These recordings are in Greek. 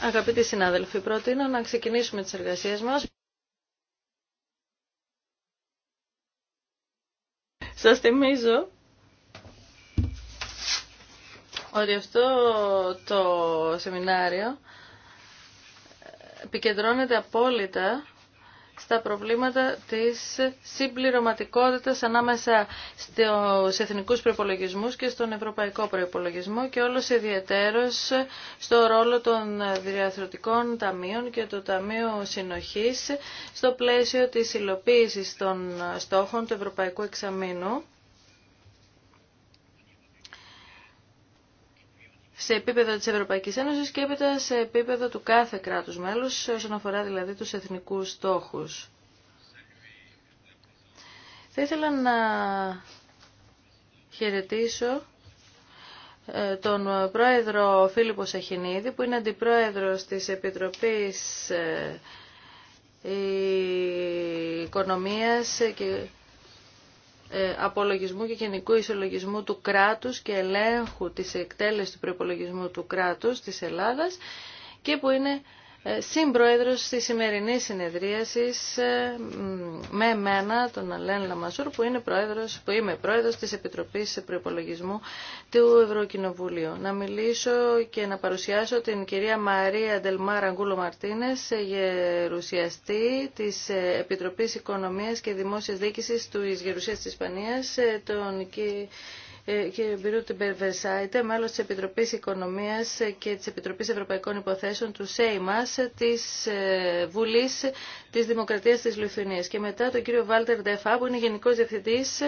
Αγαπητοί συνάδελφοι, προτείνω να ξεκινήσουμε τις εργασίες μας. Σας θυμίζω ότι αυτό το σεμινάριο επικεντρώνεται απόλυτα στα προβλήματα της συμπληρωματικότητας ανάμεσα στους εθνικούς προϋπολογισμούς και στον ευρωπαϊκό προϋπολογισμό και όλος ιδιαίτερος στο ρόλο των διαθροτικών ταμείων και του Ταμείου Συνοχής στο πλαίσιο της υλοποίησης των στόχων του Ευρωπαϊκού Εξαμήνου σε επίπεδο της Ευρωπαϊκής Ένωσης και έπειτα σε επίπεδο του κάθε κράτους μέλους, όσον αφορά δηλαδή τους εθνικούς στόχους. Θα ήθελα να χαιρετήσω ε, τον πρόεδρο Φίλιππο Σαχινίδη, που είναι αντιπρόεδρος της Επιτροπής ε, Οικονομίας και ε, απολογισμού και γενικού ισολογισμού του κράτους και ελέγχου της εκτέλεσης του προπολογισμού του κράτους της Ελλάδας και που είναι ε, συμπρόεδρος της σημερινής συνεδρίασης ε, με εμένα, τον Αλέν Λαμασούρ, που, είμαι πρόεδρος της Επιτροπής Προϋπολογισμού του Ευρωκοινοβουλίου. Να μιλήσω και να παρουσιάσω την κυρία Μαρία Ντελμάρ Αγκούλο Μαρτίνες, γερουσιαστή της Επιτροπής Οικονομίας και Δημόσιας Δίκησης του Γερουσίας της Ισπανίας, ε, τον κύριο ε, κύριε Μπιρούτ Μπερβερσάιτε, μέλος της Επιτροπής Οικονομίας και της Επιτροπής Ευρωπαϊκών Υποθέσεων του ΣΕΙΜΑΣ της ε, Βουλής της Δημοκρατίας της Λιθουανίας. Και μετά τον κύριο Βάλτερ Ντεφά, που είναι Γενικός Διευθυντής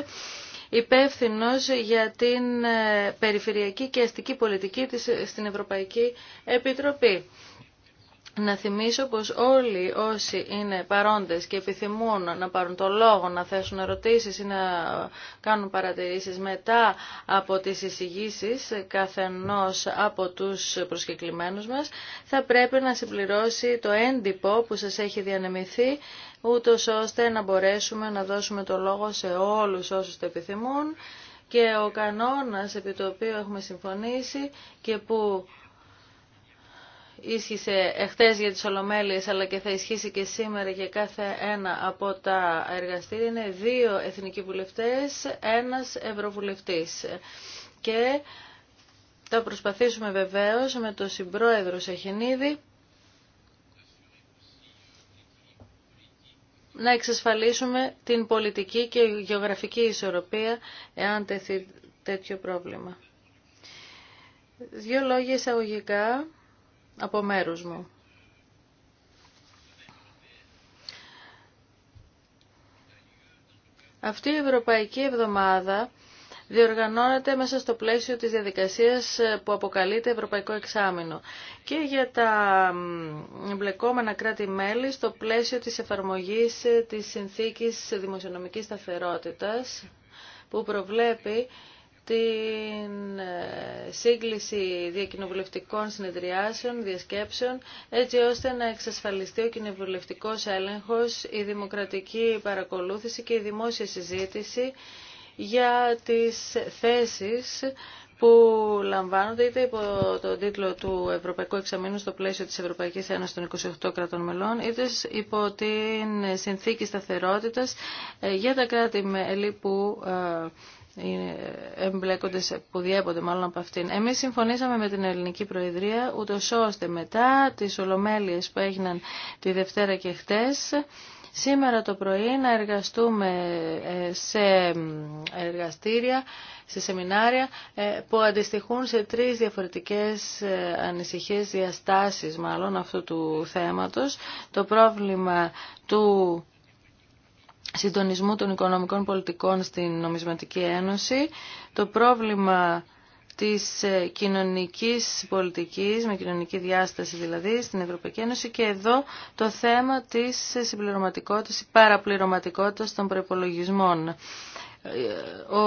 υπεύθυνο για την ε, περιφερειακή και αστική πολιτική της, στην Ευρωπαϊκή Επιτροπή. Να θυμίσω πως όλοι όσοι είναι παρόντες και επιθυμούν να πάρουν το λόγο, να θέσουν ερωτήσεις ή να κάνουν παρατηρήσεις μετά από τις εισηγήσεις καθενός από τους προσκεκλημένους μας, θα πρέπει να συμπληρώσει το έντυπο που σας έχει διανεμηθεί, ούτω ώστε να μπορέσουμε να δώσουμε το λόγο σε όλους όσους το επιθυμούν και ο κανόνας επί το οποίο έχουμε συμφωνήσει και που ίσχυσε εχθές για τις Ολομέλειες αλλά και θα ισχύσει και σήμερα για κάθε ένα από τα εργαστήρια είναι δύο εθνικοί βουλευτές, ένας ευρωβουλευτής. Και θα προσπαθήσουμε βεβαίως με τον συμπρόεδρο σεχενίδη να εξασφαλίσουμε την πολιτική και γεωγραφική ισορροπία εάν τεθεί τέτοιο πρόβλημα. Δύο λόγια εισαγωγικά από μέρους μου. Αυτή η Ευρωπαϊκή Εβδομάδα διοργανώνεται μέσα στο πλαίσιο της διαδικασίας που αποκαλείται Ευρωπαϊκό Εξάμεινο και για τα εμπλεκόμενα κράτη-μέλη στο πλαίσιο της εφαρμογής της Συνθήκης Δημοσιονομικής Σταθερότητας που προβλέπει την ε, σύγκληση διακοινοβουλευτικών συνεδριάσεων, διασκέψεων, έτσι ώστε να εξασφαλιστεί ο κοινοβουλευτικός έλεγχος, η δημοκρατική παρακολούθηση και η δημόσια συζήτηση για τις θέσεις που λαμβάνονται είτε υπό τον τίτλο του Ευρωπαϊκού Εξαμήνου στο πλαίσιο της Ευρωπαϊκής Ένωσης των 28 κρατών μελών, είτε υπό την συνθήκη σταθερότητας ε, για τα κράτη μέλη που ε, εμπλέκονται, που διέπονται μάλλον από αυτήν. Εμείς συμφωνήσαμε με την Ελληνική Προεδρία, ούτω ώστε μετά τις ολομέλειες που έγιναν τη Δευτέρα και χτες, σήμερα το πρωί να εργαστούμε ε, σε εργαστήρια, σε σεμινάρια ε, που αντιστοιχούν σε τρεις διαφορετικές ε, ανησυχίες διαστάσεις μάλλον αυτού του θέματος. Το πρόβλημα του συντονισμού των οικονομικών πολιτικών στην Νομισματική Ένωση, το πρόβλημα της ε, κοινωνικής πολιτικής, με κοινωνική διάσταση δηλαδή, στην Ευρωπαϊκή Ένωση και εδώ το θέμα της συμπληρωματικότητας ή παραπληρωματικότητας των προϋπολογισμών ο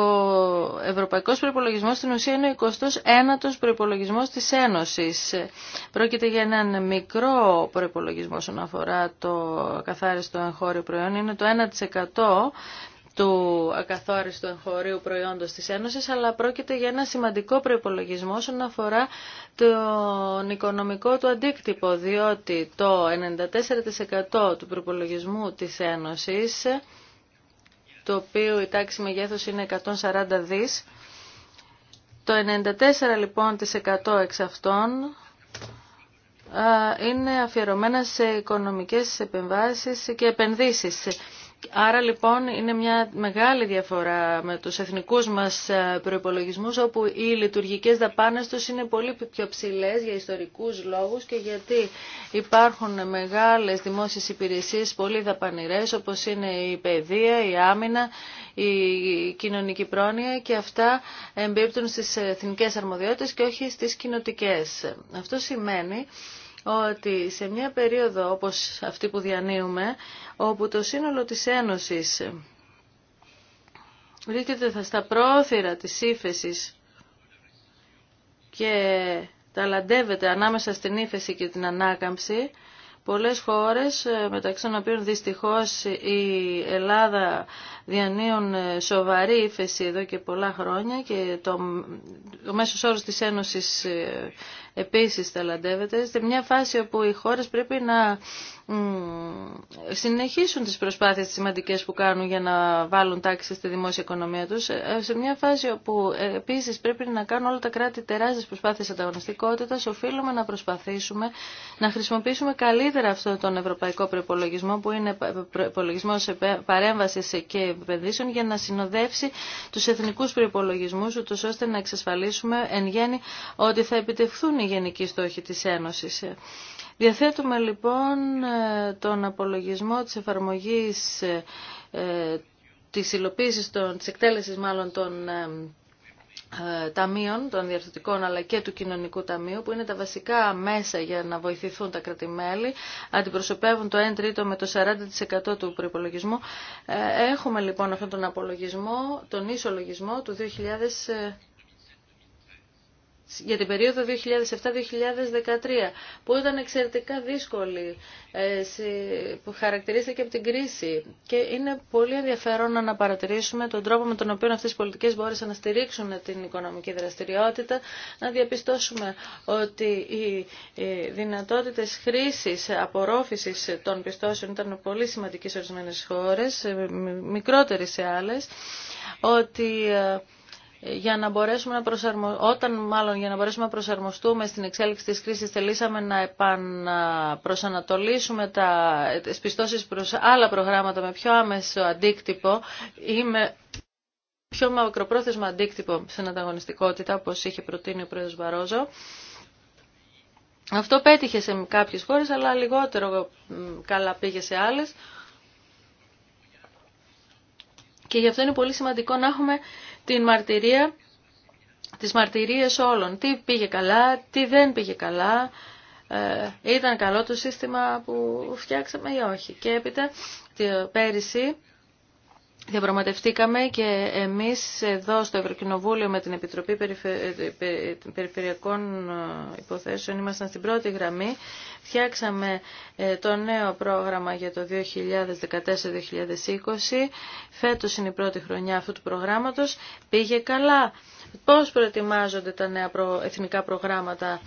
ευρωπαϊκός προϋπολογισμός στην ουσία είναι ο 29ος προϋπολογισμός της Ένωσης. Πρόκειται για έναν μικρό προϋπολογισμό όσον αφορά το καθάριστο εγχώριο προϊόν. Είναι το 1% του ακαθόριστου εγχωρίου προϊόντος της Ένωσης, αλλά πρόκειται για ένα σημαντικό προϋπολογισμό όσον αφορά τον οικονομικό του αντίκτυπο, διότι το 94% του προϋπολογισμού της Ένωσης το οποίο η τάξη μεγέθους είναι 140 δις. Το 94% λοιπόν της 100 εξ αυτών είναι αφιερωμένα σε οικονομικές επεμβάσεις και επενδύσεις Άρα λοιπόν είναι μια μεγάλη διαφορά με τους εθνικούς μας ε, προϋπολογισμούς όπου οι λειτουργικές δαπάνες τους είναι πολύ πιο ψηλές για ιστορικούς λόγους και γιατί υπάρχουν μεγάλες δημόσιες υπηρεσίες πολύ δαπανηρές όπως είναι η παιδεία, η άμυνα, η κοινωνική πρόνοια και αυτά εμπίπτουν στις εθνικές αρμοδιότητες και όχι στις κοινοτικές. Αυτό σημαίνει ότι σε μια περίοδο όπως αυτή που διανύουμε, όπου το σύνολο της Ένωσης βρίσκεται στα πρόθυρα της ύφεσης και ταλαντεύεται ανάμεσα στην ύφεση και την ανάκαμψη, πολλές χώρες, ε, μεταξύ των οποίων δυστυχώς η Ελλάδα διανύουν ε, σοβαρή ύφεση εδώ και πολλά χρόνια και το, ο μέσος όρος της Ένωσης ε, επίσης ταλαντεύεται, σε μια φάση όπου οι χώρες πρέπει να συνεχίσουν τις προσπάθειες σημαντικές που κάνουν για να βάλουν τάξη στη δημόσια οικονομία τους, ε, σε μια φάση όπου ε, επίσης πρέπει να κάνουν όλα τα κράτη τεράστιες προσπάθειες ανταγωνιστικότητας, οφείλουμε να προσπαθήσουμε να χρησιμοποιήσουμε καλύτερα αυτόν τον ευρωπαϊκό προπολογισμό που είναι προπολογισμό παρέμβαση και επενδύσεων για να συνοδεύσει τους εθνικούς προπολογισμού, ώστε να εξασφαλίσουμε εν ότι θα επιτευχθούν οι γενικοί στόχοι της Ένωσης. Διαθέτουμε λοιπόν ε, τον απολογισμό της εφαρμογής ε, ε, της υλοποίησης, των, της εκτέλεσης μάλλον των ταμείων, των διαρθρωτικών αλλά και του κοινωνικού ταμείου που είναι τα βασικά μέσα για να βοηθηθούν τα κρατημέλη, αντιπροσωπεύουν το 1 τρίτο με το 40% του προϋπολογισμού. Έχουμε λοιπόν αυτόν τον απολογισμό, τον ισολογισμό του για την περίοδο 2007-2013, που ήταν εξαιρετικά δύσκολη, ε, που χαρακτηρίστηκε από την κρίση. Και είναι πολύ ενδιαφέρον να παρατηρήσουμε τον τρόπο με τον οποίο αυτές οι πολιτικές μπόρεσαν να στηρίξουν την οικονομική δραστηριότητα, να διαπιστώσουμε ότι οι δυνατότητες χρήσης, απορρόφησης των πιστώσεων ήταν πολύ σημαντικέ σε ορισμένες χώρες, μικρότερες σε άλλες, ότι ε, για να μπορέσουμε να προσαρμο... όταν μάλλον για να μπορέσουμε να προσαρμοστούμε στην εξέλιξη της κρίσης θελήσαμε να επαναπροσανατολίσουμε τα... τις πιστώσεις προς άλλα προγράμματα με πιο άμεσο αντίκτυπο ή με πιο μακροπρόθεσμο αντίκτυπο στην ανταγωνιστικότητα όπως είχε προτείνει ο πρόεδρος Βαρόζο. Αυτό πέτυχε σε κάποιες χώρες αλλά λιγότερο καλά πήγε σε άλλες. Και γι' αυτό είναι πολύ σημαντικό να έχουμε την μαρτυρία, τις μαρτυρίες όλων. Τι πήγε καλά, τι δεν πήγε καλά, ε, ήταν καλό το σύστημα που φτιάξαμε ή όχι. Και έπειτα πέρυσι Διαπραγματευτήκαμε και εμείς εδώ στο Ευρωκοινοβούλιο με την Επιτροπή ε, ε, Περιφερειακών ε, Υποθέσεων ήμασταν στην πρώτη γραμμή. Φτιάξαμε το νέο πρόγραμμα για το 2014-2020. Φέτος είναι η πρώτη χρονιά αυτού του προγράμματος. Πήγε καλά. Πώς προετοιμάζονται τα νέα εθνικά προγράμματα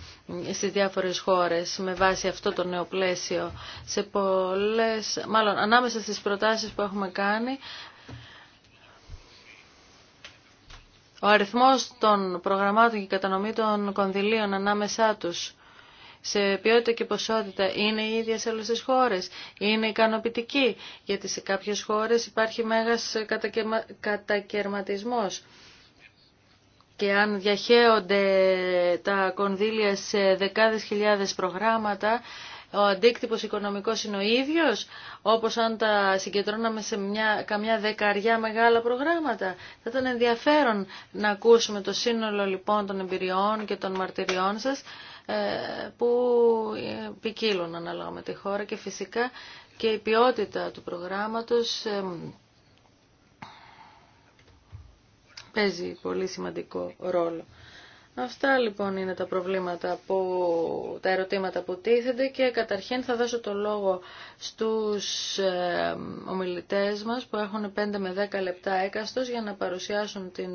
στις διάφορες χώρες με βάση αυτό το νέο πλαίσιο σε πολλές, μάλλον ανάμεσα στις προτάσεις που έχουμε κάνει Ο αριθμός των προγραμμάτων και η κατανομή των κονδυλίων ανάμεσά τους σε ποιότητα και ποσότητα είναι η ίδια σε όλες τις χώρες, είναι ικανοποιητική, γιατί σε κάποιες χώρες υπάρχει μέγας κατακαιρματισμός. Και αν διαχέονται τα κονδύλια σε δεκάδες χιλιάδες προγράμματα, ο αντίκτυπος οικονομικός είναι ο ίδιος, όπως αν τα συγκεντρώναμε σε μια, καμιά δεκαριά μεγάλα προγράμματα. Θα ήταν ενδιαφέρον να ακούσουμε το σύνολο λοιπόν των εμπειριών και των μαρτυριών σας ε, που ε, ποικίλουν ανάλογα με τη χώρα και φυσικά και η ποιότητα του προγράμματος ε, παίζει πολύ σημαντικό ρόλο. Αυτά λοιπόν είναι τα προβλήματα που, τα ερωτήματα που τίθενται και καταρχήν θα δώσω το λόγο στους ε, ομιλητές μας που έχουν 5 με 10 λεπτά έκαστος για να παρουσιάσουν την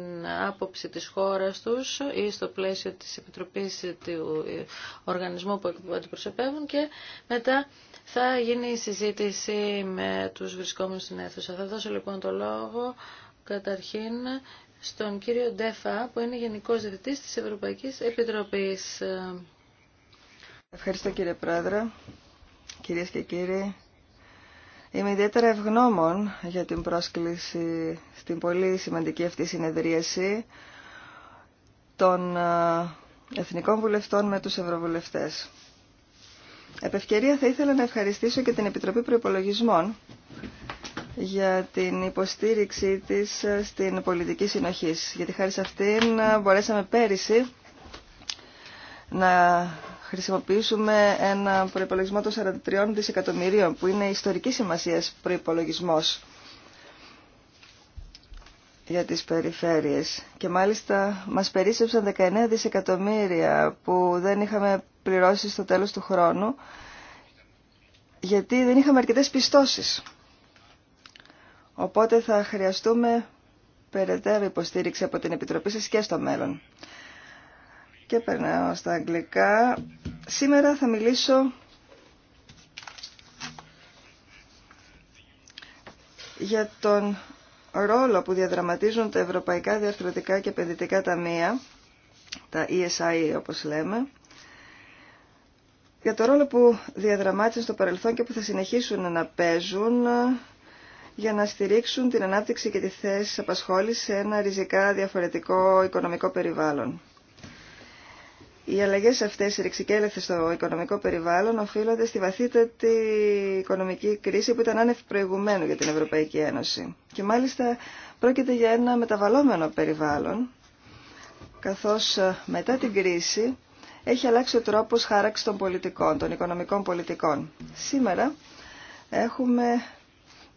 άποψη της χώρας τους ή στο πλαίσιο της Επιτροπής του ε, οργανισμού που αντιπροσωπεύουν και μετά θα γίνει η συζήτηση με τους βρισκόμενους στην αίθουσα. Θα δώσω λοιπόν το λόγο καταρχήν στον κύριο Ντέφα, που είναι γενικό Διευθυντής της Ευρωπαϊκή Επιτροπή. Ευχαριστώ κύριε Πρόεδρε, κύριε και κύριοι. Είμαι ιδιαίτερα ευγνώμων για την πρόσκληση στην πολύ σημαντική αυτή συνεδρίαση των ε, Εθνικών Βουλευτών με τους Ευρωβουλευτές. Επ' ευκαιρία θα ήθελα να ευχαριστήσω και την Επιτροπή Προϋπολογισμών για την υποστήριξή της ε, στην πολιτική συνοχή. Γιατί χάρη σε αυτήν ε, μπορέσαμε πέρυσι να χρησιμοποιήσουμε ένα προϋπολογισμό των 43 δισεκατομμυρίων που είναι ιστορική σημασία προϋπολογισμός για τις περιφέρειες και μάλιστα μας περίσσεψαν 19 δισεκατομμύρια που δεν είχαμε πληρώσει στο τέλος του χρόνου γιατί δεν είχαμε αρκετές πιστώσεις. Οπότε θα χρειαστούμε περαιτέρω υποστήριξη από την Επιτροπή σας και στο μέλλον. Και περνάω στα αγγλικά. Σήμερα θα μιλήσω για τον ρόλο που διαδραματίζουν τα Ευρωπαϊκά Διαρθρωτικά και Επενδυτικά Ταμεία, τα ESI όπως λέμε, για το ρόλο που διαδραμάτισαν στο παρελθόν και που θα συνεχίσουν να παίζουν για να στηρίξουν την ανάπτυξη και τη θέση απασχόληση σε ένα ριζικά διαφορετικό οικονομικό περιβάλλον. Οι αλλαγές αυτές οι ρηξικέλευτες στο οικονομικό περιβάλλον οφείλονται στη βαθύτατη οικονομική κρίση που ήταν άνευ προηγουμένου για την Ευρωπαϊκή Ένωση. Και μάλιστα πρόκειται για ένα μεταβαλλόμενο περιβάλλον, καθώς ε, μετά την κρίση έχει αλλάξει ο τρόπος χάραξη των πολιτικών, των οικονομικών πολιτικών. Σήμερα έχουμε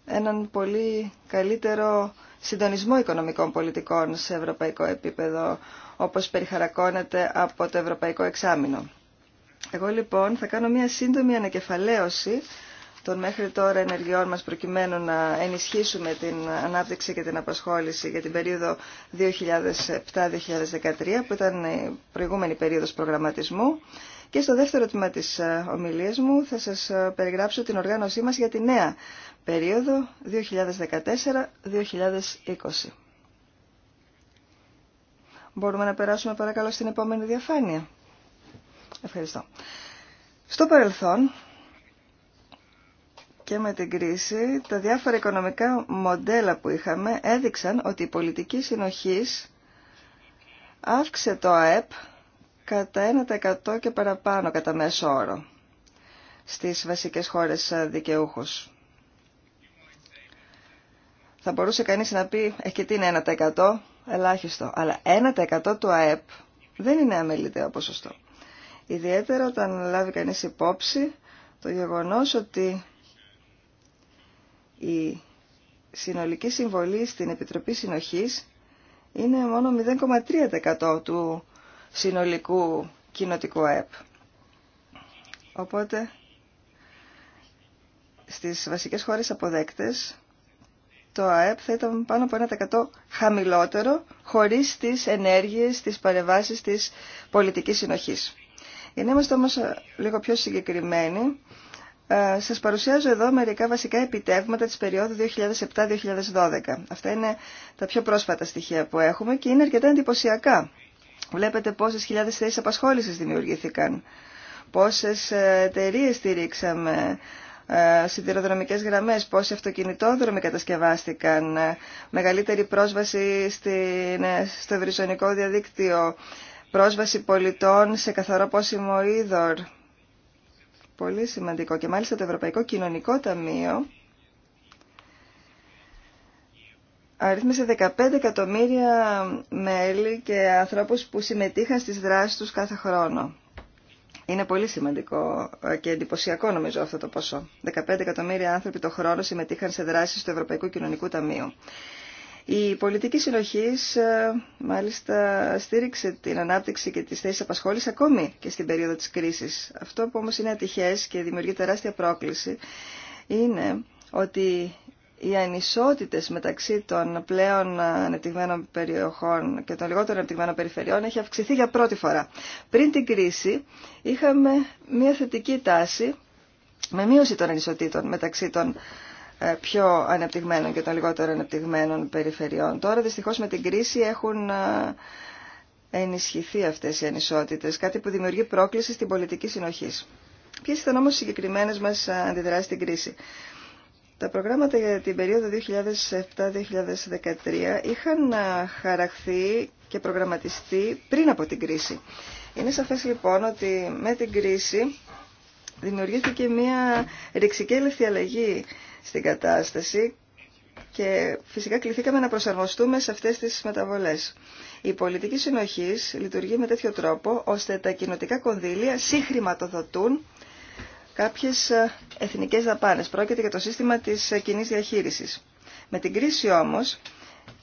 έναν πολύ καλύτερο συντονισμό οικονομικών πολιτικών σε ευρωπαϊκό επίπεδο, όπως περιχαρακώνεται από το Ευρωπαϊκό Εξάμεινο. Εγώ λοιπόν θα κάνω μια σύντομη ανακεφαλαίωση των μέχρι τώρα ενεργειών μας προκειμένου να ενισχύσουμε την ανάπτυξη και την απασχόληση για την περίοδο 2007-2013 που ήταν η προηγούμενη περίοδος προγραμματισμού και στο δεύτερο τμήμα της ε, ομιλίας μου θα σας ε, περιγράψω την οργάνωσή μας για τη νέα περίοδο 2014-2020. Μπορούμε να περάσουμε παρακαλώ στην επόμενη διαφάνεια. Ευχαριστώ. Στο παρελθόν και με την κρίση, τα διάφορα οικονομικά μοντέλα που είχαμε έδειξαν ότι η πολιτική συνοχής αύξησε το ΑΕΠ κατά 1% και παραπάνω κατά μέσο όρο στις βασικές χώρες δικαιούχους. Θα μπορούσε κανείς να πει, «Εχει και τι είναι 1% ελάχιστο, αλλά 1% του ΑΕΠ δεν είναι αμεληταίο ποσοστό. Ιδιαίτερα όταν λάβει κανείς υπόψη το γεγονός ότι η συνολική συμβολή στην Επιτροπή Συνοχής είναι μόνο 0,3% του συνολικού κοινοτικού ΑΕΠ. Οπότε, στις βασικές χώρες αποδέκτες, το ΑΕΠ θα ήταν πάνω από 1% χαμηλότερο, χωρίς τις ενέργειες, τις παρεμβάσεις της πολιτικής συνοχής. Για να είμαστε όμως λίγο πιο συγκεκριμένοι, ε, σας παρουσιάζω εδώ μερικά βασικά επιτεύγματα της περίοδου 2007-2012. Αυτά είναι τα πιο πρόσφατα στοιχεία που έχουμε και είναι αρκετά εντυπωσιακά Βλέπετε πόσες χιλιάδες θέσεις απασχόλησης δημιουργήθηκαν, πόσες ε, εταιρείε στηρίξαμε, ε, σιδηροδρομικές γραμμές, πόσοι αυτοκινητόδρομοι κατασκευάστηκαν, ε, μεγαλύτερη πρόσβαση στο ευρυζωνικό διαδίκτυο, πρόσβαση πολιτών σε καθαρό πόσιμο είδωρ. Πολύ σημαντικό. Και μάλιστα το Ευρωπαϊκό Κοινωνικό Ταμείο αριθμίσε 15 εκατομμύρια μέλη και ανθρώπους που συμμετείχαν στις δράσεις τους κάθε χρόνο. Είναι πολύ σημαντικό και εντυπωσιακό νομίζω αυτό το ποσό. 15 εκατομμύρια άνθρωποι το χρόνο συμμετείχαν σε δράσεις του Ευρωπαϊκού Κοινωνικού Ταμείου. Η πολιτική συνοχή ε, μάλιστα στήριξε την ανάπτυξη και τις θέσεις απασχόλησης ακόμη και στην περίοδο της κρίσης. Αυτό που όμως είναι ατυχές και δημιουργεί τεράστια πρόκληση είναι ότι οι ανισότητε μεταξύ των πλέον ανεπτυγμένων περιοχών και των λιγότερων ανεπτυγμένων περιφερειών έχει αυξηθεί για πρώτη φορά. Πριν την κρίση είχαμε μια θετική τάση με μείωση των ανισοτήτων μεταξύ των ε, πιο ανεπτυγμένων και των λιγότερο ανεπτυγμένων περιφερειών. Τώρα δυστυχώς με την κρίση έχουν ε, ενισχυθεί αυτές οι ανισότητες, κάτι που δημιουργεί πρόκληση στην πολιτική συνοχή. Ποιες ήταν όμως οι συγκεκριμένες μας ε, αντιδράσεις στην κρίση. Τα προγράμματα για την περίοδο 2007-2013 είχαν χαραχθεί και προγραμματιστεί πριν από την κρίση. Είναι σαφές λοιπόν ότι με την κρίση δημιουργήθηκε μια ρηξικέλευτη αλλαγή στην κατάσταση και φυσικά κληθήκαμε να προσαρμοστούμε σε αυτές τις μεταβολές. Η πολιτική συνοχής λειτουργεί με τέτοιο τρόπο ώστε τα κοινοτικά κονδύλια συγχρηματοδοτούν κάποιες ε, εθνικές δαπάνες. Πρόκειται για το σύστημα της ε, κοινή διαχείρισης. Με την κρίση όμως,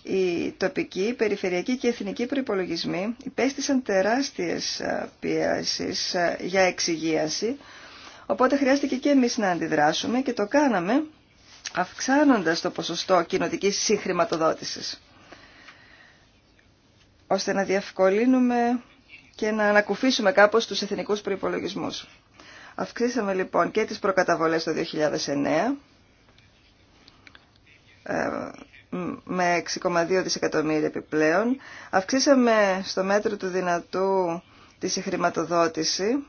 οι τοπικοί, περιφερειακοί και εθνικοί προϋπολογισμοί υπέστησαν τεράστιες ε, πιέσεις για εξυγίαση, οπότε χρειάστηκε και εμείς να αντιδράσουμε και το κάναμε αυξάνοντας το ποσοστό κοινοτικής συγχρηματοδότησης, ώστε να διευκολύνουμε και να ανακουφίσουμε κάπως τους εθνικούς προϋπολογισμούς. Αυξήσαμε λοιπόν και τις προκαταβολές το 2009 ε, με 6,2 δισεκατομμύρια επιπλέον. Αυξήσαμε στο μέτρο του δυνατού τη συγχρηματοδότηση,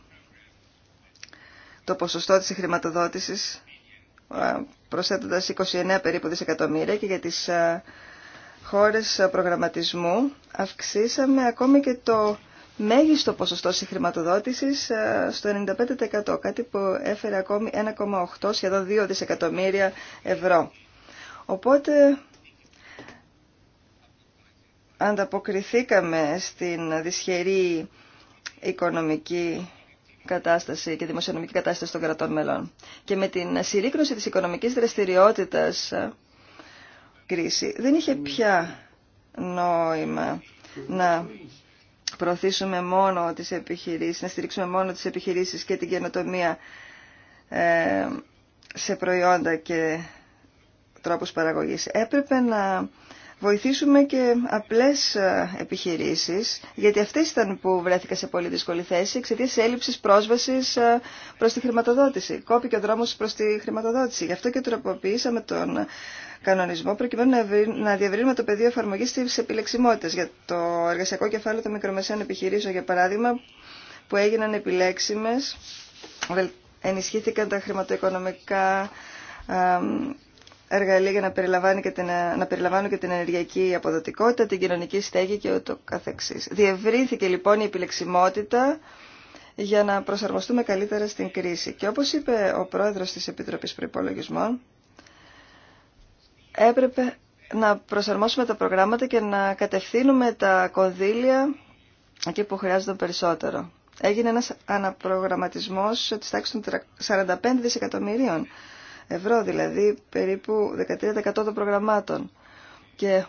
το ποσοστό της συγχρηματοδότησης ε, προσθέτοντας 29 περίπου δισεκατομμύρια και για τις ε, χώρες προγραμματισμού αυξήσαμε ακόμη και το μέγιστο ποσοστό συγχρηματοδότησης ε, στο 95%, κάτι που έφερε ακόμη 1,8 σχεδόν 2 δισεκατομμύρια ευρώ. Οπότε ανταποκριθήκαμε στην δυσχερή οικονομική κατάσταση και δημοσιονομική κατάσταση των κρατών μελών. Και με την συρρήκνωση της οικονομικής δραστηριότητας ε, κρίση δεν είχε πια νόημα να προωθήσουμε μόνο τις επιχειρήσεις, να στηρίξουμε μόνο τις επιχειρήσεις και την καινοτομία ε, σε προϊόντα και τρόπους παραγωγής. Έπρεπε να βοηθήσουμε και απλές ε, επιχειρήσεις, γιατί αυτές ήταν που βρέθηκα σε πολύ δύσκολη θέση εξαιτία έλλειψης πρόσβασης ε, προς τη χρηματοδότηση. Κόπηκε ο δρόμος προς τη χρηματοδότηση. Γι' αυτό και τροποποιήσαμε τον κανονισμό προκειμένου να διαβρύνουμε το πεδίο εφαρμογή τη επιλεξιμότητα για το εργασιακό κεφάλαιο των μικρομεσαίων επιχειρήσεων, για παράδειγμα, που έγιναν επιλέξιμε, ενισχύθηκαν τα χρηματοοικονομικά εργαλεία για να, περιλαμβάνει και ε- περιλαμβάνουν και την ενεργειακή αποδοτικότητα, την κοινωνική στέγη και ούτω καθεξής. Διευρύνθηκε λοιπόν η επιλεξιμότητα για να προσαρμοστούμε καλύτερα στην κρίση. Και όπως είπε ο πρόεδρος της Επιτροπής Προϋπολογισμών, έπρεπε να προσαρμόσουμε τα προγράμματα και να κατευθύνουμε τα κονδύλια εκεί που χρειάζονται περισσότερο. Έγινε ένας αναπρογραμματισμός της τάξης των 45 δισεκατομμυρίων ευρώ, δηλαδή περίπου 13% των προγραμμάτων. Και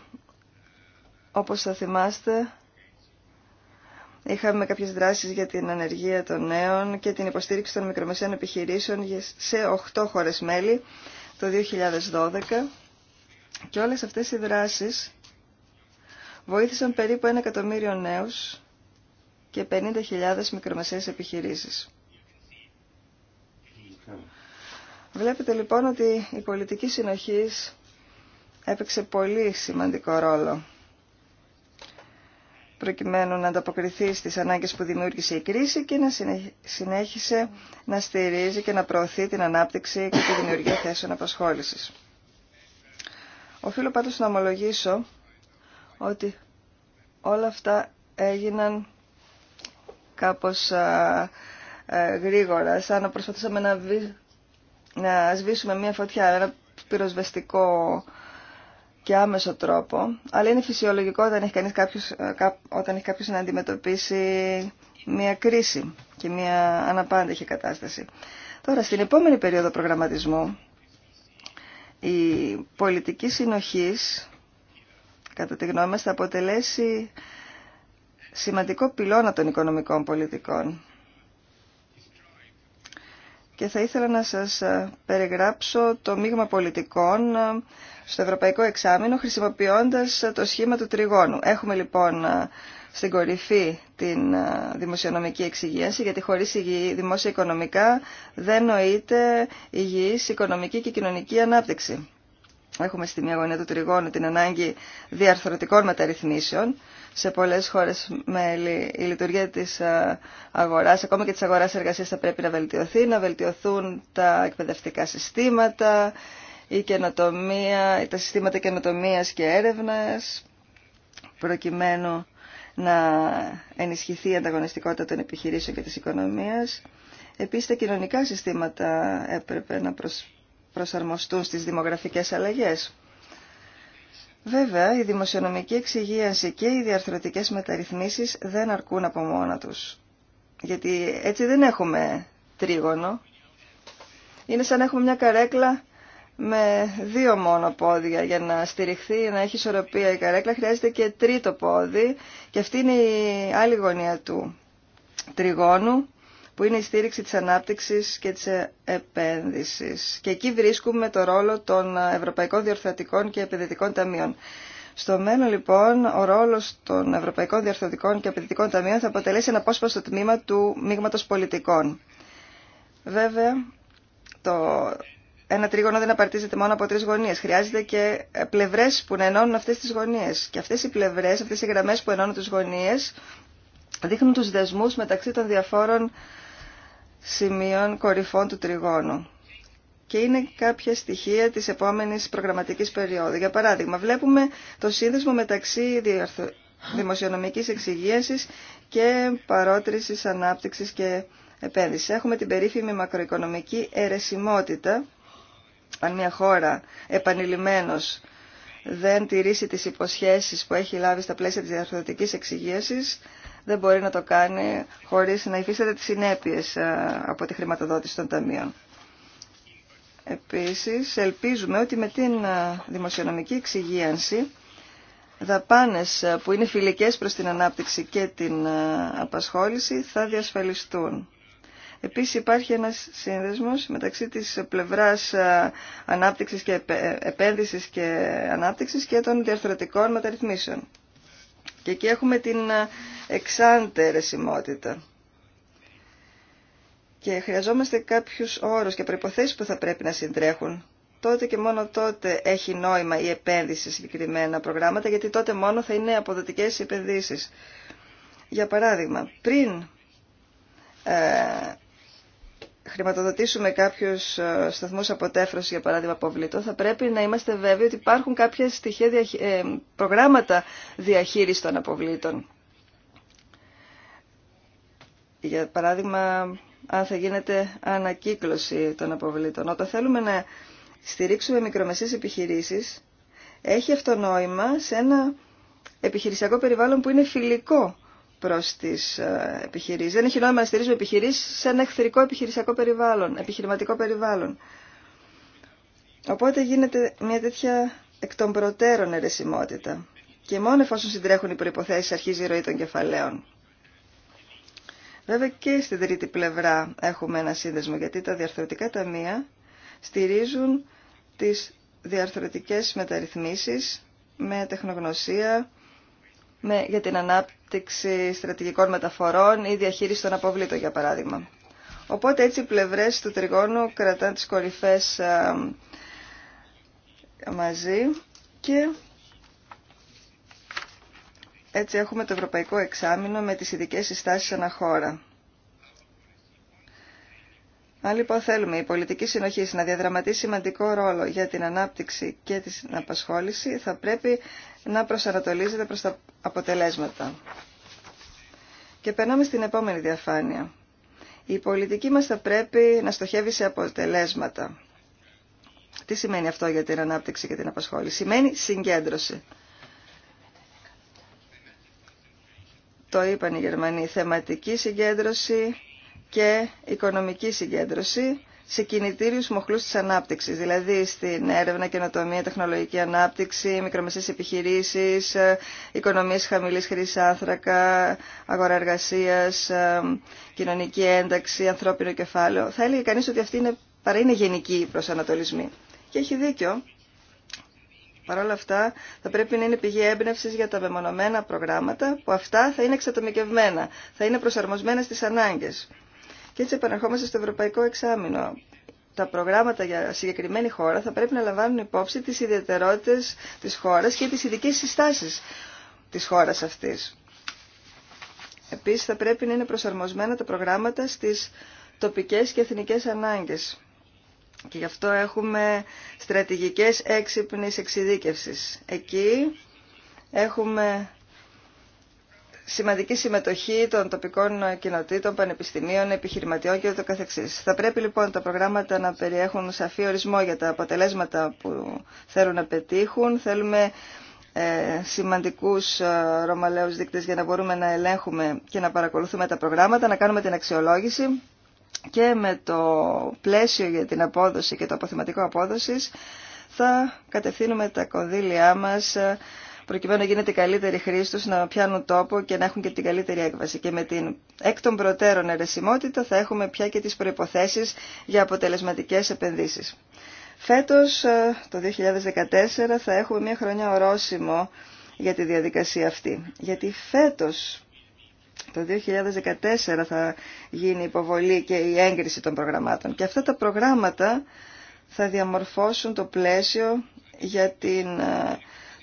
όπως θα θυμάστε, είχαμε κάποιες δράσεις για την ανεργία των νέων και την υποστήριξη των μικρομεσαίων επιχειρήσεων σε 8 χώρες μέλη το 2012 και όλες αυτές οι δράσεις βοήθησαν περίπου ένα εκατομμύριο νέους και 50.000 μικρομεσαίες επιχειρήσεις. Βλέπετε λοιπόν ότι η πολιτική συνοχής έπαιξε πολύ σημαντικό ρόλο προκειμένου να ανταποκριθεί στις ανάγκες που δημιούργησε η κρίση και να συνέχισε να στηρίζει και να προωθεί την ανάπτυξη και τη δημιουργία θέσεων απασχόλησης. Οφείλω πάντως να ομολογήσω ότι όλα αυτά έγιναν κάπως γρήγορα, σαν να προσπαθούσαμε να, βι... να σβήσουμε μια φωτιά, ένα πυροσβεστικό και άμεσο τρόπο, αλλά είναι φυσιολογικό όταν έχει, κανείς όταν έχει κάποιος να αντιμετωπίσει μια κρίση και μια αναπάντηχη κατάσταση. Τώρα, στην επόμενη περίοδο προγραμματισμού, η πολιτική συνοχής, κατά τη γνώμη μας, θα αποτελέσει σημαντικό πυλώνα των οικονομικών πολιτικών και θα ήθελα να σας ε, περιγράψω το μείγμα πολιτικών ε, στο Ευρωπαϊκό Εξάμεινο χρησιμοποιώντας ε, το σχήμα του τριγώνου. Έχουμε λοιπόν στην κορυφή την δημοσιονομική εξυγίαση, γιατί χωρίς υγιή δημόσια οικονομικά δεν νοείται υγιής οικονομική και κοινωνική ανάπτυξη. Έχουμε στη μία γωνία του τριγώνου την ανάγκη διαρθρωτικών μεταρρυθμίσεων. Σε πολλές χώρες με η λειτουργία της ε, αγοράς, ακόμα και της αγοράς εργασίας θα πρέπει να βελτιωθεί, να βελτιωθούν τα εκπαιδευτικά συστήματα, η καινοτομία, τα συστήματα καινοτομίας και έρευνας, προκειμένου να ενισχυθεί η ανταγωνιστικότητα των επιχειρήσεων και της οικονομίας. Επίσης τα κοινωνικά συστήματα έπρεπε να προσφέρουν προσαρμοστούν στις δημογραφικές αλλαγές. Βέβαια, η δημοσιονομική εξυγίαση και οι διαρθρωτικές μεταρρυθμίσεις δεν αρκούν από μόνα τους. Γιατί έτσι δεν έχουμε τρίγωνο. Είναι σαν να έχουμε μια καρέκλα με δύο μόνο πόδια για να στηριχθεί, να έχει ισορροπία η καρέκλα, χρειάζεται και τρίτο πόδι και αυτή είναι η άλλη γωνία του τριγώνου που είναι η στήριξη της ανάπτυξης και της ε, επένδυσης. Και εκεί βρίσκουμε το ρόλο των Ευρωπαϊκών Διορθωτικών και Επενδυτικών Ταμείων. Στο μέλλον, λοιπόν, ο ρόλο των Ευρωπαϊκών Διορθωτικών και Επενδυτικών Ταμείων θα αποτελέσει ένα απόσπαστο τμήμα του μείγματο πολιτικών. Βέβαια, το ένα τρίγωνο δεν απαρτίζεται μόνο από τρει γωνίε. Χρειάζεται και πλευρέ που να ενώνουν αυτέ τι γωνίε. Και αυτέ οι πλευρέ, αυτέ οι γραμμέ που ενώνουν τι γωνίε, δείχνουν του δεσμού μεταξύ των διαφόρων σημείων κορυφών του τριγώνου. Και είναι κάποια στοιχεία της επόμενης προγραμματικής περίοδου. Για παράδειγμα, βλέπουμε το σύνδεσμο μεταξύ δημοσιονομικής εξυγίασης και παρότρησης ανάπτυξης και επένδυσης. Έχουμε την περίφημη μακροοικονομική αιρεσιμότητα. Αν μια χώρα επανειλημμένως δεν τηρήσει τις υποσχέσεις που έχει λάβει στα πλαίσια της διαρθρωτικής εξυγίασης, δεν μπορεί να το κάνει χωρίς να υφίσταται τις συνέπειες ε, από τη χρηματοδότηση των ταμείων. Επίσης, ελπίζουμε ότι με την ε, δημοσιονομική εξυγίανση δαπάνες ε, που είναι φιλικές προς την ανάπτυξη και την απασχόληση θα διασφαλιστούν. Επίσης υπάρχει ένας σύνδεσμος μεταξύ της πλευράς ανάπτυξης και επένδυσης και ανάπτυξης και των διαρθρωτικών μεταρρυθμίσεων. Και εκεί έχουμε την ε, εξάντε Και χρειαζόμαστε κάποιους όρους και προϋποθέσεις που θα πρέπει να συντρέχουν. Τότε και μόνο τότε έχει νόημα η επένδυση σε συγκεκριμένα προγράμματα, γιατί τότε μόνο θα είναι αποδοτικές οι επενδύσεις. Για παράδειγμα, πριν ε, χρηματοδοτήσουμε κάποιους ε, σταθμού αποτέφρωσης, για παράδειγμα αποβλήτων, θα πρέπει να είμαστε βέβαιοι ότι υπάρχουν κάποια στοιχεία, ε, προγράμματα διαχείριση των αποβλήτων. Για παράδειγμα, αν θα γίνεται ανακύκλωση των αποβλήτων. Όταν θέλουμε να στηρίξουμε μικρομεσαίες επιχειρήσεις, έχει αυτό νόημα σε ένα επιχειρησιακό περιβάλλον που είναι φιλικό Προ τι ε, επιχειρήσει. Δεν έχει νόημα να στηρίζουμε επιχειρήσει σε ένα εχθρικό επιχειρησιακό περιβάλλον, επιχειρηματικό περιβάλλον. Οπότε γίνεται μια τέτοια εκ των προτέρων αιρεσιμότητα. Και μόνο εφόσον συντρέχουν οι προποθέσει αρχίζει η ροή των κεφαλαίων. Βέβαια και στην τρίτη πλευρά έχουμε ένα σύνδεσμο, γιατί τα διαρθρωτικά ταμεία στηρίζουν τις διαρθρωτικές μεταρρυθμίσεις με τεχνογνωσία, με, για την ανάπτυξη ανάπτυξη στρατηγικών μεταφορών ή διαχείριση των αποβλήτων, για παράδειγμα. Οπότε έτσι οι πλευρές του τριγώνου κρατάνε τις κορυφές μαζί και έτσι έχουμε το Ευρωπαϊκό Εξάμεινο με τις ειδικές συστάσεις αναχώρα. Αν λοιπόν θέλουμε η πολιτική συνοχή να διαδραματίσει σημαντικό ρόλο για την ανάπτυξη και την απασχόληση, θα πρέπει να προσανατολίζεται προς τα αποτελέσματα. Και περνάμε στην επόμενη διαφάνεια. Η πολιτική μας θα πρέπει να στοχεύει σε αποτελέσματα. Τι σημαίνει αυτό για την ανάπτυξη και την απασχόληση. Σημαίνει συγκέντρωση. Το είπαν οι Γερμανοί. Θεματική συγκέντρωση, και οικονομική συγκέντρωση σε κινητήριους μοχλούς της ανάπτυξης, δηλαδή στην έρευνα, καινοτομία, τεχνολογική ανάπτυξη, μικρομεσαίες επιχειρήσεις, ε, οικονομίες χαμηλής χρήσης άνθρακα, αγορά εργασίας, ε, κοινωνική ένταξη, ανθρώπινο κεφάλαιο. Θα έλεγε κανείς ότι αυτή είναι, παρά είναι γενική προσανατολισμή. Και έχει δίκιο. Παρ' όλα αυτά θα πρέπει να είναι πηγή έμπνευση για τα μεμονωμένα προγράμματα που αυτά θα είναι εξατομικευμένα, θα είναι προσαρμοσμένα στις ανάγκες. Και έτσι επαναρχόμαστε στο Ευρωπαϊκό Εξάμεινο. Τα προγράμματα για συγκεκριμένη χώρα θα πρέπει να λαμβάνουν υπόψη τις ιδιαιτερότητες της χώρας και τις ειδικές συστάσεις της χώρας αυτής. Επίσης θα πρέπει να είναι προσαρμοσμένα τα προγράμματα στις τοπικές και εθνικές ανάγκες. Και γι' αυτό έχουμε στρατηγικές έξυπνης εξειδίκευσης. Εκεί έχουμε σημαντική συμμετοχή των τοπικών κοινοτήτων, πανεπιστημίων, επιχειρηματιών και ούτω καθεξής. Θα πρέπει λοιπόν τα προγράμματα να περιέχουν σαφή ορισμό για τα αποτελέσματα που θέλουν να πετύχουν. Θέλουμε ε, σημαντικούς ε, ρωμαλαίους δείκτες για να μπορούμε να ελέγχουμε και να παρακολουθούμε τα προγράμματα, να κάνουμε την αξιολόγηση και με το πλαίσιο για την απόδοση και το αποθεματικό απόδοσης θα κατευθύνουμε τα κονδύλια μας ε, προκειμένου να γίνεται καλύτερη χρήση του, να πιάνουν τόπο και να έχουν και την καλύτερη έκβαση. Και με την εκ των προτέρων αιρεσιμότητα θα έχουμε πια και τις προϋποθέσεις για αποτελεσματικές επενδύσεις. Φέτος, ε, το 2014, θα έχουμε μια χρονιά ορόσημο για τη διαδικασία αυτή. Γιατί φέτος, το 2014, θα γίνει η υποβολή και η έγκριση των προγραμμάτων. Και αυτά τα προγράμματα θα διαμορφώσουν το πλαίσιο για την ε,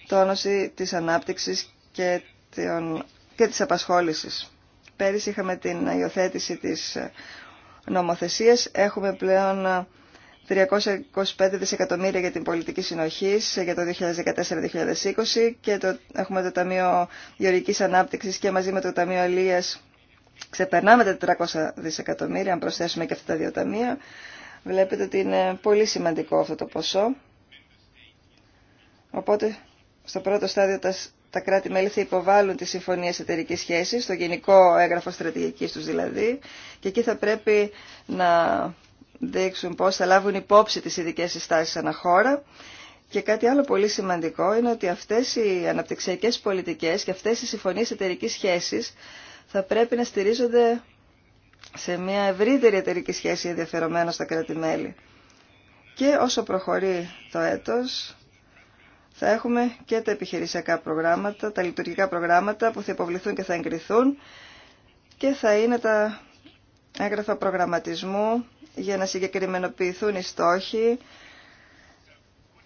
τόνωση της ανάπτυξης και, την και της απασχόλησης. Πέρυσι είχαμε την υιοθέτηση της νομοθεσίας. Έχουμε πλέον 325 δισεκατομμύρια για την πολιτική συνοχή για το 2014-2020 και το, έχουμε το Ταμείο Γεωργικής Ανάπτυξης και μαζί με το Ταμείο Αλία ξεπερνάμε τα 400 δισεκατομμύρια, αν προσθέσουμε και αυτά τα δύο ταμεία. Βλέπετε ότι είναι πολύ σημαντικό αυτό το ποσό. Οπότε στο πρώτο στάδιο τα, κράτη-μέλη θα υποβάλουν τις συμφωνίες εταιρική σχέσης, το γενικό έγγραφο στρατηγικής τους δηλαδή, και εκεί θα πρέπει να δείξουν πώς θα λάβουν υπόψη τις ειδικέ συστάσεις ανά χώρα. Και κάτι άλλο πολύ σημαντικό είναι ότι αυτές οι αναπτυξιακές πολιτικές και αυτές οι συμφωνίες εταιρική σχέση θα πρέπει να στηρίζονται σε μια ευρύτερη εταιρική σχέση ενδιαφερομένων στα κράτη-μέλη. Και όσο προχωρεί το έτος, θα έχουμε και τα επιχειρησιακά προγράμματα, τα λειτουργικά προγράμματα που θα υποβληθούν και θα εγκριθούν και θα είναι τα έγγραφα προγραμματισμού για να συγκεκριμενοποιηθούν οι στόχοι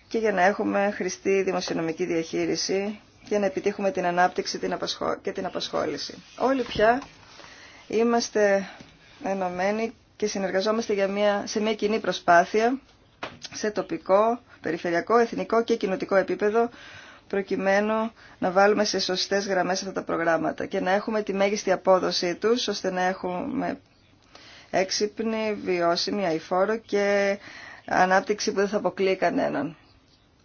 και για να έχουμε χρηστή δημοσιονομική διαχείριση και να επιτύχουμε την ανάπτυξη και την απασχόληση. Όλοι πια είμαστε ενωμένοι και συνεργαζόμαστε για μια, σε μια κοινή προσπάθεια σε τοπικό, περιφερειακό, εθνικό και κοινοτικό επίπεδο προκειμένου να βάλουμε σε σωστές γραμμές αυτά τα προγράμματα και να έχουμε τη μέγιστη απόδοσή τους ώστε να έχουμε έξυπνη, βιώσιμη, αηφόρο και ανάπτυξη που δεν θα αποκλείει κανέναν.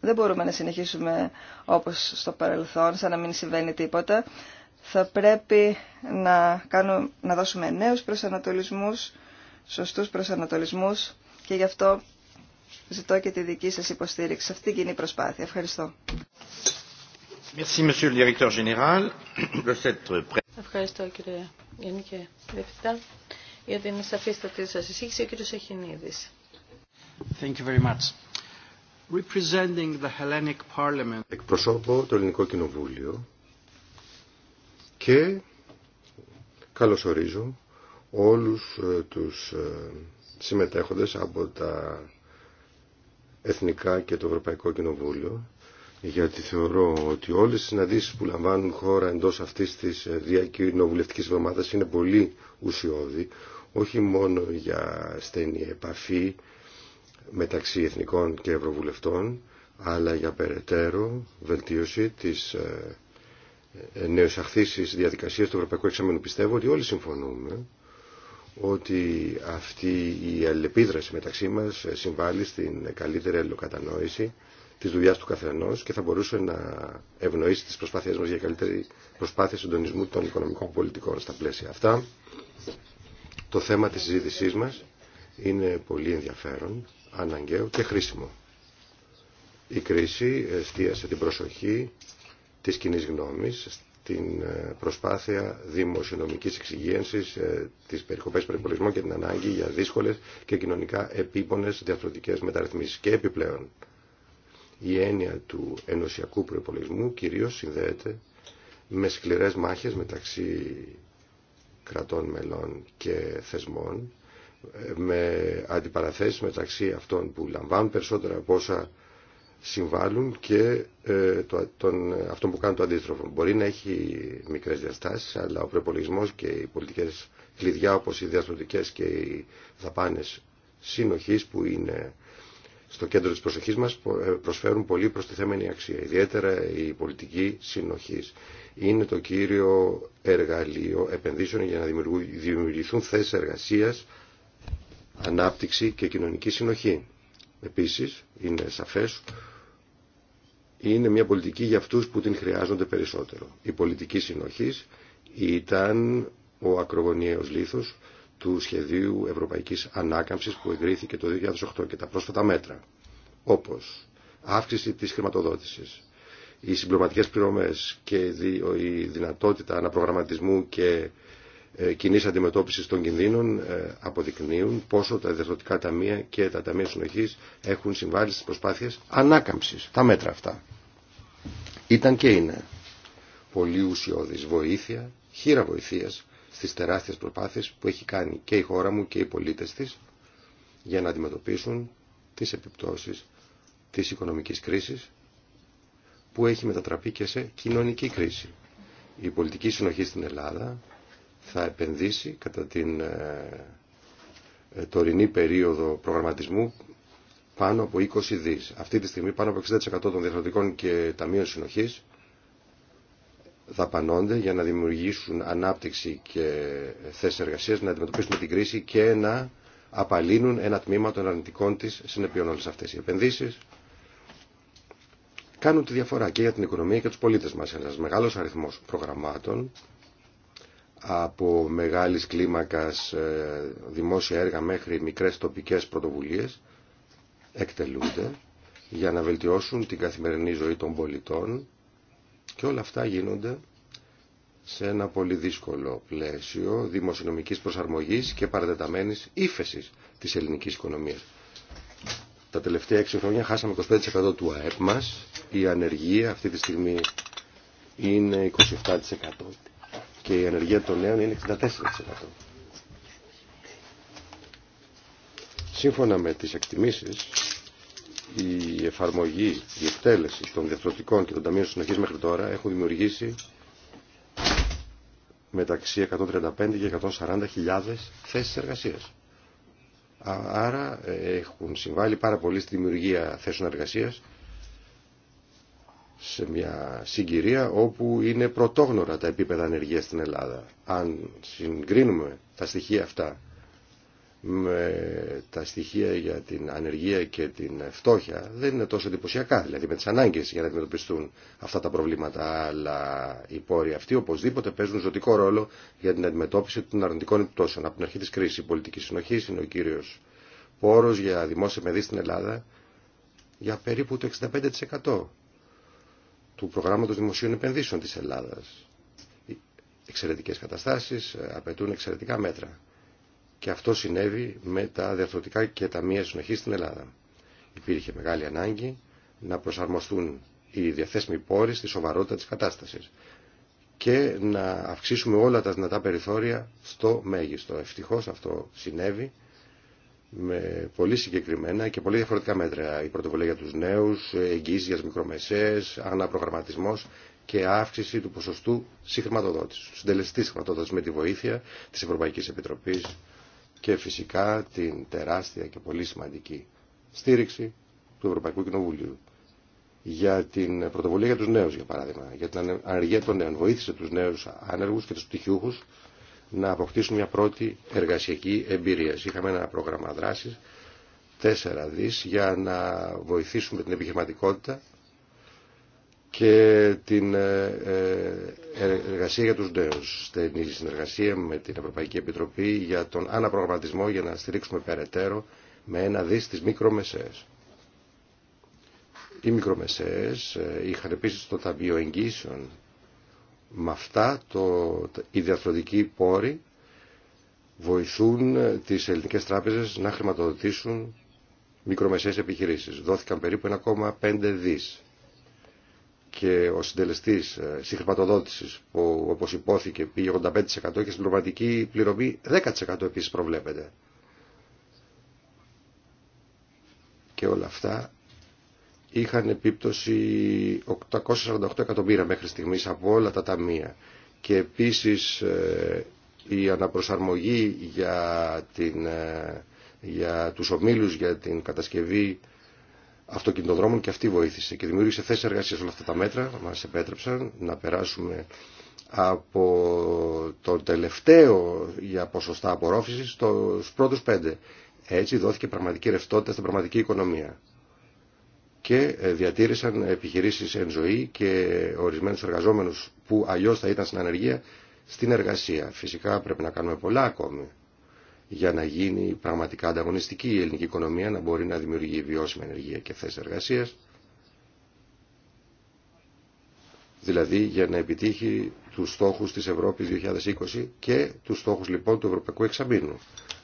Δεν μπορούμε να συνεχίσουμε όπως στο παρελθόν, σαν να μην συμβαίνει τίποτα. Θα πρέπει να, να δώσουμε νέους προσανατολισμούς, σωστούς προσανατολισμούς και γι' αυτό ζητώ και τη δική σας υποστήριξη σε αυτήν την κοινή προσπάθεια. Ευχαριστώ. Ευχαριστώ κύριε Γενική Διευθυντά για την σαφίστατη σας εισήγηση. Ο κύριος Αχινίδης. Thank you very much. Representing the Hellenic Parliament. Εκπροσώπω το Ελληνικό Κοινοβούλιο και καλωσορίζω όλους ε, τους ε, συμμετέχοντες από τα εθνικά και το Ευρωπαϊκό Κοινοβούλιο γιατί θεωρώ ότι όλες οι συναντήσεις που λαμβάνουν χώρα εντός αυτής της ε, διακοινοβουλευτικής εβδομάδας είναι πολύ ουσιώδη, όχι μόνο για στενή επαφή μεταξύ εθνικών και ευρωβουλευτών, αλλά για περαιτέρω βελτίωση της ε, ε, αχθήσης διαδικασίας του Ευρωπαϊκού Εξαμενού. Πιστεύω ότι όλοι συμφωνούμε ότι αυτή η αλληλεπίδραση μεταξύ μας συμβάλλει στην καλύτερη αλληλοκατανόηση της δουλειάς του καθενός και θα μπορούσε να ευνοήσει τις προσπάθειές μας για καλύτερη προσπάθεια συντονισμού των οικονομικών πολιτικών στα πλαίσια αυτά. Το θέμα της συζήτησή μας είναι πολύ ενδιαφέρον, αναγκαίο και χρήσιμο. Η κρίση εστίασε την προσοχή της κοινή γνώμης την ε, προσπάθεια δημοσιονομικής εξυγίανσης, ε, τις περικοπές περιπολισμών και την ανάγκη για δύσκολες και κοινωνικά επίπονες διαφορετικές μεταρρυθμίσεις. Και επιπλέον, η έννοια του ενωσιακού προπολισμού κυρίως συνδέεται με σκληρές μάχες μεταξύ κρατών μελών και θεσμών, ε, με αντιπαραθέσεις μεταξύ αυτών που λαμβάνουν περισσότερα από όσα συμβάλλουν και ε, το, τον, αυτό που κάνουν το αντίστροφο. Μπορεί να έχει μικρές διαστάσεις, αλλά ο προπολογισμό και οι πολιτικές κλειδιά όπως οι διαστροτικές και οι δαπάνες συνοχής που είναι στο κέντρο της προσοχής μας ε, προσφέρουν πολύ προστιθέμενη αξία. Ιδιαίτερα η πολιτική συνοχής είναι το κύριο εργαλείο επενδύσεων για να δημιουργηθούν θέσεις εργασίας, ανάπτυξη και κοινωνική συνοχή επίσης είναι σαφές, είναι μια πολιτική για αυτούς που την χρειάζονται περισσότερο. Η πολιτική συνοχής ήταν ο ακρογωνιαίος λίθος του σχεδίου Ευρωπαϊκής Ανάκαμψης που εγκρίθηκε το 2008 και τα πρόσφατα μέτρα, όπως αύξηση της χρηματοδότησης, οι συμπληρωματικές πληρωμές και η δυνατότητα αναπρογραμματισμού και ε, Κοινή αντιμετώπιση των κινδύνων ε, αποδεικνύουν πόσο τα διευθυντικά ταμεία και τα ταμεία συνοχή έχουν συμβάλει στις προσπάθειες ανάκαμψης. Τα μέτρα αυτά ήταν και είναι πολύ ουσιώδη βοήθεια, χείρα βοηθείας στις τεράστιες προσπάθειε που έχει κάνει και η χώρα μου και οι πολίτες της για να αντιμετωπίσουν τι επιπτώσει της οικονομικής κρίση που έχει μετατραπεί και σε κοινωνική κρίση. Η πολιτική συνοχή στην Ελλάδα θα επενδύσει κατά την ε, ε, τωρινή περίοδο προγραμματισμού πάνω από 20 δις. Αυτή τη στιγμή πάνω από 60% των διαφορετικών και ταμείων συνοχής δαπανώνται για να δημιουργήσουν ανάπτυξη και ε, θέσεις εργασίας, να αντιμετωπίσουν την κρίση και να απαλύνουν ένα τμήμα των αρνητικών της συνεπειών όλες αυτές. Οι επενδύσεις κάνουν τη διαφορά και για την οικονομία και τους πολίτες μας. Ένας μεγάλος αριθμός προγραμμάτων από μεγάλης κλίμακας ε, δημόσια έργα μέχρι μικρές τοπικές πρωτοβουλίες εκτελούνται για να βελτιώσουν την καθημερινή ζωή των πολιτών και όλα αυτά γίνονται σε ένα πολύ δύσκολο πλαίσιο δημοσιονομικής προσαρμογής και παρατεταμένης ύφεσης της ελληνικής οικονομίας. Τα τελευταία 6 χρόνια χάσαμε 25% του ΑΕΠ μας. Η ανεργία αυτή τη στιγμή είναι 27% και η ανεργία των νέων είναι 64%. Σύμφωνα με τις εκτιμήσεις, η εφαρμογή, η εκτέλεση των διαφορετικών και των ταμείων συνοχής μέχρι τώρα έχουν δημιουργήσει μεταξύ 135 και 140.000 θέσεις εργασίας. Άρα ε, έχουν συμβάλει πάρα πολύ στη δημιουργία θέσεων εργασίας σε μια συγκυρία όπου είναι πρωτόγνωρα τα επίπεδα ανεργίας στην Ελλάδα. Αν συγκρίνουμε τα στοιχεία αυτά με τα στοιχεία για την ανεργία και την φτώχεια δεν είναι τόσο εντυπωσιακά, δηλαδή με τις ανάγκες για να αντιμετωπιστούν αυτά τα προβλήματα, αλλά οι πόροι αυτοί οπωσδήποτε παίζουν ζωτικό ρόλο για την αντιμετώπιση των αρνητικών επιπτώσεων. Από την αρχή της κρίσης η πολιτική συνοχή είναι ο κύριος πόρος για δημόσια μεδί στην Ελλάδα για περίπου το 65% του προγράμματος δημοσίων επενδύσεων της Ελλάδας. Εξαιρετικές καταστάσεις ε, απαιτούν εξαιρετικά μέτρα. Και αυτό συνέβη με τα διαρθρωτικά και τα μία συνοχή στην Ελλάδα. Υπήρχε μεγάλη ανάγκη να προσαρμοστούν οι διαθέσιμοι πόροι στη σοβαρότητα της κατάστασης και να αυξήσουμε όλα τα δυνατά περιθώρια στο μέγιστο. Ευτυχώς αυτό συνέβη με πολύ συγκεκριμένα και πολύ διαφορετικά μέτρα. Η πρωτοβουλία για τους νέους, εγγύηση για τις μικρομεσαίες, αναπρογραμματισμός και αύξηση του ποσοστού συγχρηματοδότηση, του συντελεστή συγχρηματοδότηση με τη βοήθεια της Ευρωπαϊκής Επιτροπής και φυσικά την τεράστια και πολύ σημαντική στήριξη του Ευρωπαϊκού Κοινοβουλίου. Για την πρωτοβουλία για τους νέους, για παράδειγμα, για την ανεργία των νέων. Βοήθησε τους νέους άνεργους και του πτυχιούχους να αποκτήσουν μια πρώτη εργασιακή εμπειρία. Είχαμε ένα πρόγραμμα δράσης, τέσσερα δις, για να βοηθήσουμε την επιχειρηματικότητα και την ε, ε, ε, εργασία για τους νέους. Στην συνεργασία με την Ευρωπαϊκή Επιτροπή για τον αναπρογραμματισμό για να στηρίξουμε περαιτέρω με ένα δις τις μικρομεσαίες. Οι μικρομεσαίες είχαν επίσης το ταμπιο εγγύσεων με αυτά το, οι διαρθρωτικοί πόροι βοηθούν ε, τις ελληνικές τράπεζες να χρηματοδοτήσουν μικρομεσαίες επιχειρήσεις. Δόθηκαν περίπου 1,5 δις και ο συντελεστής ε, συγχρηματοδότησης που όπως υπόθηκε πήγε 85% και στην πραγματική πληρωμή 10% επίσης προβλέπεται. Και όλα αυτά είχαν επίπτωση 848 εκατομμύρια μέχρι στιγμής από όλα τα ταμεία. Και επίσης ε, η αναπροσαρμογή για, την, ε, για τους ομίλους για την κατασκευή αυτοκινητοδρόμων και αυτή βοήθησε και δημιούργησε θέσεις εργασίας όλα αυτά τα μέτρα μας επέτρεψαν να περάσουμε από το τελευταίο για ποσοστά απορρόφησης στους πρώτους πέντε. Έτσι δόθηκε πραγματική ρευστότητα στην πραγματική οικονομία και ε, διατήρησαν επιχειρήσεις εν ζωή και ορισμένους εργαζόμενους που αλλιώς θα ήταν στην ανεργία στην εργασία. Φυσικά πρέπει να κάνουμε πολλά ακόμη για να γίνει πραγματικά ανταγωνιστική η ελληνική οικονομία, να μπορεί να δημιουργεί βιώσιμη ενεργεία και θέσεις εργασίας, δηλαδή για να επιτύχει τους στόχους της Ευρώπης 2020 και τους στόχους λοιπόν του Ευρωπαϊκού Εξαμήνου.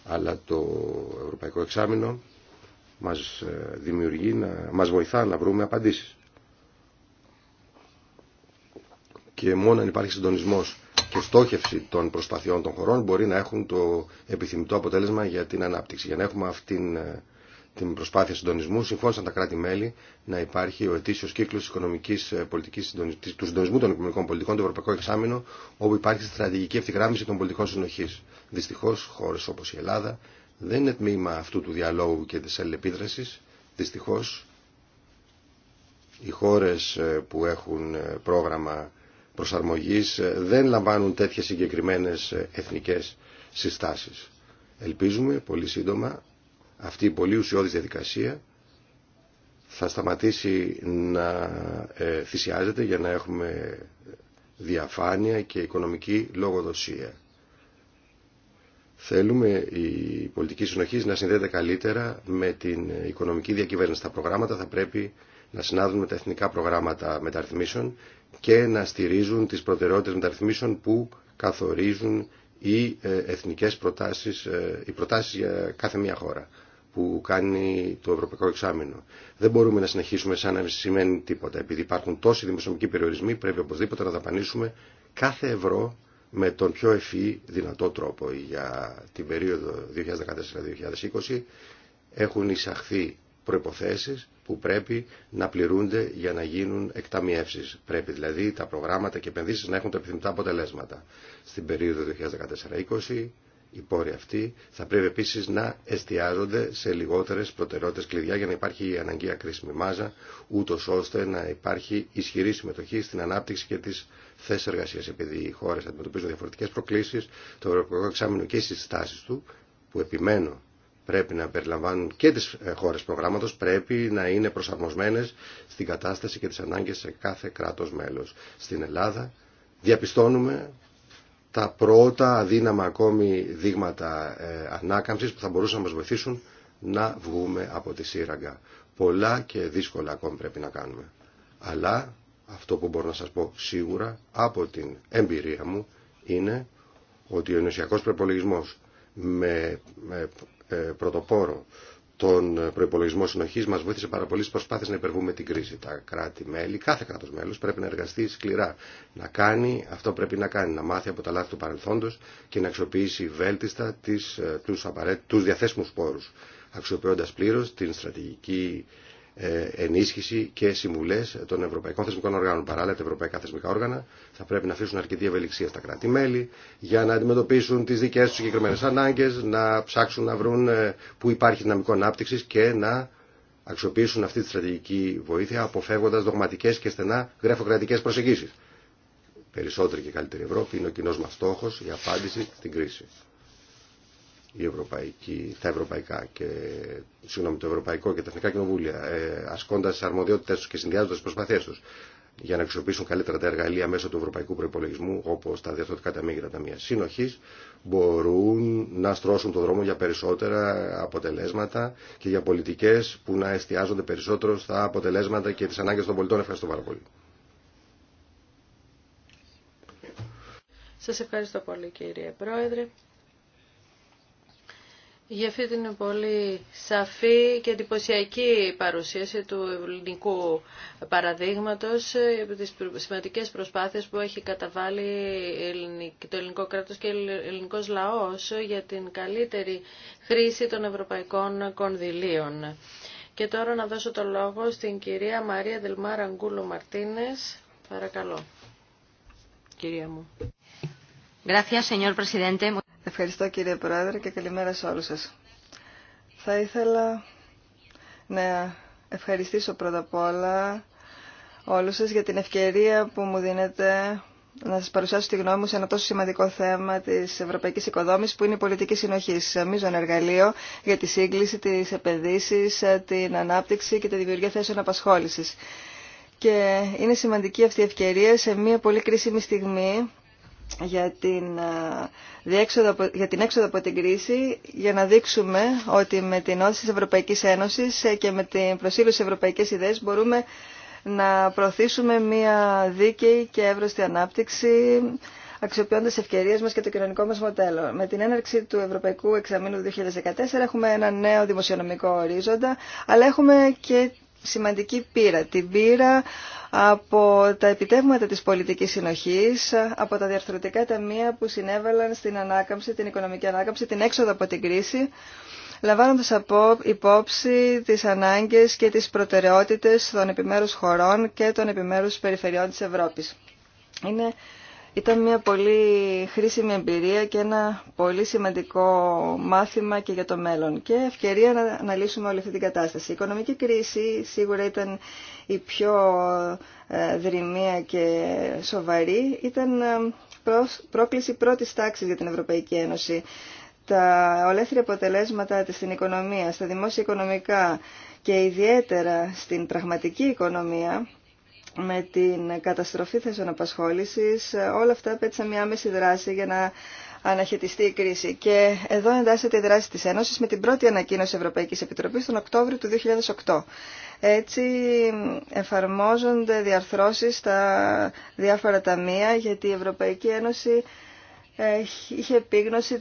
Αλλά το Ευρωπαϊκό Εξάμεινο μας ε, δημιουργεί, να, μας βοηθά να βρούμε απαντήσεις. Και μόνο αν υπάρχει συντονισμός και στόχευση των προσπαθειών των χωρών μπορεί να έχουν το επιθυμητό αποτέλεσμα για την ανάπτυξη. Για να έχουμε αυτή ε, την προσπάθεια συντονισμού, συμφώνησαν τα κράτη-μέλη να υπάρχει ο ετήσιο κύκλο ε, του συντονισμού των οικονομικών πολιτικών, το Ευρωπαϊκό Εξάμεινο, όπου υπάρχει στρατηγική ευθυγράμμιση των πολιτικών συνοχή. Δυστυχώ, χώρε όπω η Ελλάδα δεν είναι τμήμα αυτού του διαλόγου και της αλληλεπίδρασης. Δυστυχώς οι χώρες ε, που έχουν ε, πρόγραμμα προσαρμογής ε, δεν λαμβάνουν τέτοιες συγκεκριμένες εθνικές συστάσεις. Ελπίζουμε πολύ σύντομα αυτή η πολύ ουσιώδης διαδικασία θα σταματήσει να θυσιάζεται για να έχουμε διαφάνεια και οικονομική λογοδοσία. Θέλουμε η πολιτική συνοχή να συνδέεται καλύτερα με την οικονομική διακυβέρνηση. Τα προγράμματα θα πρέπει να συνάδουν με τα εθνικά προγράμματα μεταρρυθμίσεων και να στηρίζουν τις προτεραιότητες μεταρρυθμίσεων που καθορίζουν οι ε, εθνικές προτάσεις, ε, οι προτάσεις για κάθε μια χώρα που κάνει το Ευρωπαϊκό Εξάμεινο. Δεν μπορούμε να συνεχίσουμε σαν να σημαίνει τίποτα. Επειδή υπάρχουν τόσοι δημοσιονομικοί περιορισμοί, πρέπει οπωσδήποτε να δαπανίσουμε κάθε ευρώ με τον πιο ευφύ δυνατό τρόπο για την περίοδο 2014-2020 έχουν εισαχθεί προϋποθέσεις που πρέπει να πληρούνται για να γίνουν εκταμιεύσεις. Πρέπει δηλαδή τα προγράμματα και επενδύσεις να έχουν τα επιθυμητά αποτελέσματα. Στην περίοδο 2014-2020 οι πόροι αυτοί θα πρέπει επίση να εστιάζονται σε λιγότερε προτεραιότητε κλειδιά για να υπάρχει η αναγκαία κρίσιμη μάζα, ούτω ώστε να υπάρχει ισχυρή συμμετοχή στην ανάπτυξη και τι θέσει εργασία. Επειδή οι χώρε αντιμετωπίζουν διαφορετικέ προκλήσει, το Ευρωπαϊκό Εξάμεινο και οι συστάσει του, που επιμένω πρέπει να περιλαμβάνουν και τι ε, χώρε προγράμματο, πρέπει να είναι προσαρμοσμένε στην κατάσταση και τι ανάγκε σε κάθε κράτο μέλο. Στην Ελλάδα διαπιστώνουμε τα πρώτα αδύναμα ακόμη δείγματα ε, ανάκαμψης που θα μπορούσαν να μας βοηθήσουν να βγούμε από τη σύραγγα. Πολλά και δύσκολα ακόμη πρέπει να κάνουμε. Αλλά αυτό που μπορώ να σας πω σίγουρα από την εμπειρία μου είναι ότι ο ενωσιακός προπολογισμό με, ε, πρωτοπόρο τον προπολογισμό συνοχή μα βοήθησε πάρα πολύ στι προσπάθειε να υπερβούμε την κρίση. Τα κράτη-μέλη, κάθε κράτο μέλο πρέπει να εργαστεί σκληρά. Να κάνει αυτό πρέπει να κάνει. Να μάθει από τα λάθη του παρελθόντο και να αξιοποιήσει βέλτιστα ε, του απαραίτητου διαθέσιμου πόρου. Αξιοποιώντα πλήρω την στρατηγική ε, ενίσχυση και συμβουλέ των ευρωπαϊκών θεσμικών οργάνων. Παράλληλα, τα ευρωπαϊκά θεσμικά όργανα θα πρέπει να αφήσουν αρκετή ευελιξία στα κράτη-μέλη για να αντιμετωπίσουν τι δικέ του συγκεκριμένε ανάγκε, να ψάξουν να βρουν ε, που υπάρχει δυναμικό ανάπτυξη και να αξιοποιήσουν αυτή τη στρατηγική βοήθεια αποφεύγοντα δογματικέ και στενά γραφειοκρατικέ προσεγγίσει. Περισσότερη και καλύτερη Ευρώπη είναι ο κοινό μα στόχο, η απάντηση στην κρίση η Ευρωπαϊκή, τα ευρωπαϊκά και, συγγνώμη, το Ευρωπαϊκό και τα Εθνικά Κοινοβούλια ε, ασκώντα τι αρμοδιότητε του και συνδυάζοντα τι προσπαθίε του για να αξιοποιήσουν καλύτερα τα εργαλεία μέσω του ευρωπαϊκού προπολογισμού, όπω τα διαθροτικά ταμεία και τα ταμεία συνοχή, μπορούν να στρώσουν το δρόμο για περισσότερα αποτελέσματα και για πολιτικέ που να εστιάζονται περισσότερο στα αποτελέσματα και τι ανάγκε των πολιτών. Ευχαριστώ πάρα πολύ. Σας ευχαριστώ πολύ κύριε Πρόεδρε για αυτή την πολύ σαφή και εντυπωσιακή παρουσίαση του ελληνικού παραδείγματος από τις σημαντικές προσπάθειες που έχει καταβάλει το ελληνικό κράτος και ο ελληνικός λαός για την καλύτερη χρήση των ευρωπαϊκών κονδυλίων. Και τώρα να δώσω το λόγο στην κυρία Μαρία Δελμάρα Αγκούλο Μαρτίνες. Παρακαλώ, κυρία μου. Gracias, señor presidente. Ευχαριστώ κύριε Πρόεδρε και καλημέρα σε όλους σας. Θα ήθελα να ευχαριστήσω πρώτα απ' όλα όλους σας για την ευκαιρία που μου δίνετε να σας παρουσιάσω τη γνώμη μου σε ένα τόσο σημαντικό θέμα της Ευρωπαϊκής Οικοδόμης που είναι η πολιτική συνοχή. Μίζον εργαλείο για τη σύγκληση, τις επενδύσεις, την ανάπτυξη και τη δημιουργία θέσεων απασχόλησης. Και είναι σημαντική αυτή η ευκαιρία σε μια πολύ κρίσιμη στιγμή για την, ε, για την έξοδο από την κρίση για να δείξουμε ότι με την όθηση της Ευρωπαϊκής Ένωσης ε, και με την προσήλωση ευρωπαϊκές ιδέες μπορούμε να προωθήσουμε μια δίκαιη και εύρωστη ανάπτυξη αξιοποιώντα ευκαιρίε μα και το κοινωνικό μα μοντέλο. Με την έναρξη του Ευρωπαϊκού Εξαμήνου 2014 έχουμε ένα νέο δημοσιονομικό ορίζοντα, αλλά έχουμε και σημαντική πύρα, Την πύρα από τα επιτεύγματα της πολιτικής συνοχής, από τα διαρθρωτικά ταμεία που συνέβαλαν στην ανάκαμψη, την οικονομική ανάκαμψη, την έξοδο από την κρίση, λαμβάνοντας από υπόψη τις ανάγκες και τις προτεραιότητες των επιμέρους χωρών και των επιμέρους περιφερειών της Ευρώπης. Είναι ήταν μια πολύ χρήσιμη εμπειρία και ένα πολύ σημαντικό μάθημα και για το μέλλον και ευκαιρία να αναλύσουμε όλη αυτή την κατάσταση. Η οικονομική κρίση σίγουρα ήταν η πιο ε, δρυμία και σοβαρή. Ήταν ε, πρόκληση πρώτης τάξης για την Ευρωπαϊκή Ένωση. Τα ολέθρια αποτελέσματα της στην οικονομία, στα δημόσια οικονομικά και ιδιαίτερα στην πραγματική οικονομία με την καταστροφή θέσεων απασχόλησης, όλα αυτά απέτυχαν μια άμεση δράση για να αναχαιτιστεί η κρίση. Και εδώ εντάσσεται η δράση της Ένωσης με την πρώτη ανακοίνωση Ευρωπαϊκής Επιτροπής τον Οκτώβριο του 2008. Έτσι εφαρμόζονται διαρθρώσεις στα διάφορα ταμεία γιατί η Ευρωπαϊκή Ένωση ε, είχε επίγνωση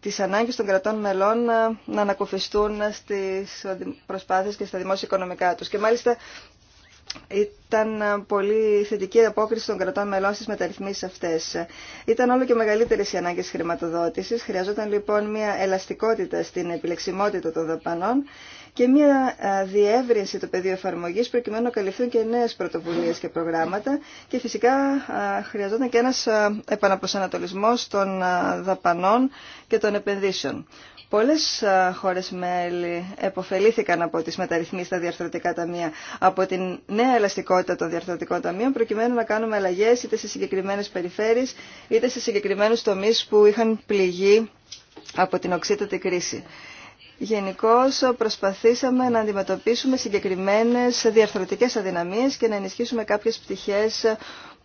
της ανάγκης των κρατών μελών ε, να ανακουφιστούν στις προσπάθειες και στα δημόσια οικονομικά τους. Και μάλιστα ήταν πολύ θετική η απόκριση των κρατών μελών στις μεταρρυθμίσεις αυτές. Ήταν όλο και μεγαλύτερε οι ανάγκε χρηματοδότησης, χρειαζόταν λοιπόν μια ελαστικότητα στην επιλεξιμότητα των δαπανών και μια ε, διεύρυνση του πεδίου εφαρμογή προκειμένου να καλυφθούν και νέε πρωτοβουλίε και προγράμματα και φυσικά ε, χρειαζόταν και ένα ε, επαναπροσανατολισμό των δαπανών και των επενδύσεων. Πολλέ χώρε μέλη επωφελήθηκαν από τι μεταρρυθμίσει στα διαρθρωτικά ταμεία, από την νέα ελαστικότητα των διαρθρωτικών ταμείων, προκειμένου να κάνουμε αλλαγέ, είτε σε συγκεκριμένε περιφέρειε, είτε σε συγκεκριμένου τομεί που είχαν πληγεί από την οξύτατη κρίση. Γενικώ προσπαθήσαμε να αντιμετωπίσουμε συγκεκριμένες διαρθρωτικέ αδυναμίες και να ενισχύσουμε κάποιες πτυχές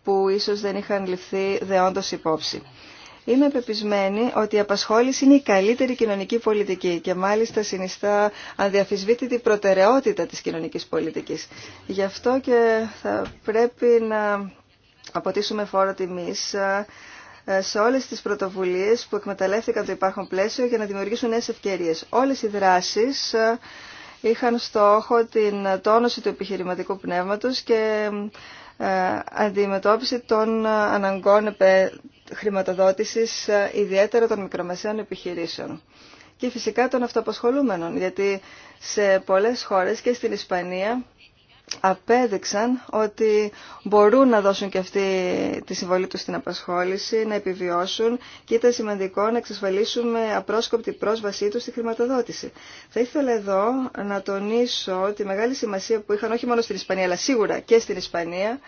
που ίσως δεν είχαν ληφθεί δεόντως υπόψη. Είμαι πεπισμένη ότι η απασχόληση είναι η καλύτερη κοινωνική πολιτική και μάλιστα συνιστά αδιαφυσβήτητη προτεραιότητα της κοινωνικής πολιτικής. Γι' αυτό και θα πρέπει να αποτίσουμε φόρο τιμής ε, σε όλε τις πρωτοβουλίε που εκμεταλλεύτηκαν το υπάρχον πλαίσιο για να δημιουργήσουν νέε ευκαιρίε. Όλες οι δράσεις ε, είχαν στόχο την τόνωση του επιχειρηματικού πνεύματος και ε, αντιμετώπιση των αναγκών χρηματοδότησης ιδιαίτερα των μικρομεσαίων επιχειρήσεων και φυσικά των αυτοαπασχολούμενων γιατί σε πολλές χώρες και στην Ισπανία απέδειξαν ότι μπορούν να δώσουν και αυτή τη συμβολή τους στην απασχόληση, να επιβιώσουν και ήταν σημαντικό να εξασφαλίσουμε απρόσκοπτη πρόσβασή τους στη χρηματοδότηση. Θα ήθελα εδώ να τονίσω τη μεγάλη σημασία που είχαν όχι μόνο στην Ισπανία, αλλά σίγουρα και στην Ισπανία,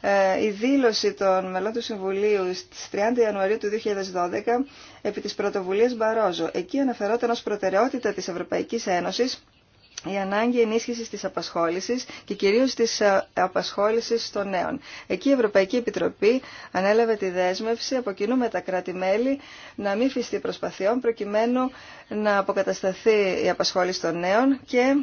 ε, η δήλωση των μελών του Συμβουλίου στις 30 Ιανουαρίου του 2012 επί της πρωτοβουλίας Μπαρόζο. Εκεί αναφερόταν ως προτεραιότητα της Ευρωπαϊκής Ένωσης η ανάγκη ενίσχυσης της απασχόλησης και κυρίως της ε, απασχόλησης των νέων. Εκεί η Ευρωπαϊκή Επιτροπή ανέλαβε τη δέσμευση από κοινού με τα κράτη-μέλη να μην φυστεί προσπαθειών προκειμένου να αποκατασταθεί η απασχόληση των νέων και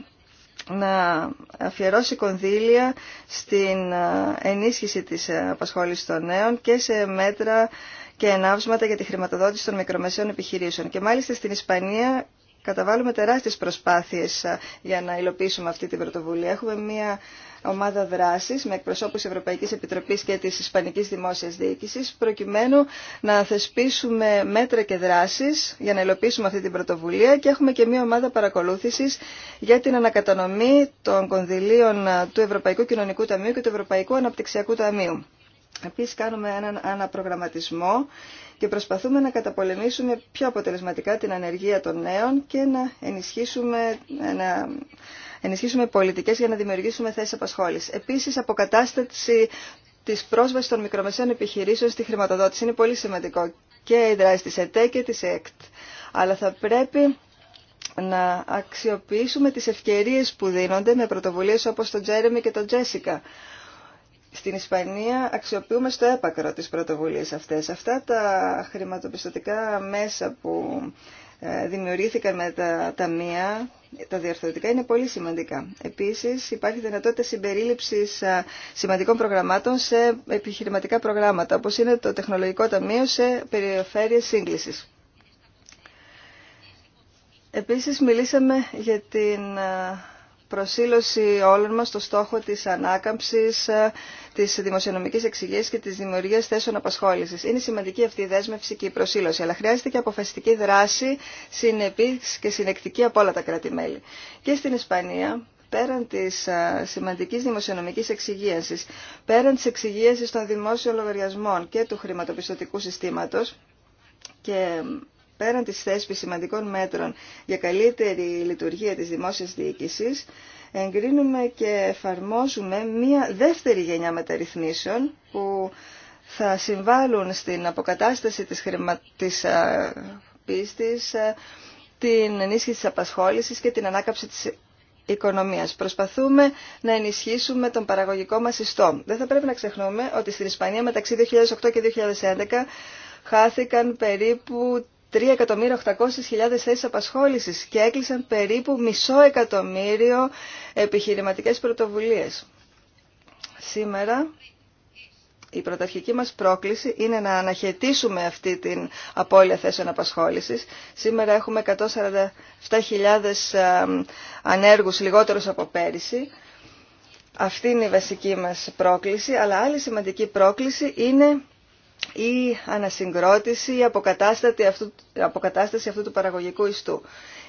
να αφιερώσει κονδύλια στην ε, ενίσχυση της ε, απασχόλησης των νέων και σε μέτρα και ενάψματα για τη χρηματοδότηση των μικρομεσαίων επιχειρήσεων. Και μάλιστα στην Ισπανία καταβάλουμε τεράστιες προσπάθειες για να υλοποιήσουμε αυτή την πρωτοβουλία. Έχουμε μια ομάδα δράσης με εκπροσώπους Ευρωπαϊκής Επιτροπής και της Ισπανικής Δημόσιας Διοίκησης προκειμένου να θεσπίσουμε μέτρα και δράσεις για να υλοποιήσουμε αυτή την πρωτοβουλία και έχουμε και μια ομάδα παρακολούθησης για την ανακατανομή των κονδυλίων του Ευρωπαϊκού Κοινωνικού Ταμείου και του Ευρωπαϊκού Αναπτυξιακού Ταμείου. Επίσης κάνουμε έναν αναπρογραμματισμό και προσπαθούμε να καταπολεμήσουμε πιο αποτελεσματικά την ανεργία των νέων και να ενισχύσουμε, να ενισχύσουμε πολιτικές για να δημιουργήσουμε θέσεις απασχόλησης. Επίσης, αποκατάσταση της πρόσβασης των μικρομεσαίων επιχειρήσεων στη χρηματοδότηση είναι πολύ σημαντικό και η δράση της ΕΤΕ και της ΕΚΤ. Αλλά θα πρέπει να αξιοποιήσουμε τις ευκαιρίες που δίνονται με πρωτοβουλίες όπως το Τζέρεμι και το Τζέσικα στην Ισπανία αξιοποιούμε στο έπακρο τις πρωτοβουλίες αυτές. Αυτά τα χρηματοπιστωτικά μέσα που ε, δημιουργήθηκαν με τα ταμεία, τα διαρθρωτικά, είναι πολύ σημαντικά. Επίσης υπάρχει δυνατότητα συμπερίληψης ε, σημαντικών προγραμμάτων σε επιχειρηματικά προγράμματα, όπως είναι το Τεχνολογικό Ταμείο σε περιοφέρειες σύγκλησης. Επίσης μιλήσαμε για την ε, προσήλωση όλων μας στο στόχο της ανάκαμψης, ε, της δημοσιονομικής εξηγήσης και της δημιουργίας θέσεων απασχόλησης. Είναι σημαντική αυτή η δέσμευση και η προσήλωση, αλλά χρειάζεται και αποφασιστική δράση, συνεπής και συνεκτική από όλα τα κράτη-μέλη. Και στην Ισπανία, πέραν της ε, σημαντικής δημοσιονομικής εξηγίασης, πέραν της εξηγίασης των δημόσιων λογαριασμών και του χρηματοπιστωτικού συστήματος, και πέραν της θέσπης σημαντικών μέτρων για καλύτερη λειτουργία της δημόσιας διοίκησης, εγκρίνουμε και εφαρμόζουμε μία δεύτερη γενιά μεταρρυθμίσεων που θα συμβάλλουν στην αποκατάσταση της, χρημα... της πίστης, την ενίσχυση της απασχόλησης και την ανάκαψη της οικονομίας. Προσπαθούμε να ενισχύσουμε τον παραγωγικό μας ιστό. Δεν θα πρέπει να ξεχνούμε ότι στην Ισπανία μεταξύ 2008 και 2011 χάθηκαν περίπου 3.800.000 θέσεις απασχόλησης και έκλεισαν περίπου μισό εκατομμύριο επιχειρηματικές πρωτοβουλίες. Σήμερα η πρωταρχική μας πρόκληση είναι να αναχαιτήσουμε αυτή την απώλεια θέσεων απασχόλησης. Σήμερα έχουμε 147.000 ε, ανέργους λιγότερους από πέρυσι. Αυτή είναι η βασική μας πρόκληση, αλλά άλλη σημαντική πρόκληση είναι η ανασυγκρότηση, η αποκατάσταση αυτού, αποκατάσταση του παραγωγικού ιστού.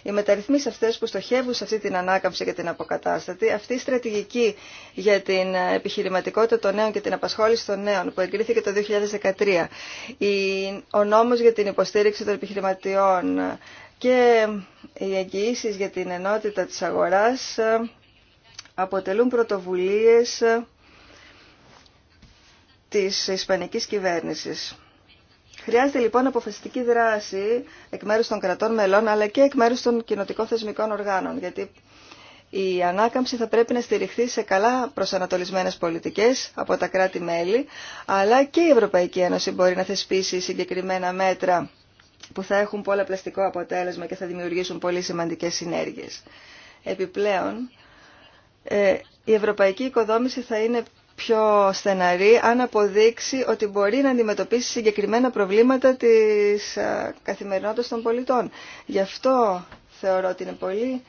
Οι μεταρρυθμίσεις αυτές που στοχεύουν σε αυτή την ανάκαμψη και την αποκατάσταση, αυτή η στρατηγική για την επιχειρηματικότητα των νέων και την απασχόληση των νέων που εγκρίθηκε το 2013, ο νόμος για την υποστήριξη των επιχειρηματιών και οι εγγυήσει για την ενότητα της αγοράς ε, αποτελούν πρωτοβουλίες ε, της Ισπανικής κυβέρνησης. Χρειάζεται λοιπόν αποφασιστική δράση εκ μέρους των κρατών μελών αλλά και εκ μέρους των κοινοτικών θεσμικών οργάνων γιατί η ανάκαμψη θα πρέπει να στηριχθεί σε καλά προσανατολισμένες πολιτικές από τα κράτη-μέλη αλλά και η Ευρωπαϊκή Ένωση μπορεί να θεσπίσει συγκεκριμένα μέτρα που θα έχουν πολλαπλαστικό αποτέλεσμα και θα δημιουργήσουν πολύ σημαντικές συνέργειες. Επιπλέον, ε, η ευρωπαϊκή οικοδόμηση θα είναι πιο στεναρή αν αποδείξει ότι μπορεί να αντιμετωπίσει συγκεκριμένα προβλήματα της ε, καθημερινότητας των πολιτών. Γι' αυτό θεωρώ ότι είναι πολύ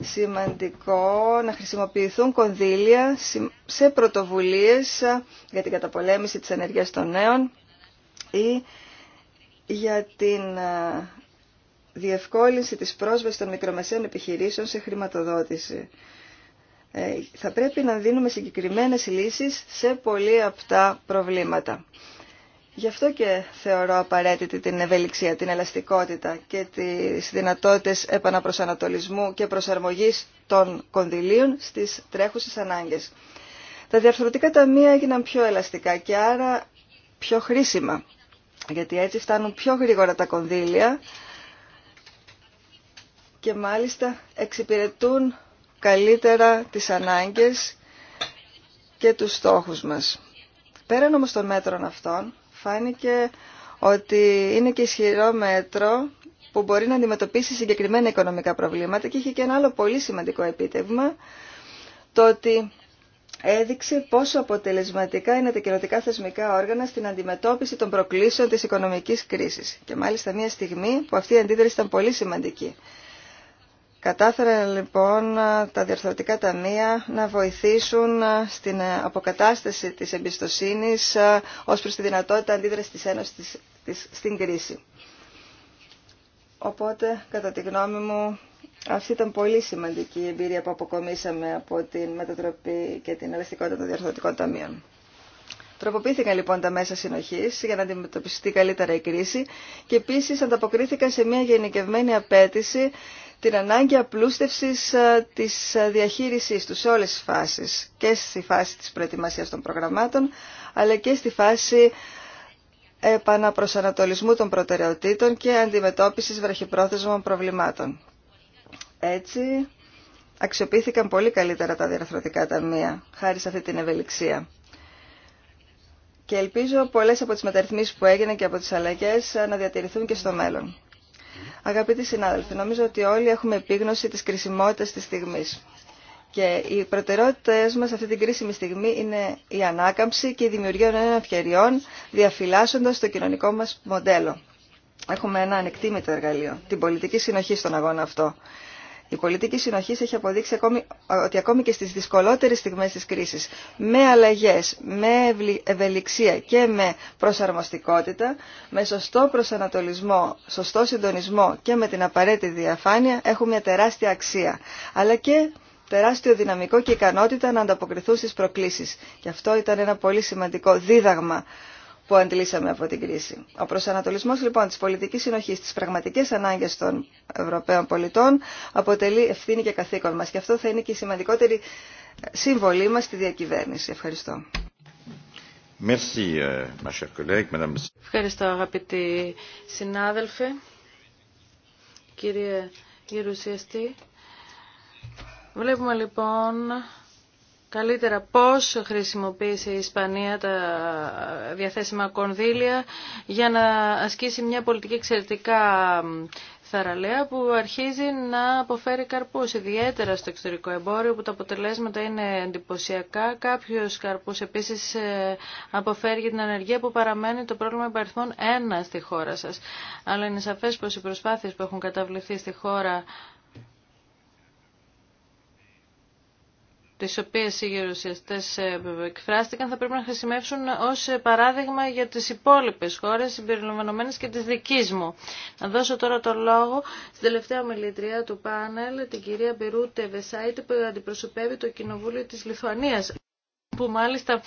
σημαντικό να χρησιμοποιηθούν κονδύλια σε πρωτοβουλίες ε, για την καταπολέμηση της ενέργειας των νέων ή για την ε, διευκόλυνση της πρόσβασης των μικρομεσαίων επιχειρήσεων σε χρηματοδότηση. Ε, θα πρέπει να δίνουμε συγκεκριμένες λύσεις σε πολύ τα προβλήματα. Γι' αυτό και θεωρώ απαραίτητη την ευελιξία, την ελαστικότητα και τις δυνατότητες επαναπροσανατολισμού και προσαρμογής των κονδυλίων στις τρέχουσες ανάγκες. Τα διαρθρωτικά ταμεία έγιναν πιο ελαστικά και άρα πιο χρήσιμα, γιατί έτσι φτάνουν πιο γρήγορα τα κονδύλια και μάλιστα εξυπηρετούν καλύτερα τις ανάγκες και τους στόχους μας. Πέραν όμως των μέτρων αυτών, φάνηκε ότι είναι και ισχυρό μέτρο που μπορεί να αντιμετωπίσει συγκεκριμένα οικονομικά προβλήματα και είχε και ένα άλλο πολύ σημαντικό επίτευγμα, το ότι έδειξε πόσο αποτελεσματικά είναι τα κοινοτικά θεσμικά όργανα στην αντιμετώπιση των προκλήσεων της οικονομικής κρίσης. Και μάλιστα μια στιγμή που αυτή η αντίδραση ήταν πολύ σημαντική. Κατάφεραν λοιπόν τα διαρθρωτικά ταμεία να βοηθήσουν στην αποκατάσταση της εμπιστοσύνης ε, ως προς τη δυνατότητα αντίδρασης της Ένωσης στην κρίση. Οπότε, κατά τη γνώμη μου, αυτή ήταν πολύ σημαντική η εμπειρία που αποκομίσαμε από την μετατροπή και την ελαστικότητα των διαρθρωτικών ταμείων. Τροποποιήθηκαν λοιπόν τα μέσα συνοχή για να αντιμετωπιστεί καλύτερα η κρίση και επίση ανταποκρίθηκαν σε μια γενικευμένη απέτηση την ανάγκη απλούστευσης ε, της ε, διαχείρισής του σε όλες τις φάσεις και στη φάση της προετοιμασίας των προγραμμάτων αλλά και στη φάση επαναπροσανατολισμού των προτεραιοτήτων και αντιμετώπισης βραχυπρόθεσμων προβλημάτων. Έτσι, αξιοποιήθηκαν πολύ καλύτερα τα διαρθρωτικά ταμεία, χάρη σε αυτή την ευελιξία. Και ελπίζω πολλές από τις μεταρρυθμίσεις που έγιναν και από τις αλλαγές να διατηρηθούν και στο μέλλον. Αγαπητοί συνάδελφοι, νομίζω ότι όλοι έχουμε επίγνωση της κρισιμότητας της στιγμής. Και οι προτεραιότητες μας αυτή την κρίσιμη στιγμή είναι η ανάκαμψη και η δημιουργία νέων ευκαιριών, διαφυλάσσοντας το κοινωνικό μας μοντέλο. Έχουμε ένα ανεκτήμητο εργαλείο, την πολιτική συνοχή στον αγώνα αυτό. Η πολιτική συνοχή έχει αποδείξει ακόμη, ότι ακόμη και στι δυσκολότερε στιγμέ τη κρίση, με αλλαγέ, με ευελιξία και με προσαρμοστικότητα, με σωστό προσανατολισμό, σωστό συντονισμό και με την απαραίτητη διαφάνεια, έχουν μια τεράστια αξία. Αλλά και τεράστιο δυναμικό και ικανότητα να ανταποκριθούν στις προκλήσεις. Και αυτό ήταν ένα πολύ σημαντικό δίδαγμα που αντλήσαμε από την κρίση. Ο προσανατολισμός λοιπόν της πολιτικής συνοχής στις πραγματικές ανάγκες των Ευρωπαίων πολιτών αποτελεί ευθύνη και καθήκον μας και αυτό θα είναι και η σημαντικότερη συμβολή μας στη διακυβέρνηση. Ευχαριστώ. Euh, Ευχαριστώ αγαπητοί συνάδελφοι, κύριε Γερουσιαστή. Βλέπουμε λοιπόν καλύτερα πώς χρησιμοποίησε η Ισπανία τα διαθέσιμα κονδύλια για να ασκήσει μια πολιτική εξαιρετικά θαραλέα που αρχίζει να αποφέρει καρπούς, ιδιαίτερα στο εξωτερικό εμπόριο που τα αποτελέσματα είναι εντυπωσιακά. Κάποιος καρπούς επίσης ε, αποφέρει την ανεργία που παραμένει το πρόβλημα υπαριθμών ένα στη χώρα σας. Αλλά είναι σαφές πως οι προσπάθειες που έχουν καταβληθεί στη χώρα τις οποίες οι γερουσιαστές ε, εκφράστηκαν θα πρέπει να χρησιμεύσουν ως παράδειγμα για τις υπόλοιπες χώρες συμπεριλαμβανομένες και της δικής μου. Να δώσω τώρα το λόγο στην τελευταία ομιλητρία του πάνελ, την κυρία Μπερούτε Τεβεσάιτ, που αντιπροσωπεύει το Κοινοβούλιο της Λιθουανίας που μάλιστα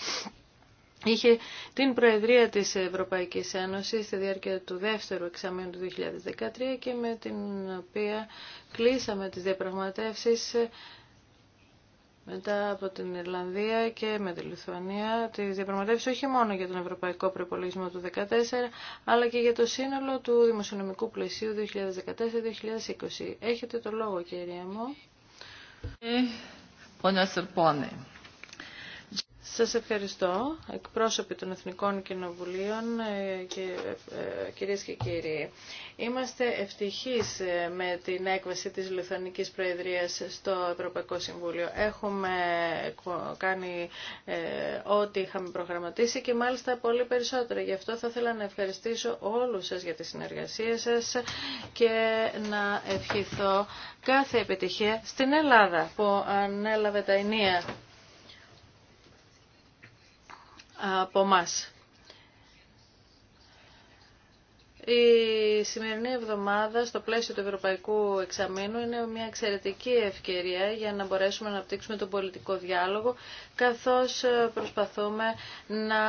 είχε την Προεδρία της Ευρωπαϊκής Ένωσης στη διάρκεια του δεύτερου εξαμήνου του 2013 και με την οποία κλείσαμε τις διαπραγματεύσεις μετά από την Ιρλανδία και με τη Λιθουανία τη διαπραγματεύσει όχι μόνο για τον Ευρωπαϊκό Προπολογισμό του 2014 αλλά και για το σύνολο του Δημοσιονομικού Πλαισίου 2014-2020. Έχετε το λόγο κυρία μου. Ε, σας ευχαριστώ, εκπρόσωποι των Εθνικών Κοινοβουλίων ε, και ε, ε, κυρίες και κύριοι. Είμαστε ευτυχείς με την έκβαση της Λιθανικής Προεδρίας στο Ευρωπαϊκό Συμβούλιο. Έχουμε κάνει ό,τι είχαμε προγραμματίσει και μάλιστα πολύ περισσότερο. Γι' αυτό θα ήθελα να ευχαριστήσω όλους σας για τη συνεργασία σας και να ευχηθώ κάθε επιτυχία στην Ελλάδα που ανέλαβε τα ενία από εμά. Η σημερινή εβδομάδα στο πλαίσιο του Ευρωπαϊκού Εξαμήνου είναι μια εξαιρετική ευκαιρία για να μπορέσουμε να αναπτύξουμε τον πολιτικό διάλογο καθώς ε, προσπαθούμε να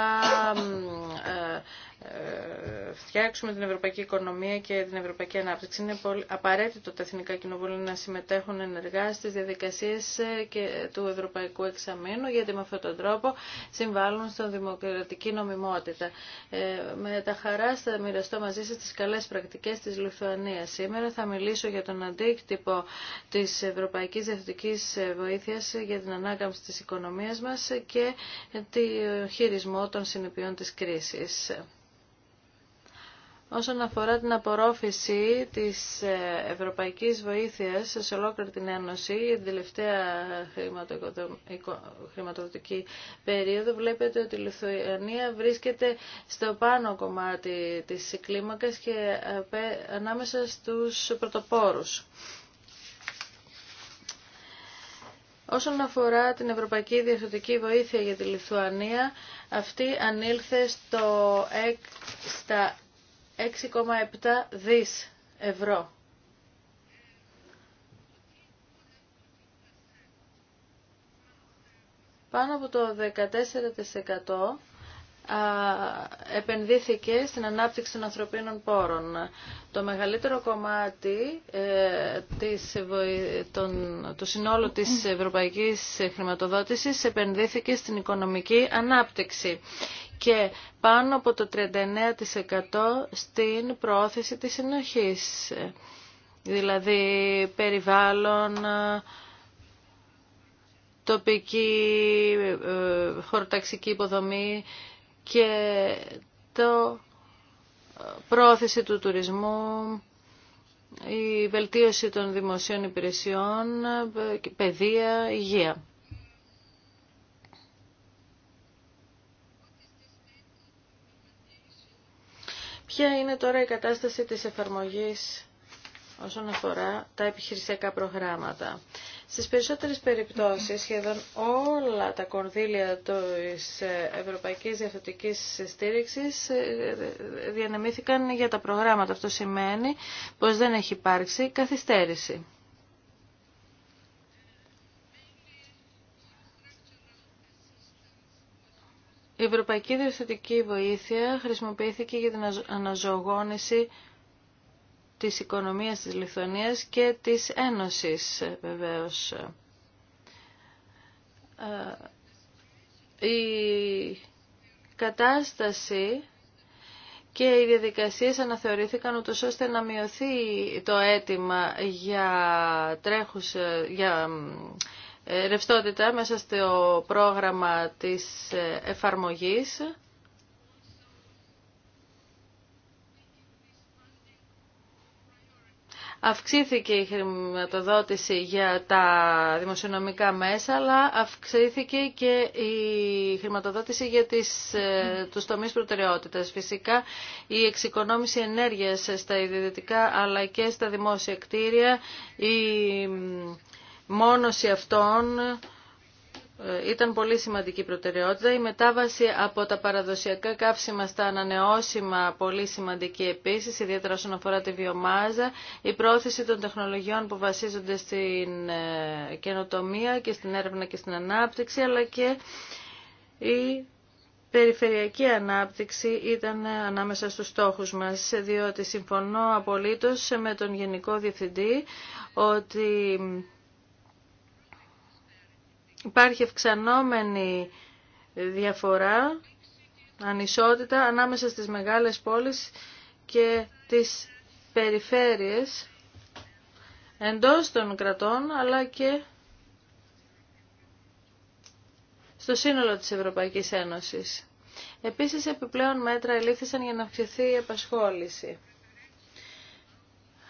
ε, ε, φτιάξουμε την ευρωπαϊκή οικονομία και την ευρωπαϊκή ανάπτυξη. Είναι απαραίτητο τα εθνικά κοινοβούλια να συμμετέχουν ενεργά στις διαδικασίες ε, και του ευρωπαϊκού εξαμήνου, γιατί με αυτόν τον τρόπο συμβάλλουν στον δημοκρατική νομιμότητα. Ε, με τα χαρά θα μοιραστώ μαζί σας τις καλές πρακτικές της Λιθουανίας. Σήμερα θα μιλήσω για τον αντίκτυπο της ευρωπαϊκής διευθυντικής βοήθειας για την ανάκαμψη της οικονομίας μας και το χειρισμό των συνεπειών της κρίσης. Όσον αφορά την απορρόφηση της ε, ευρωπαϊκής βοήθειας σε ολόκληρη την Ένωση, την τελευταία χρηματοδοτική περίοδο βλέπετε ότι η Λιθουανία βρίσκεται στο πάνω κομμάτι της κλίμακας και ε, ανάμεσα στους πρωτοπόρους. Όσον αφορά την Ευρωπαϊκή διεθνική Βοήθεια για τη Λιθουανία, αυτή ανήλθε στο, στα 6,7 δις ευρώ. Πάνω από το 14% επενδύθηκε στην ανάπτυξη των ανθρωπίνων πόρων. Το μεγαλύτερο κομμάτι ε, της, του συνόλου της ευρωπαϊκής χρηματοδότησης επενδύθηκε στην οικονομική ανάπτυξη και πάνω από το 39% στην πρόθεση της συνοχής, δηλαδή περιβάλλον, τοπική ε, χορταξική υποδομή και το ε, πρόθεση του τουρισμού, η βελτίωση των δημοσίων υπηρεσιών, ε, παιδεία, υγεία. Ποια είναι τώρα η κατάσταση της εφαρμογής όσον αφορά τα επιχειρησιακά προγράμματα. Στις περισσότερες περιπτώσεις, σχεδόν όλα τα κονδύλια της Ευρωπαϊκής Διαθετικής Στήριξης ε, διανεμήθηκαν για τα προγράμματα. Αυτό σημαίνει πως δεν έχει υπάρξει καθυστέρηση. Η Ευρωπαϊκή Διευθυντική Βοήθεια χρησιμοποιήθηκε για την αναζωογόνηση της οικονομίας της Λιθουανίας και της Ένωσης βεβαίως. Ε, η κατάσταση και οι διαδικασίες αναθεωρήθηκαν ούτως ώστε να μειωθεί το αίτημα για, τρέχους, για ρευστότητα μέσα στο πρόγραμμα της ε, εφαρμογής. Αυξήθηκε η χρηματοδότηση για τα δημοσιονομικά μέσα, αλλά αυξήθηκε και η χρηματοδότηση για τις, ε, τους τομείς προτεραιότητας. Φυσικά, η εξοικονόμηση ενέργειας στα ιδιωτικά αλλά και στα δημόσια κτίρια, η μόνωση αυτών ε, ήταν πολύ σημαντική προτεραιότητα. Η μετάβαση από τα παραδοσιακά καύσιμα στα ανανεώσιμα πολύ σημαντική επίσης, ιδιαίτερα όσον αφορά τη βιομάζα, η πρόθεση των τεχνολογιών που βασίζονται στην ε, καινοτομία και στην έρευνα και στην ανάπτυξη, αλλά και η περιφερειακή ανάπτυξη ήταν ανάμεσα στους στόχους μας, διότι συμφωνώ απολύτως με τον Γενικό Διευθυντή ότι Υπάρχει αυξανόμενη διαφορά, ανισότητα ανάμεσα στις μεγάλες πόλεις και τις περιφέρειες εντός των κρατών αλλά και στο σύνολο της Ευρωπαϊκής Ένωσης. Επίσης, επιπλέον μέτρα ελήφθησαν για να αυξηθεί η απασχόληση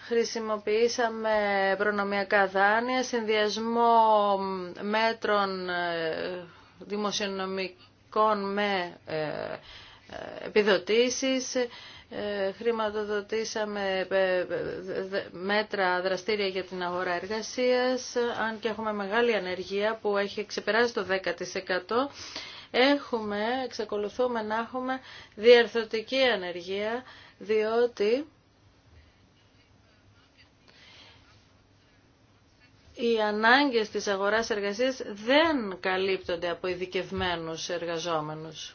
χρησιμοποιήσαμε προνομιακά δάνεια, συνδυασμό μέτρων ε, δημοσιονομικών με ε, ε, επιδοτήσεις, χρηματοδοτήσαμε μέτρα δραστήρια για την αγορά εργασίας, αν και έχουμε μεγάλη ανεργία που έχει ξεπεράσει το 10%. Έχουμε, εξακολουθούμε να έχουμε διαρθρωτική ανεργία, διότι οι ανάγκες της αγοράς εργασίας δεν καλύπτονται από ειδικευμένους εργαζόμενους.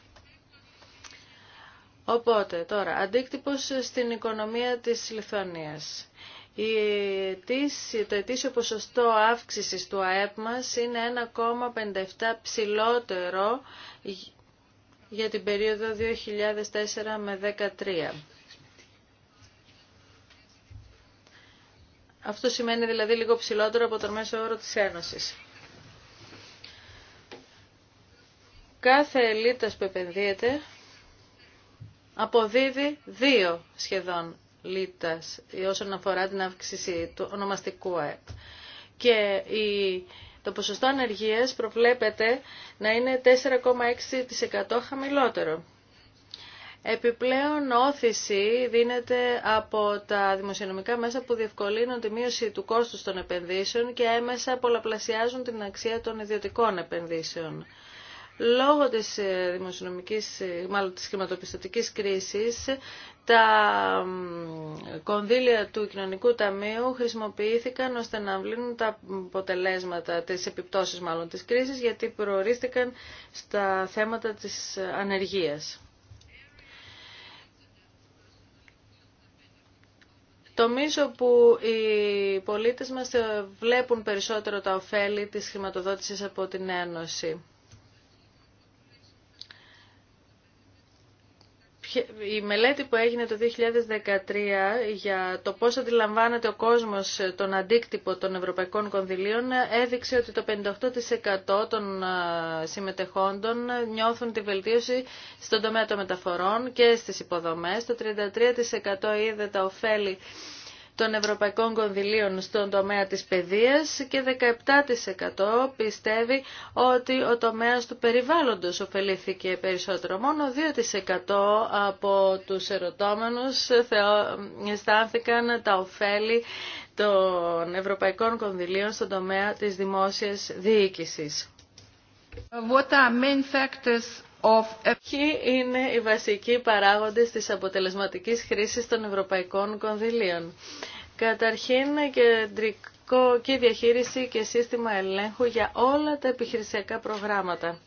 Οπότε τώρα, αντίκτυπος στην οικονομία της Λιθουανίας. Η το ετήσιο ποσοστό αύξησης του ΑΕΠ μας είναι 1,57 ψηλότερο για την περίοδο 2004 με 2013. Αυτό σημαίνει δηλαδή λίγο ψηλότερο από το μέσο όρο της Ένωσης. Κάθε λίτας που επενδύεται αποδίδει δύο σχεδόν λίτας όσον αφορά την αύξηση του ονομαστικού ΑΕΠ. Και η, το ποσοστό ανεργίας προβλέπεται να είναι 4,6% χαμηλότερο. Επιπλέον όθηση δίνεται από τα δημοσιονομικά μέσα που διευκολύνουν τη μείωση του κόστους των επενδύσεων και έμεσα πολλαπλασιάζουν την αξία των ιδιωτικών επενδύσεων. Λόγω της ε, δημοσιονομικής, ε, μάλλον της χρηματοπιστωτικής κρίσης, τα κονδύλια του Κοινωνικού Ταμείου χρησιμοποιήθηκαν ώστε να βλύνουν τα αποτελέσματα, τις επιπτώσει μάλλον της κρίσης, γιατί προορίστηκαν στα θέματα της ανεργίας. Τομίζω που οι πολίτες μας ε, βλέπουν περισσότερο τα ωφέλη της χρηματοδότησης από την Ένωση. η μελέτη που έγινε το 2013 για το πώς αντιλαμβάνεται ο κόσμος τον αντίκτυπο των ευρωπαϊκών κονδυλίων έδειξε ότι το 58% των συμμετεχόντων νιώθουν τη βελτίωση στον τομέα των μεταφορών και στις υποδομές. Το 33% είδε τα ωφέλη των ευρωπαϊκών κονδυλίων στον τομέα της παιδείας και 17% πιστεύει ότι ο τομέας του περιβάλλοντος ωφελήθηκε περισσότερο. Μόνο 2% από τους ερωτώμενους αισθάνθηκαν τα ωφέλη των ευρωπαϊκών κονδυλίων στον τομέα της δημόσιας διοίκησης. What main factors Ποιοι είναι οι βασικοί παράγοντες της αποτελεσματικής χρήσης των ευρωπαϊκών κονδυλίων. Καταρχήν, κεντρικό και διαχείριση και σύστημα ελέγχου για όλα τα επιχειρησιακά προγράμματα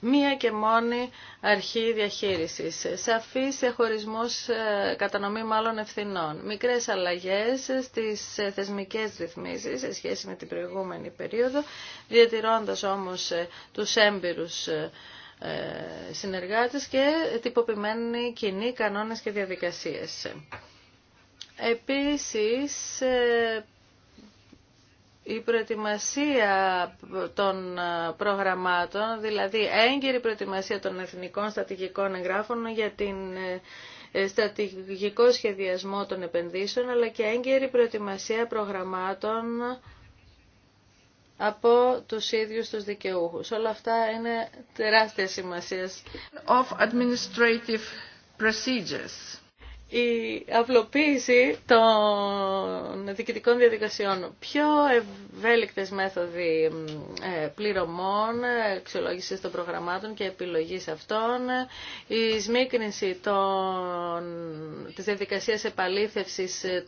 μία και μόνη αρχή διαχείρισης. Σαφής χωρισμός ε, κατανομή μάλλον ευθυνών. Μικρές αλλαγές στις ε, θεσμικές ρυθμίσεις σε σχέση με την προηγούμενη περίοδο, διατηρώντας όμως ε, τους έμπειρους συνεργάτες και τυποποιημένοι κοινοί κανόνες και διαδικασίες. Επίσης, η προετοιμασία των ε, προγραμμάτων, δηλαδή έγκαιρη προετοιμασία των εθνικών στατηγικών εγγράφων για την ε, στρατηγικό σχεδιασμό των επενδύσεων, αλλά και έγκαιρη προετοιμασία προγραμμάτων από τους ίδιους τους δικαιούχους. Όλα αυτά είναι τεράστια σημασία. Of administrative procedures η απλοποίηση των διοικητικών διαδικασιών. Πιο ευέλικτε μέθοδοι ε, πληρωμών, αξιολόγηση των προγραμμάτων και επιλογής αυτών, η σμίκρινση των, της διαδικασίας επαλήθευσης ε,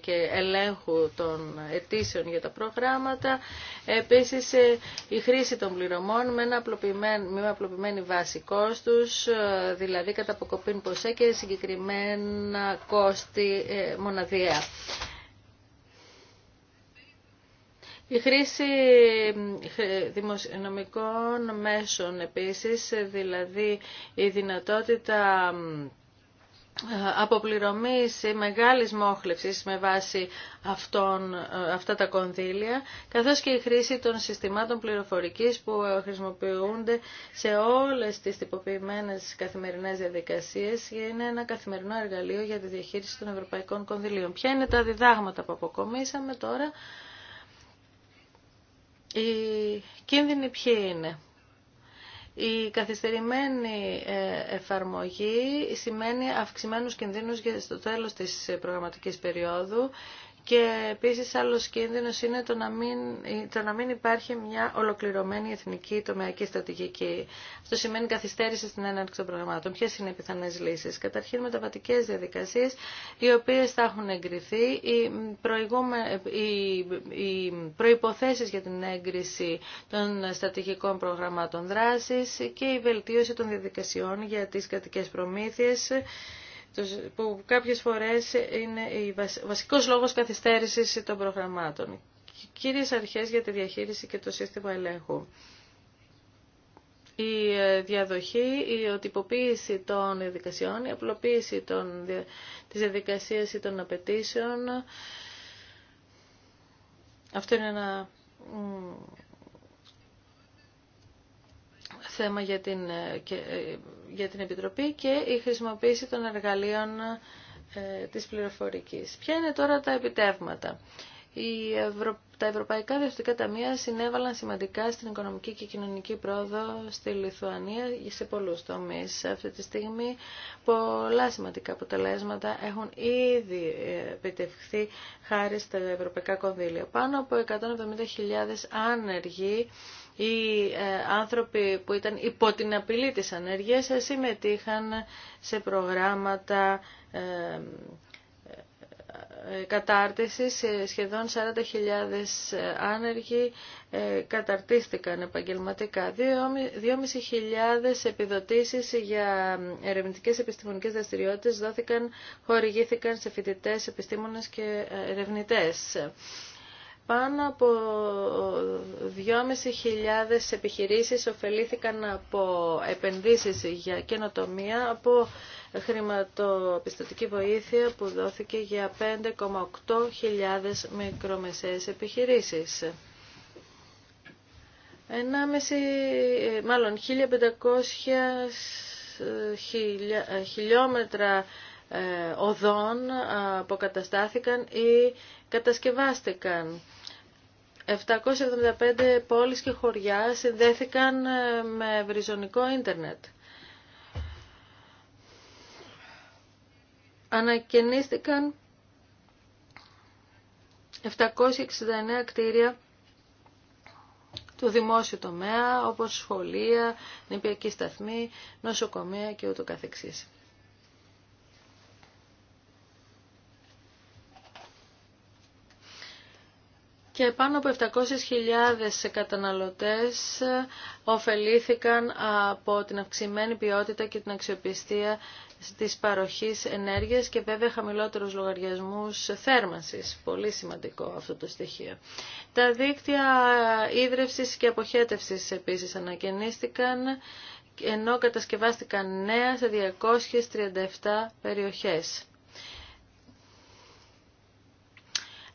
και ελέγχου των αιτήσεων για τα προγράμματα, επίσης ε, η χρήση των πληρωμών με ένα απλοποιημένη, με απλοποιημένη βάση κόστου, δηλαδή κατά ποσέ και συγκεκριμένα κόστη ε, μοναδιαία. Η χρήση ε, δημοσιονομικών μέσων επίσης, ε, δηλαδή η δυνατότητα ε, αποπληρωμής μεγάλης μόχλευσης με βάση αυτών, ε, αυτά τα κονδύλια, καθώς και η χρήση των συστημάτων πληροφορικής που χρησιμοποιούνται σε όλες τις τυποποιημένες καθημερινές διαδικασίες και είναι ένα καθημερινό εργαλείο για τη διαχείριση των ευρωπαϊκών κονδυλίων. Ποια είναι τα διδάγματα που αποκομίσαμε τώρα, οι κίνδυνοι ποιοι είναι. Η καθυστερημένη ε, εφαρμογή σημαίνει αυξημένους κινδύνους στο τέλος της ε, προγραμματικής περίοδου και επίσης άλλος κίνδυνος είναι το να, μην, το να μην υπάρχει μια ολοκληρωμένη εθνική τομεακή στρατηγική. Αυτό σημαίνει καθυστέρηση στην έναρξη των προγραμμάτων. Ποιες είναι οι πιθανέ λύσεις. Καταρχήν μεταβατικές διαδικασίες οι οποίες θα έχουν εγκριθεί. Οι, προηγούμε, προϋποθέσεις για την έγκριση των στρατηγικών προγραμμάτων δράσης και η βελτίωση των διαδικασιών για τις κρατικές προμήθειες που κάποιες φορές είναι ο βασικός λόγος καθυστέρησης των προγραμμάτων. Κύριες αρχές για τη διαχείριση και το σύστημα ελέγχου. Η ε, διαδοχή, η οτυποποίηση των διαδικασιών, η απλοποίηση των, της διαδικασίας ή των απαιτήσεων. Αυτό είναι ένα θέμα για την, ε, ε, για την Επιτροπή και η χρησιμοποίηση των εργαλείων ε, της πληροφορικής. Ποια είναι τώρα τα επιτεύγματα. Η Τα ευρωπαϊκά διευθυντικά ταμεία συνέβαλαν σημαντικά στην οικονομική και κοινωνική πρόοδο στη Λιθουανία σε πολλούς τομείς. Αυτή τη στιγμή πολλά σημαντικά αποτελέσματα έχουν ήδη επιτευχθεί χάρη στα ευρωπαϊκά κονδύλια. Πάνω από 170.000 άνεργοι οι ε, άνθρωποι που ήταν υπό την απειλή της ανεργίας συμμετείχαν σε προγράμματα ε, ε, κατάρτισης, σχεδόν 40.000 άνεργοι καταρτίστηκαν επαγγελματικά. 2.500 επιδοτήσεις για ερευνητικές επιστημονικές δραστηριότητες δόθηκαν, χορηγήθηκαν σε φοιτητές, επιστήμονες και ερευνητές. Πάνω από 2.500 επιχειρήσεις ωφελήθηκαν από επενδύσεις για καινοτομία, από χρηματοπιστωτική βοήθεια που δόθηκε για 5,8 χιλιάδες μικρομεσαίες επιχειρήσεις. 1,5, μάλλον 1.500 χιλιόμετρα ε, οδών αποκαταστάθηκαν ή κατασκευάστηκαν. 775 πόλεις και χωριά συνδέθηκαν ε, με βριζονικό ίντερνετ. Ανακαινίστηκαν 769 κτίρια του δημόσιου τομέα, όπως σχολεία, νηπιακή σταθμή, νοσοκομεία και ούτω καθεξής. και πάνω από 700.000 καταναλωτές ωφελήθηκαν από την αυξημένη ποιότητα και την αξιοπιστία της παροχής ενέργειας και βέβαια χαμηλότερους λογαριασμούς θέρμανσης. Πολύ σημαντικό αυτό το στοιχείο. Τα δίκτυα ίδρευσης και αποχέτευσης επίσης ανακαινίστηκαν ενώ κατασκευάστηκαν νέα σε 237 περιοχές.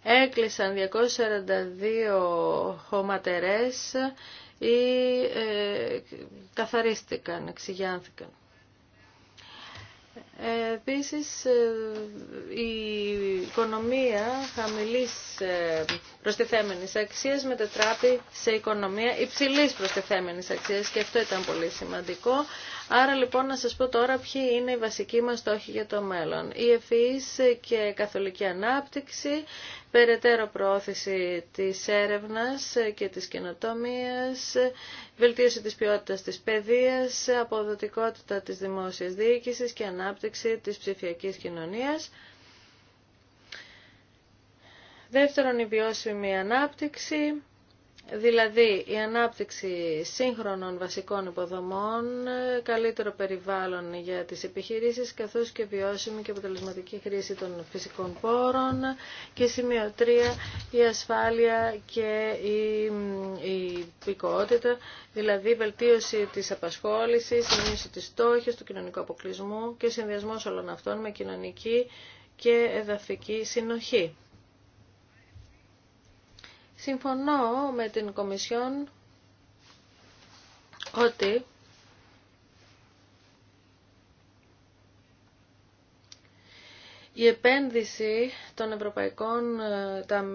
Έκλεισαν 242 χωματερές ή ε, καθαρίστηκαν, εξηγιάνθηκαν. Ε, επίσης, ε, η οικονομία χαμηλής ε, προστιθέμενης αξίας μετατράπει σε οικονομία υψηλής προστιθέμενης αξίας και αυτό ήταν πολύ σημαντικό. Άρα λοιπόν να σας πω τώρα ποιοι είναι οι βασικοί μας στόχοι για το μέλλον. Η ευφυής και καθολική ανάπτυξη, περαιτέρω προώθηση της έρευνας και της καινοτομίας, βελτίωση της ποιότητας της παιδείας, αποδοτικότητα της δημόσιας διοίκησης και ανάπτυξη της ψηφιακής κοινωνίας. Δεύτερον, η βιώσιμη ανάπτυξη Δηλαδή, η ανάπτυξη σύγχρονων βασικών υποδομών, καλύτερο περιβάλλον για τις επιχειρήσεις, καθώς και βιώσιμη και αποτελεσματική χρήση των φυσικών πόρων και σημείο η ασφάλεια και η, η υπηκότητα, δηλαδή η βελτίωση της απασχόλησης, η μείωση της στόχης, του κοινωνικού αποκλεισμού και συνδυασμός όλων αυτών με κοινωνική και εδαφική συνοχή. Συμφωνώ με την Κομισιόν ότι η επένδυση των ευρωπαϊκών ε, τα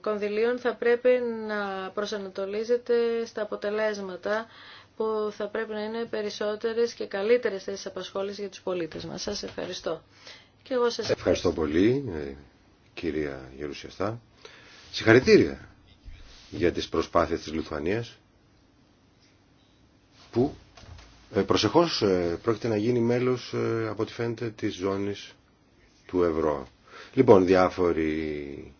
κονδυλίων θα πρέπει να προσανατολίζεται στα αποτελέσματα που θα πρέπει να είναι περισσότερες και καλύτερες θέσεις απασχόλησης για τους πολίτες μας. Σας ευχαριστώ. Και εγώ σας ευχαριστώ πολύ, ε, κυρία Γερουσιαστά. Συγχαρητήρια για τις προσπάθειες της Λιθουανίας που ε, προσεχώς ε, πρόκειται να γίνει μέλος ε, από ό,τι φαίνεται της ζώνης του ευρώ. Λοιπόν, διάφοροι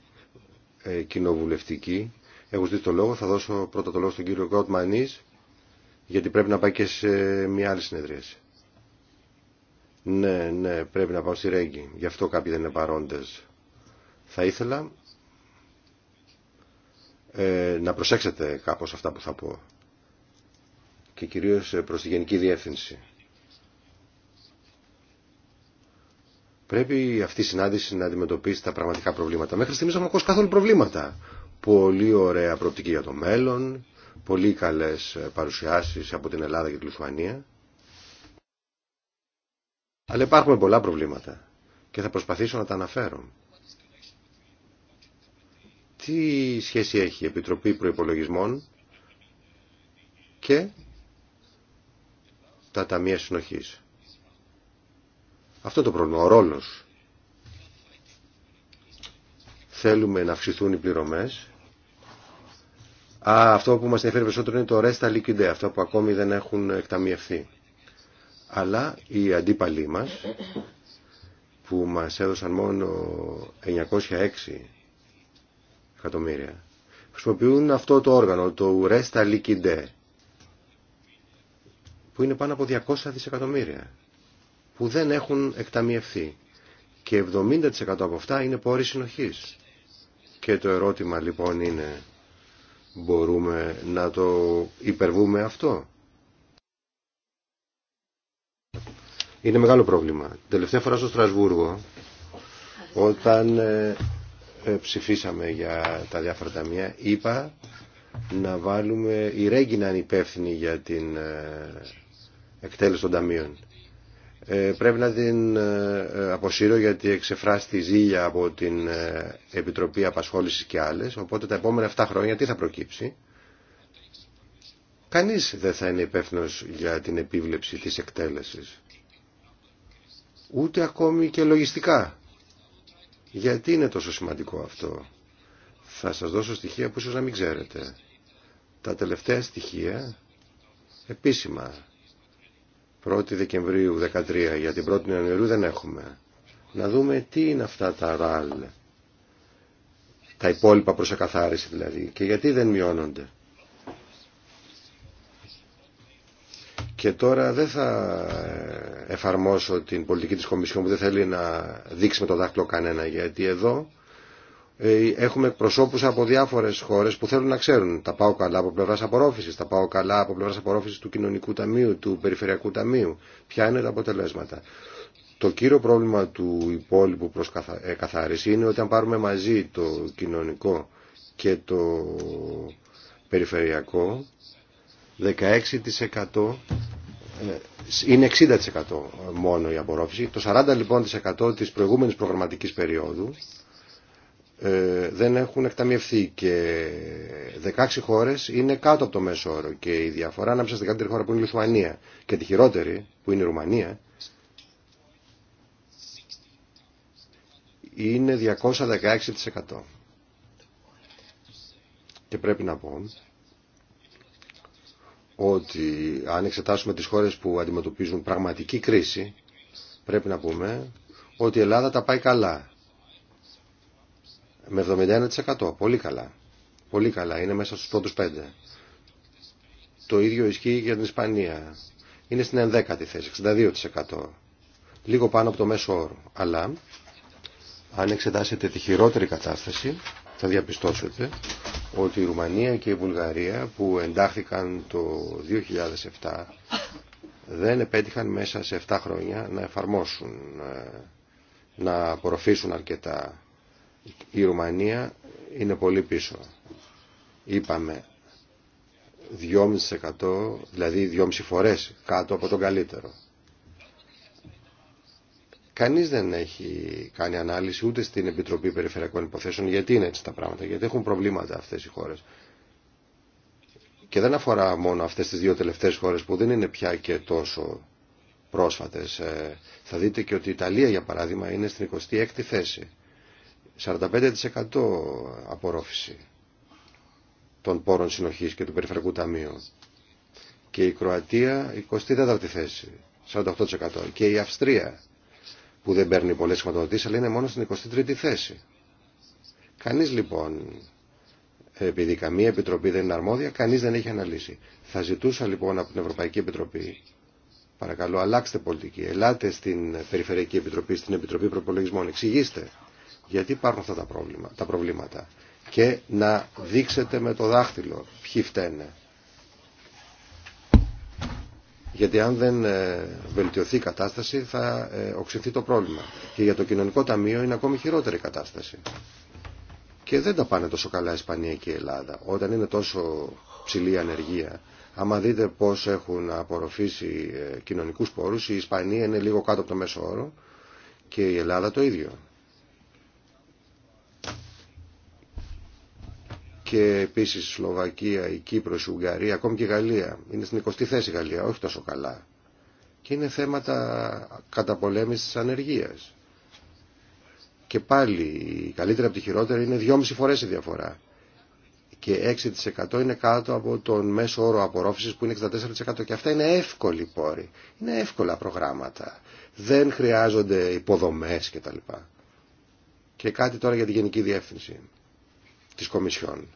κοινοβουλευτικοί έχουν ζητήσει το λόγο. Θα δώσω πρώτα το λόγο στον κύριο Κρότμανής γιατί πρέπει να πάει και σε μια άλλη συνεδρίαση. Ναι, ναι, πρέπει να πάω στη Ρέγγι. Γι' αυτό κάποιοι δεν είναι παρόντες. Θα ήθελα ε, να προσέξετε κάπως αυτά που θα πω και κυρίως ε, προς τη Γενική Διεύθυνση. Πρέπει αυτή η συνάντηση να αντιμετωπίσει τα πραγματικά προβλήματα. Μέχρι στιγμής έχουμε ακούσει καθόλου προβλήματα. Πολύ ωραία προοπτική για το μέλλον, πολύ καλές ε, παρουσιάσεις από την Ελλάδα και την Λιθουανία. Αλλά υπάρχουν πολλά προβλήματα και θα προσπαθήσω να τα αναφέρω τι σχέση έχει η Επιτροπή Προϋπολογισμών και τα Ταμεία Συνοχής. Αυτό το πρόβλημα, ο ρόλος. Θέλουμε να αυξηθούν οι πληρωμές. Α, αυτό που μας ενδιαφέρει περισσότερο είναι το resta liquide, αυτό που ακόμη δεν έχουν εκταμιευθεί. Αλλά οι αντίπαλοι μας, που μας έδωσαν μόνο 906 εκατομμύρια. Χρησιμοποιούν αυτό το όργανο, το Uresta Liquide, που είναι πάνω από 200 δισεκατομμύρια, που δεν έχουν εκταμιευθεί. Και 70% από αυτά είναι πόροι συνοχής. Και το ερώτημα λοιπόν είναι, μπορούμε να το υπερβούμε αυτό. Είναι μεγάλο πρόβλημα. Τελευταία φορά στο Στρασβούργο, όταν ε, ε, ψηφίσαμε για τα διάφορα ταμεία είπα να βάλουμε η Ρέγκη να είναι υπεύθυνη για την ε, εκτέλεση των ταμείων. Ε, πρέπει να την ε, αποσύρω γιατί εξεφράστη ζήλια από την Επιτροπή Απασχόλησης και άλλες, οπότε τα επόμενα 7 χρόνια τι θα προκύψει. Κανείς δεν θα είναι υπεύθυνο για την επίβλεψη της εκτέλεσης. Ούτε ακόμη και λογιστικά γιατί είναι τόσο σημαντικό αυτό. Θα σας δώσω στοιχεία που ίσως να μην ξέρετε. Τα τελευταία στοιχεία, επίσημα, 1η Δεκεμβρίου 13 για την 1η Ιανουαρίου δεν έχουμε. Να δούμε τι είναι αυτά τα ραλ, τα υπόλοιπα προς ακαθάριση δηλαδή, και γιατί δεν μειώνονται. Και τώρα δεν θα ε, εφαρμόσω την πολιτική της Κομισιόν που δεν θέλει να δείξει με το δάχτυλο κανένα γιατί εδώ ε, έχουμε προσώπους από διάφορες χώρες που θέλουν να ξέρουν τα πάω καλά από πλευράς απορρόφησης, τα πάω καλά από πλευράς απορρόφησης του Κοινωνικού Ταμείου, του Περιφερειακού Ταμείου, ποια είναι τα αποτελέσματα. Το κύριο πρόβλημα του υπόλοιπου προς ε, καθάριση είναι ότι αν πάρουμε μαζί το κοινωνικό και το περιφερειακό 16% ε, είναι 60% μόνο η απορρόφηση. Το 40% λοιπόν της προηγούμενης προγραμματικής περίοδου ε, δεν έχουν εκταμιευθεί και 16 χώρες είναι κάτω από το μέσο όρο και η διαφορά ανάμεσα στην καλύτερη χώρα που είναι η Λιθουανία και τη χειρότερη που είναι η Ρουμανία είναι 216%. Και πρέπει να πω ότι αν εξετάσουμε τις χώρες που αντιμετωπίζουν πραγματική κρίση, πρέπει να πούμε ότι η Ελλάδα τα πάει καλά. Με 71%. Πολύ καλά. Πολύ καλά. Είναι μέσα στους πρώτους πέντε. Το ίδιο ισχύει για την Ισπανία. Είναι στην ενδέκατη η θέση. 62%. Λίγο πάνω από το μέσο όρο. Αλλά αν εξετάσετε τη χειρότερη κατάσταση, θα διαπιστώσετε ότι η Ρουμανία και η Βουλγαρία που εντάχθηκαν το 2007 δεν επέτυχαν μέσα σε 7 χρόνια να εφαρμόσουν, ε, να απορροφήσουν αρκετά. Η Ρουμανία είναι πολύ πίσω. Είπαμε 2,5% δηλαδή 2,5 φορές κάτω από τον καλύτερο. Κανείς δεν έχει κάνει ανάλυση ούτε στην Επιτροπή Περιφερειακών Υποθέσεων γιατί είναι έτσι τα πράγματα, γιατί έχουν προβλήματα αυτές οι χώρες. Και δεν αφορά μόνο αυτές τις δύο τελευταίες χώρες που δεν είναι πια και τόσο πρόσφατες. Ε, θα δείτε και ότι η Ιταλία για παράδειγμα είναι στην 26η θέση. 45% απορρόφηση των πόρων συνοχής και του Περιφερειακού Ταμείου. Και η Κροατία 24η θέση, 48%. Και η Αυστρία που δεν παίρνει πολλές χρηματοδοτήσεις, αλλά είναι μόνο στην 23η θέση. Κανείς λοιπόν, επειδή καμία επιτροπή δεν είναι αρμόδια, κανείς δεν έχει αναλύσει. Θα ζητούσα λοιπόν από την Ευρωπαϊκή Επιτροπή, παρακαλώ αλλάξτε πολιτική, ελάτε στην Περιφερειακή Επιτροπή, στην Επιτροπή Προπολογισμών, εξηγήστε γιατί υπάρχουν αυτά τα προβλήματα και να δείξετε με το δάχτυλο ποιοι φταίνε γιατί αν δεν ε, βελτιωθεί η κατάσταση θα ε, οξυνθεί το πρόβλημα. Και για το κοινωνικό ταμείο είναι ακόμη χειρότερη η κατάσταση. Και δεν τα πάνε τόσο καλά η Ισπανία και η Ελλάδα. Όταν είναι τόσο ψηλή η ανεργία, άμα δείτε πώς έχουν απορροφήσει ε, κοινωνικούς πόρους, η Ισπανία είναι λίγο κάτω από το μέσο όρο και η Ελλάδα το ίδιο. και επίσης η Σλοβακία, η Κύπρος, η Ουγγαρία, ακόμη και η Γαλλία. Είναι στην 20η θέση η Γαλλία, όχι τόσο καλά. Και είναι θέματα καταπολέμησης της ανεργίας. Και πάλι η καλύτερη από τη χειρότερη είναι 2,5 φορές η διαφορά. Και 6% είναι κάτω από τον μέσο όρο απορρόφησης που είναι 64%. Και αυτά είναι εύκολοι πόροι. Είναι εύκολα προγράμματα. Δεν χρειάζονται υποδομές κτλ. Και κάτι τώρα για τη Γενική Διεύθυνση της Κομισιόν.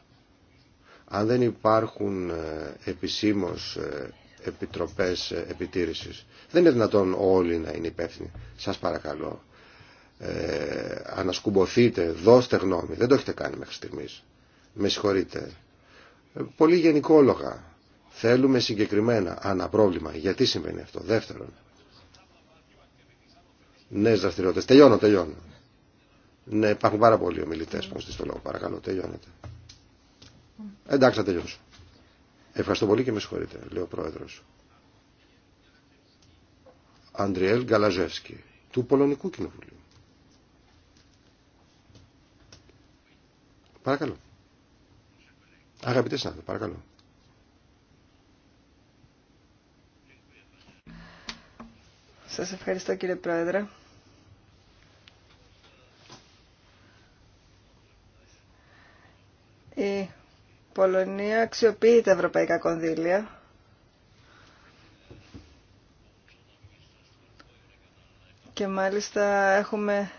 Αν δεν υπάρχουν ε, επισήμως ε, επιτροπές ε, επιτήρησης, δεν είναι δυνατόν όλοι να είναι υπεύθυνοι. Σας παρακαλώ, ε, ανασκουμποθείτε, δώστε γνώμη. Δεν το έχετε κάνει μέχρι στιγμής. Με συγχωρείτε. Πολύ γενικόλογα. Θέλουμε συγκεκριμένα αναπρόβλημα. Γιατί συμβαίνει αυτό. Δεύτερον, νέες δραστηριότητες. Τελειώνω, τελειώνω. Ναι, υπάρχουν πάρα πολλοί ομιλητέ που έχουν το λόγο. Παρακαλώ, τελειώνετε. Εντάξει, θα τελειώσω. Ευχαριστώ πολύ και με συγχωρείτε, λέει ο πρόεδρο. Αντριέλ Γκαλαζεύσκη, του Πολωνικού Κοινοβουλίου. Παρακαλώ. Αγαπητέ συνάδελφοι, παρακαλώ. Σας ευχαριστώ κύριε Πρόεδρε. Πολωνία αξιοποιεί τα ευρωπαϊκά κονδύλια. Και μάλιστα έχουμε,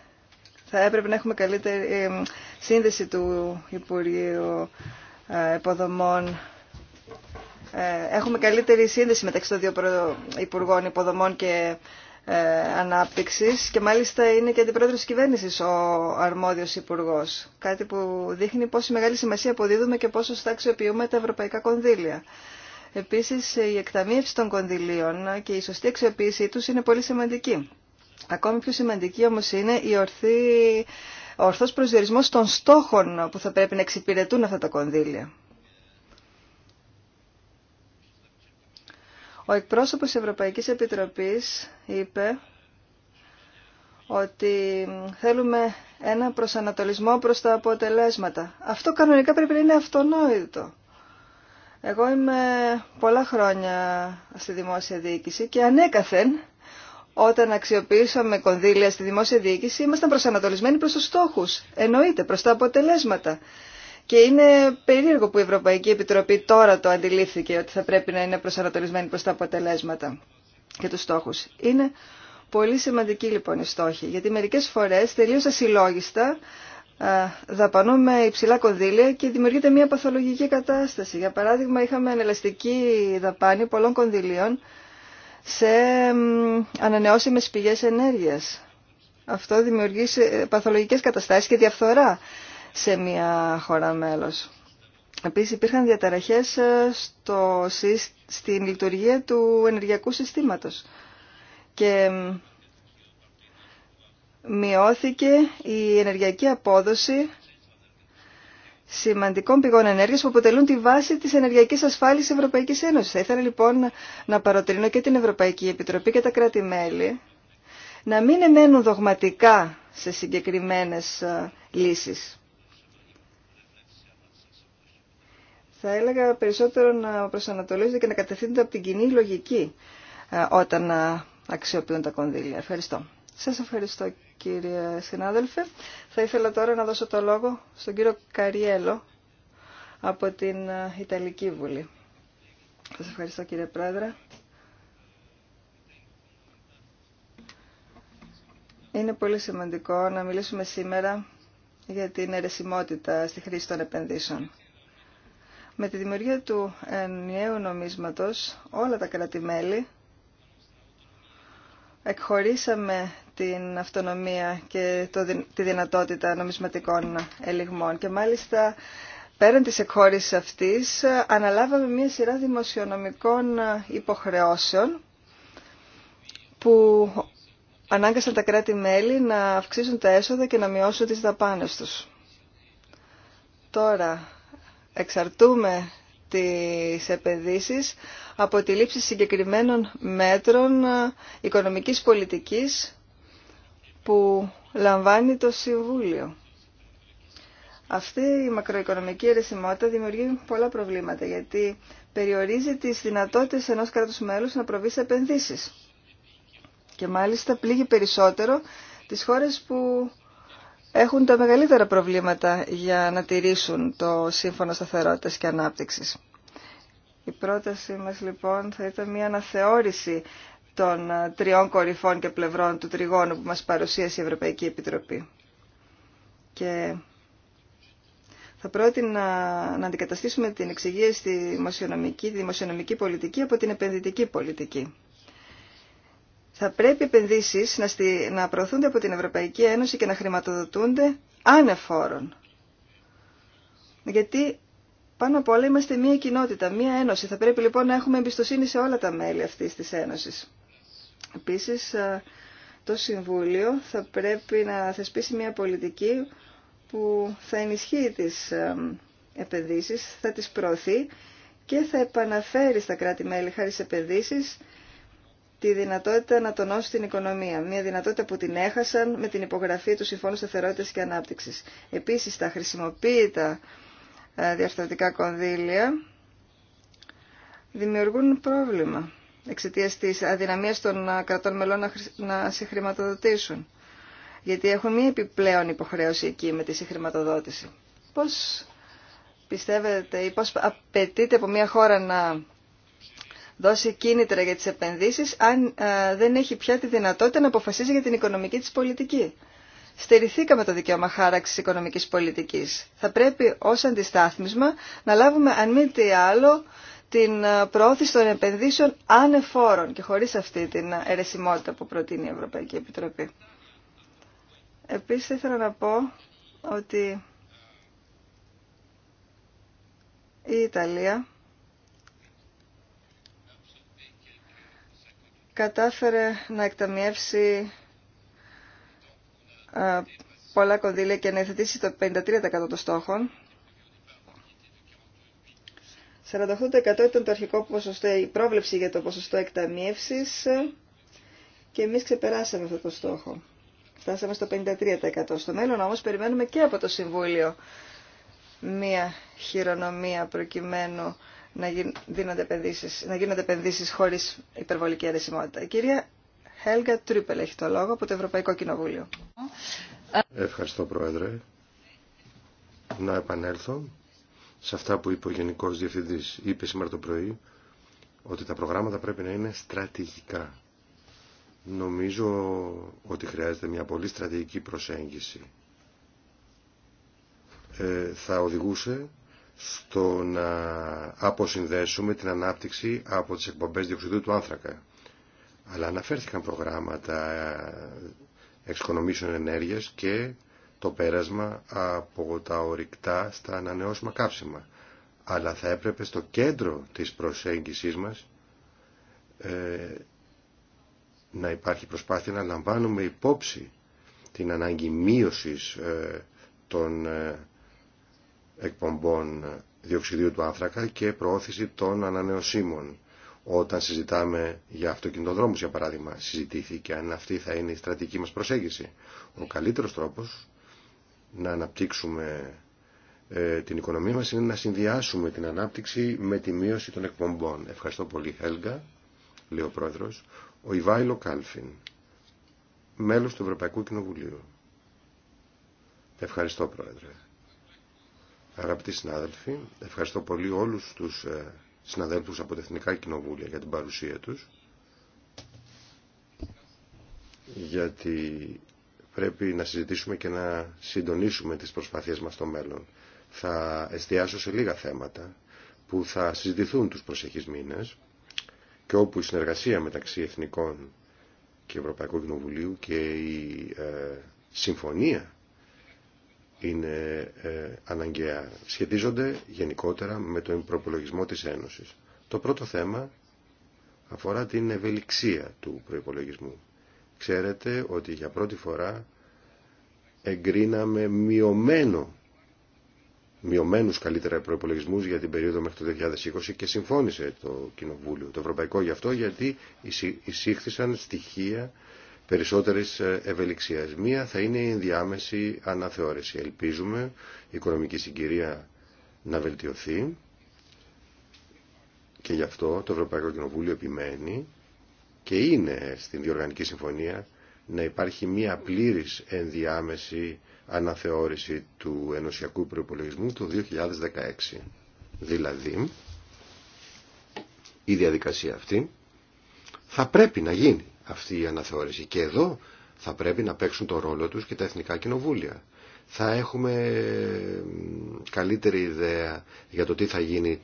θα έπρεπε να έχουμε καλύτερη ε, σύνδεση του Υπουργείου Υποδομών ε, ε, έχουμε καλύτερη σύνδεση μεταξύ των δύο Υπουργών Υποδομών και ε, ανάπτυξης και μάλιστα είναι και αντιπρόεδρος της κυβέρνησης ο αρμόδιος υπουργός. Κάτι που δείχνει πόση μεγάλη σημασία αποδίδουμε και πόσο θα αξιοποιούμε τα ευρωπαϊκά κονδύλια. Επίσης η εκταμείευση των κονδυλίων και η σωστή αξιοποίησή τους είναι πολύ σημαντική. Ακόμη πιο σημαντική όμως είναι η ορθή, ο ορθός προσδιορισμός των στόχων που θα πρέπει να εξυπηρετούν αυτά τα κονδύλια. Ο εκπρόσωπος της Ευρωπαϊκής Επιτροπής είπε ότι θέλουμε ένα προσανατολισμό προς τα αποτελέσματα. Αυτό κανονικά πρέπει να είναι αυτονόητο. Εγώ είμαι πολλά χρόνια στη δημόσια διοίκηση και ανέκαθεν όταν αξιοποιήσαμε κονδύλια στη δημόσια διοίκηση ήμασταν προσανατολισμένοι προς τους στόχους. Εννοείται προς τα αποτελέσματα. Και είναι περίεργο που η Ευρωπαϊκή Επιτροπή τώρα το αντιλήφθηκε ότι θα πρέπει να είναι προσανατολισμένη προς τα αποτελέσματα και τους στόχους. Είναι πολύ σημαντική λοιπόν η στόχη, γιατί μερικές φορές τελείως ασυλλόγιστα δαπανούμε υψηλά κονδύλια και δημιουργείται μια παθολογική κατάσταση. Για παράδειγμα, είχαμε ανελαστική δαπάνη πολλών κονδυλίων σε ανανεώσιμες πηγές ενέργειας. Αυτό δημιουργεί ε, παθολογικές καταστάσεις και διαφθορά σε μια χώρα μέλος. Επίσης υπήρχαν διαταραχές ε, στο, στην λειτουργία του ενεργειακού συστήματος και μειώθηκε η ενεργειακή απόδοση σημαντικών πηγών ενέργειας που αποτελούν τη βάση της ενεργειακής ασφάλεια της Ευρωπαϊκής Ένωσης. Θα ήθελα λοιπόν να παροτρύνω και την Ευρωπαϊκή Επιτροπή και τα κράτη-μέλη να μην εμένουν δογματικά σε συγκεκριμένε ε, λύσεις. θα έλεγα περισσότερο να προσανατολίζονται και να κατευθύνονται από την κοινή λογική ε, όταν ε, αξιοποιούν τα κονδύλια. Ευχαριστώ. Σας ευχαριστώ κύριε συνάδελφε. Θα ήθελα τώρα να δώσω το λόγο στον κύριο Καριέλο από την ε, Ιταλική Βουλή. Σας ευχαριστώ κύριε Πρόεδρε. Είναι πολύ σημαντικό να μιλήσουμε σήμερα για την αιρεσιμότητα στη χρήση των επενδύσεων. Με τη δημιουργία του ενιαίου νομίσματος, όλα τα κράτη-μέλη εκχωρήσαμε την αυτονομία και το τη δυνατότητα νομισματικών ελιγμών και μάλιστα πέραν της εκχώρησης αυτής αναλάβαμε μια σειρά δημοσιονομικών υποχρεώσεων που ανάγκασαν τα κράτη-μέλη να αυξήσουν τα έσοδα και να μειώσουν τις δαπάνες τους. Τώρα, εξαρτούμε τις επενδύσεις από τη λήψη συγκεκριμένων μέτρων οικονομικής πολιτικής που λαμβάνει το Συμβούλιο. Αυτή η μακροοικονομική αιρεσιμότητα δημιουργεί πολλά προβλήματα γιατί περιορίζει τις δυνατότητες ενός κράτους μέλους να προβεί σε επενδύσεις. Και μάλιστα πλήγει περισσότερο τις χώρες που έχουν τα μεγαλύτερα προβλήματα για να τηρήσουν το Σύμφωνο Σταθερότητας και Ανάπτυξης. Η πρόταση μας λοιπόν θα ήταν μια αναθεώρηση των ε, τριών κορυφών και πλευρών του τριγώνου που μας παρουσίασε η Ευρωπαϊκή Επιτροπή. Και θα πρότεινα να αντικαταστήσουμε την εξηγία στη δημοσιονομική, τη δημοσιονομική πολιτική από την επενδυτική πολιτική. Θα πρέπει οι επενδύσεις να, στη, να προωθούνται από την Ευρωπαϊκή Ένωση και να χρηματοδοτούνται άνεφόρων. Γιατί πάνω απ' όλα είμαστε μία κοινότητα, μία ένωση. Θα πρέπει λοιπόν να έχουμε εμπιστοσύνη σε όλα τα μέλη αυτής της ένωσης. Επίσης, το Συμβούλιο θα πρέπει να θεσπίσει μία πολιτική που θα ενισχύει τις επενδύσεις, θα τις προωθεί και θα επαναφέρει στα κράτη-μέλη χάρη σε επενδύσεις τη δυνατότητα να τονώσει την οικονομία. Μια δυνατότητα που την έχασαν με την υπογραφή του Συμφώνου σταθερότητα και Ανάπτυξης. Επίσης, τα χρησιμοποίητα ε, διαφθορτικά κονδύλια δημιουργούν πρόβλημα εξαιτία τη αδυναμίας των ε, κρατών μελών να συγχρηματοδοτήσουν. Γιατί έχουν μία επιπλέον υποχρέωση εκεί με τη συγχρηματοδότηση. Πώς πιστεύετε ή πώς απαιτείται από μία χώρα να δώσει κίνητρα για τις επενδύσεις αν ε, δεν έχει πια τη δυνατότητα να αποφασίζει για την οικονομική της πολιτική. Στερηθήκαμε το δικαίωμα χάραξης οικονομικής πολιτικής. Θα πρέπει ως αντιστάθμισμα να λάβουμε αν μη τι άλλο την ε, προώθηση των επενδύσεων ανεφόρων και χωρίς αυτή την αιρεσιμότητα που προτείνει η Ευρωπαϊκή Επιτροπή. Επίσης ήθελα να πω ότι η Ιταλία κατάφερε να εκταμιεύσει πολλά κονδύλια και να εθετήσει το 53% των στόχων. 48% ήταν το αρχικό ποσοστό, η πρόβλεψη για το ποσοστό εκταμίευσης και εμείς ξεπεράσαμε αυτό το στόχο. Φτάσαμε στο 53%. Στο μέλλον όμως περιμένουμε και από το Συμβούλιο μία χειρονομία προκειμένου να, γίνονται επενδύσει χωρίς υπερβολική αρεσιμότητα. Η κυρία Χέλγα Τρίπελ έχει το λόγο από το Ευρωπαϊκό Κοινοβούλιο. Ευχαριστώ Πρόεδρε. Να επανέλθω σε αυτά που είπε ο Γενικό Διευθυντή. Είπε σήμερα το πρωί ότι τα προγράμματα πρέπει να είναι στρατηγικά. Νομίζω ότι χρειάζεται μια πολύ στρατηγική προσέγγιση. Ε, θα οδηγούσε στο να αποσυνδέσουμε την ανάπτυξη από τις εκπομπές διοξιδίου του άνθρακα. Αλλά αναφέρθηκαν προγράμματα εξοικονομήσεων ενέργειας και το πέρασμα από τα ορυκτά στα ανανεώσιμα κάψιμα. Αλλά θα έπρεπε στο κέντρο της προσέγγισης μας ε, να υπάρχει προσπάθεια να λαμβάνουμε υπόψη την ανάγκη μείωσης ε, των ε, εκπομπών διοξιδίου του άνθρακα και προώθηση των ανανεωσίμων. Όταν συζητάμε για αυτοκινητοδρόμους, για παράδειγμα, συζητήθηκε αν αυτή θα είναι η στρατηγική μας προσέγγιση. Ο καλύτερος τρόπος να αναπτύξουμε ε, την οικονομία μας είναι να συνδυάσουμε την ανάπτυξη με τη μείωση των εκπομπών. Ευχαριστώ πολύ, Χέλγα, λέει ο πρόεδρος, ο Ιβάιλο Κάλφιν, μέλος του Ευρωπαϊκού Κοινοβουλίου. Ευχαριστώ, πρόεδρε. Αγαπητοί συνάδελφοι, ευχαριστώ πολύ όλους τους ε, συναδέλφους από τα Εθνικά Κοινοβούλια για την παρουσία τους γιατί πρέπει να συζητήσουμε και να συντονίσουμε τις προσπάθειες μας στο μέλλον. Θα εστιάσω σε λίγα θέματα που θα συζητηθούν τους προσεχείς μήνες και όπου η συνεργασία μεταξύ Εθνικών και Ευρωπαϊκού Κοινοβουλίου και η ε, συμφωνία είναι ε, αναγκαία. Σχετίζονται γενικότερα με τον προπολογισμό της Ένωσης. Το πρώτο θέμα αφορά την ευελιξία του προϋπολογισμού. Ξέρετε ότι για πρώτη φορά εγκρίναμε μειωμένο, μειωμένους καλύτερα προϋπολογισμούς για την περίοδο μέχρι το 2020 και συμφώνησε το Κοινοβούλιο, το Ευρωπαϊκό γι' αυτό, γιατί εισήχθησαν στοιχεία περισσότερης ε, ευελιξίας. Μία θα είναι η ενδιάμεση αναθεώρηση. Ελπίζουμε η οικονομική συγκυρία να βελτιωθεί και γι' αυτό το Ευρωπαϊκό Κοινοβούλιο επιμένει και είναι στην Διοργανική Συμφωνία να υπάρχει μία πλήρης ενδιάμεση αναθεώρηση του ενωσιακού προϋπολογισμού το 2016. Δηλαδή, η διαδικασία αυτή θα πρέπει να γίνει αυτή η αναθεώρηση. Και εδώ θα πρέπει να παίξουν το ρόλο τους και τα εθνικά κοινοβούλια. Θα έχουμε καλύτερη ιδέα για το τι θα γίνει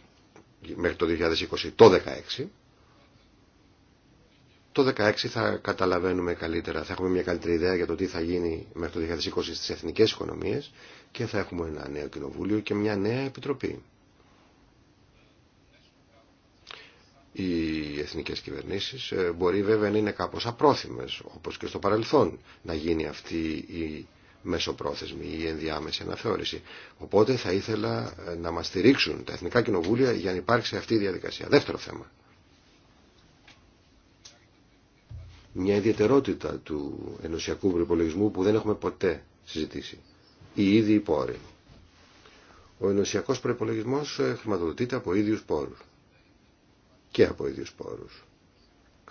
μέχρι το 2020, το 2016. Το 2016 θα καταλαβαίνουμε καλύτερα, θα έχουμε μια καλύτερη ιδέα για το τι θα γίνει μέχρι το 2020 στις εθνικές οικονομίες και θα έχουμε ένα νέο κοινοβούλιο και μια νέα επιτροπή. οι εθνικές κυβερνήσεις ε, μπορεί βέβαια να είναι κάπως απρόθυμες όπως και στο παρελθόν να γίνει αυτή η μεσοπρόθεσμη ή ενδιάμεση αναθεώρηση. Οπότε θα ήθελα ε, να μας στηρίξουν τα Εθνικά Κοινοβούλια για να υπάρξει αυτή η διαδικασία. Δεύτερο θέμα. Μια ιδιαιτερότητα του ενωσιακού προπολογισμού που δεν έχουμε ποτέ συζητήσει. Οι ίδιοι πόροι. Ο ενωσιακός προπολογισμό ε, χρηματοδοτείται από ίδιους πόρους και από ίδιους πόρους.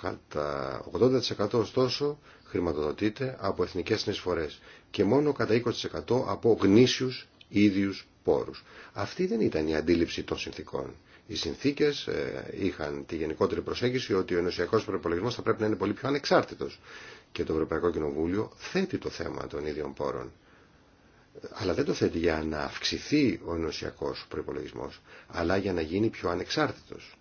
Κατά 80% ωστόσο χρηματοδοτείται από εθνικές συνεισφορές και μόνο κατά 20% από γνήσιους ίδιους πόρους. Αυτή δεν ήταν η αντίληψη των συνθήκων. Οι συνθήκες ε, είχαν τη γενικότερη προσέγγιση ότι ο ενωσιακός προπολογισμό θα πρέπει να είναι πολύ πιο ανεξάρτητος και το Ευρωπαϊκό Κοινοβούλιο θέτει το θέμα των ίδιων πόρων αλλά δεν το θέτει για να αυξηθεί ο ενωσιακός προπολογισμό, αλλά για να γίνει πιο ανεξάρτητος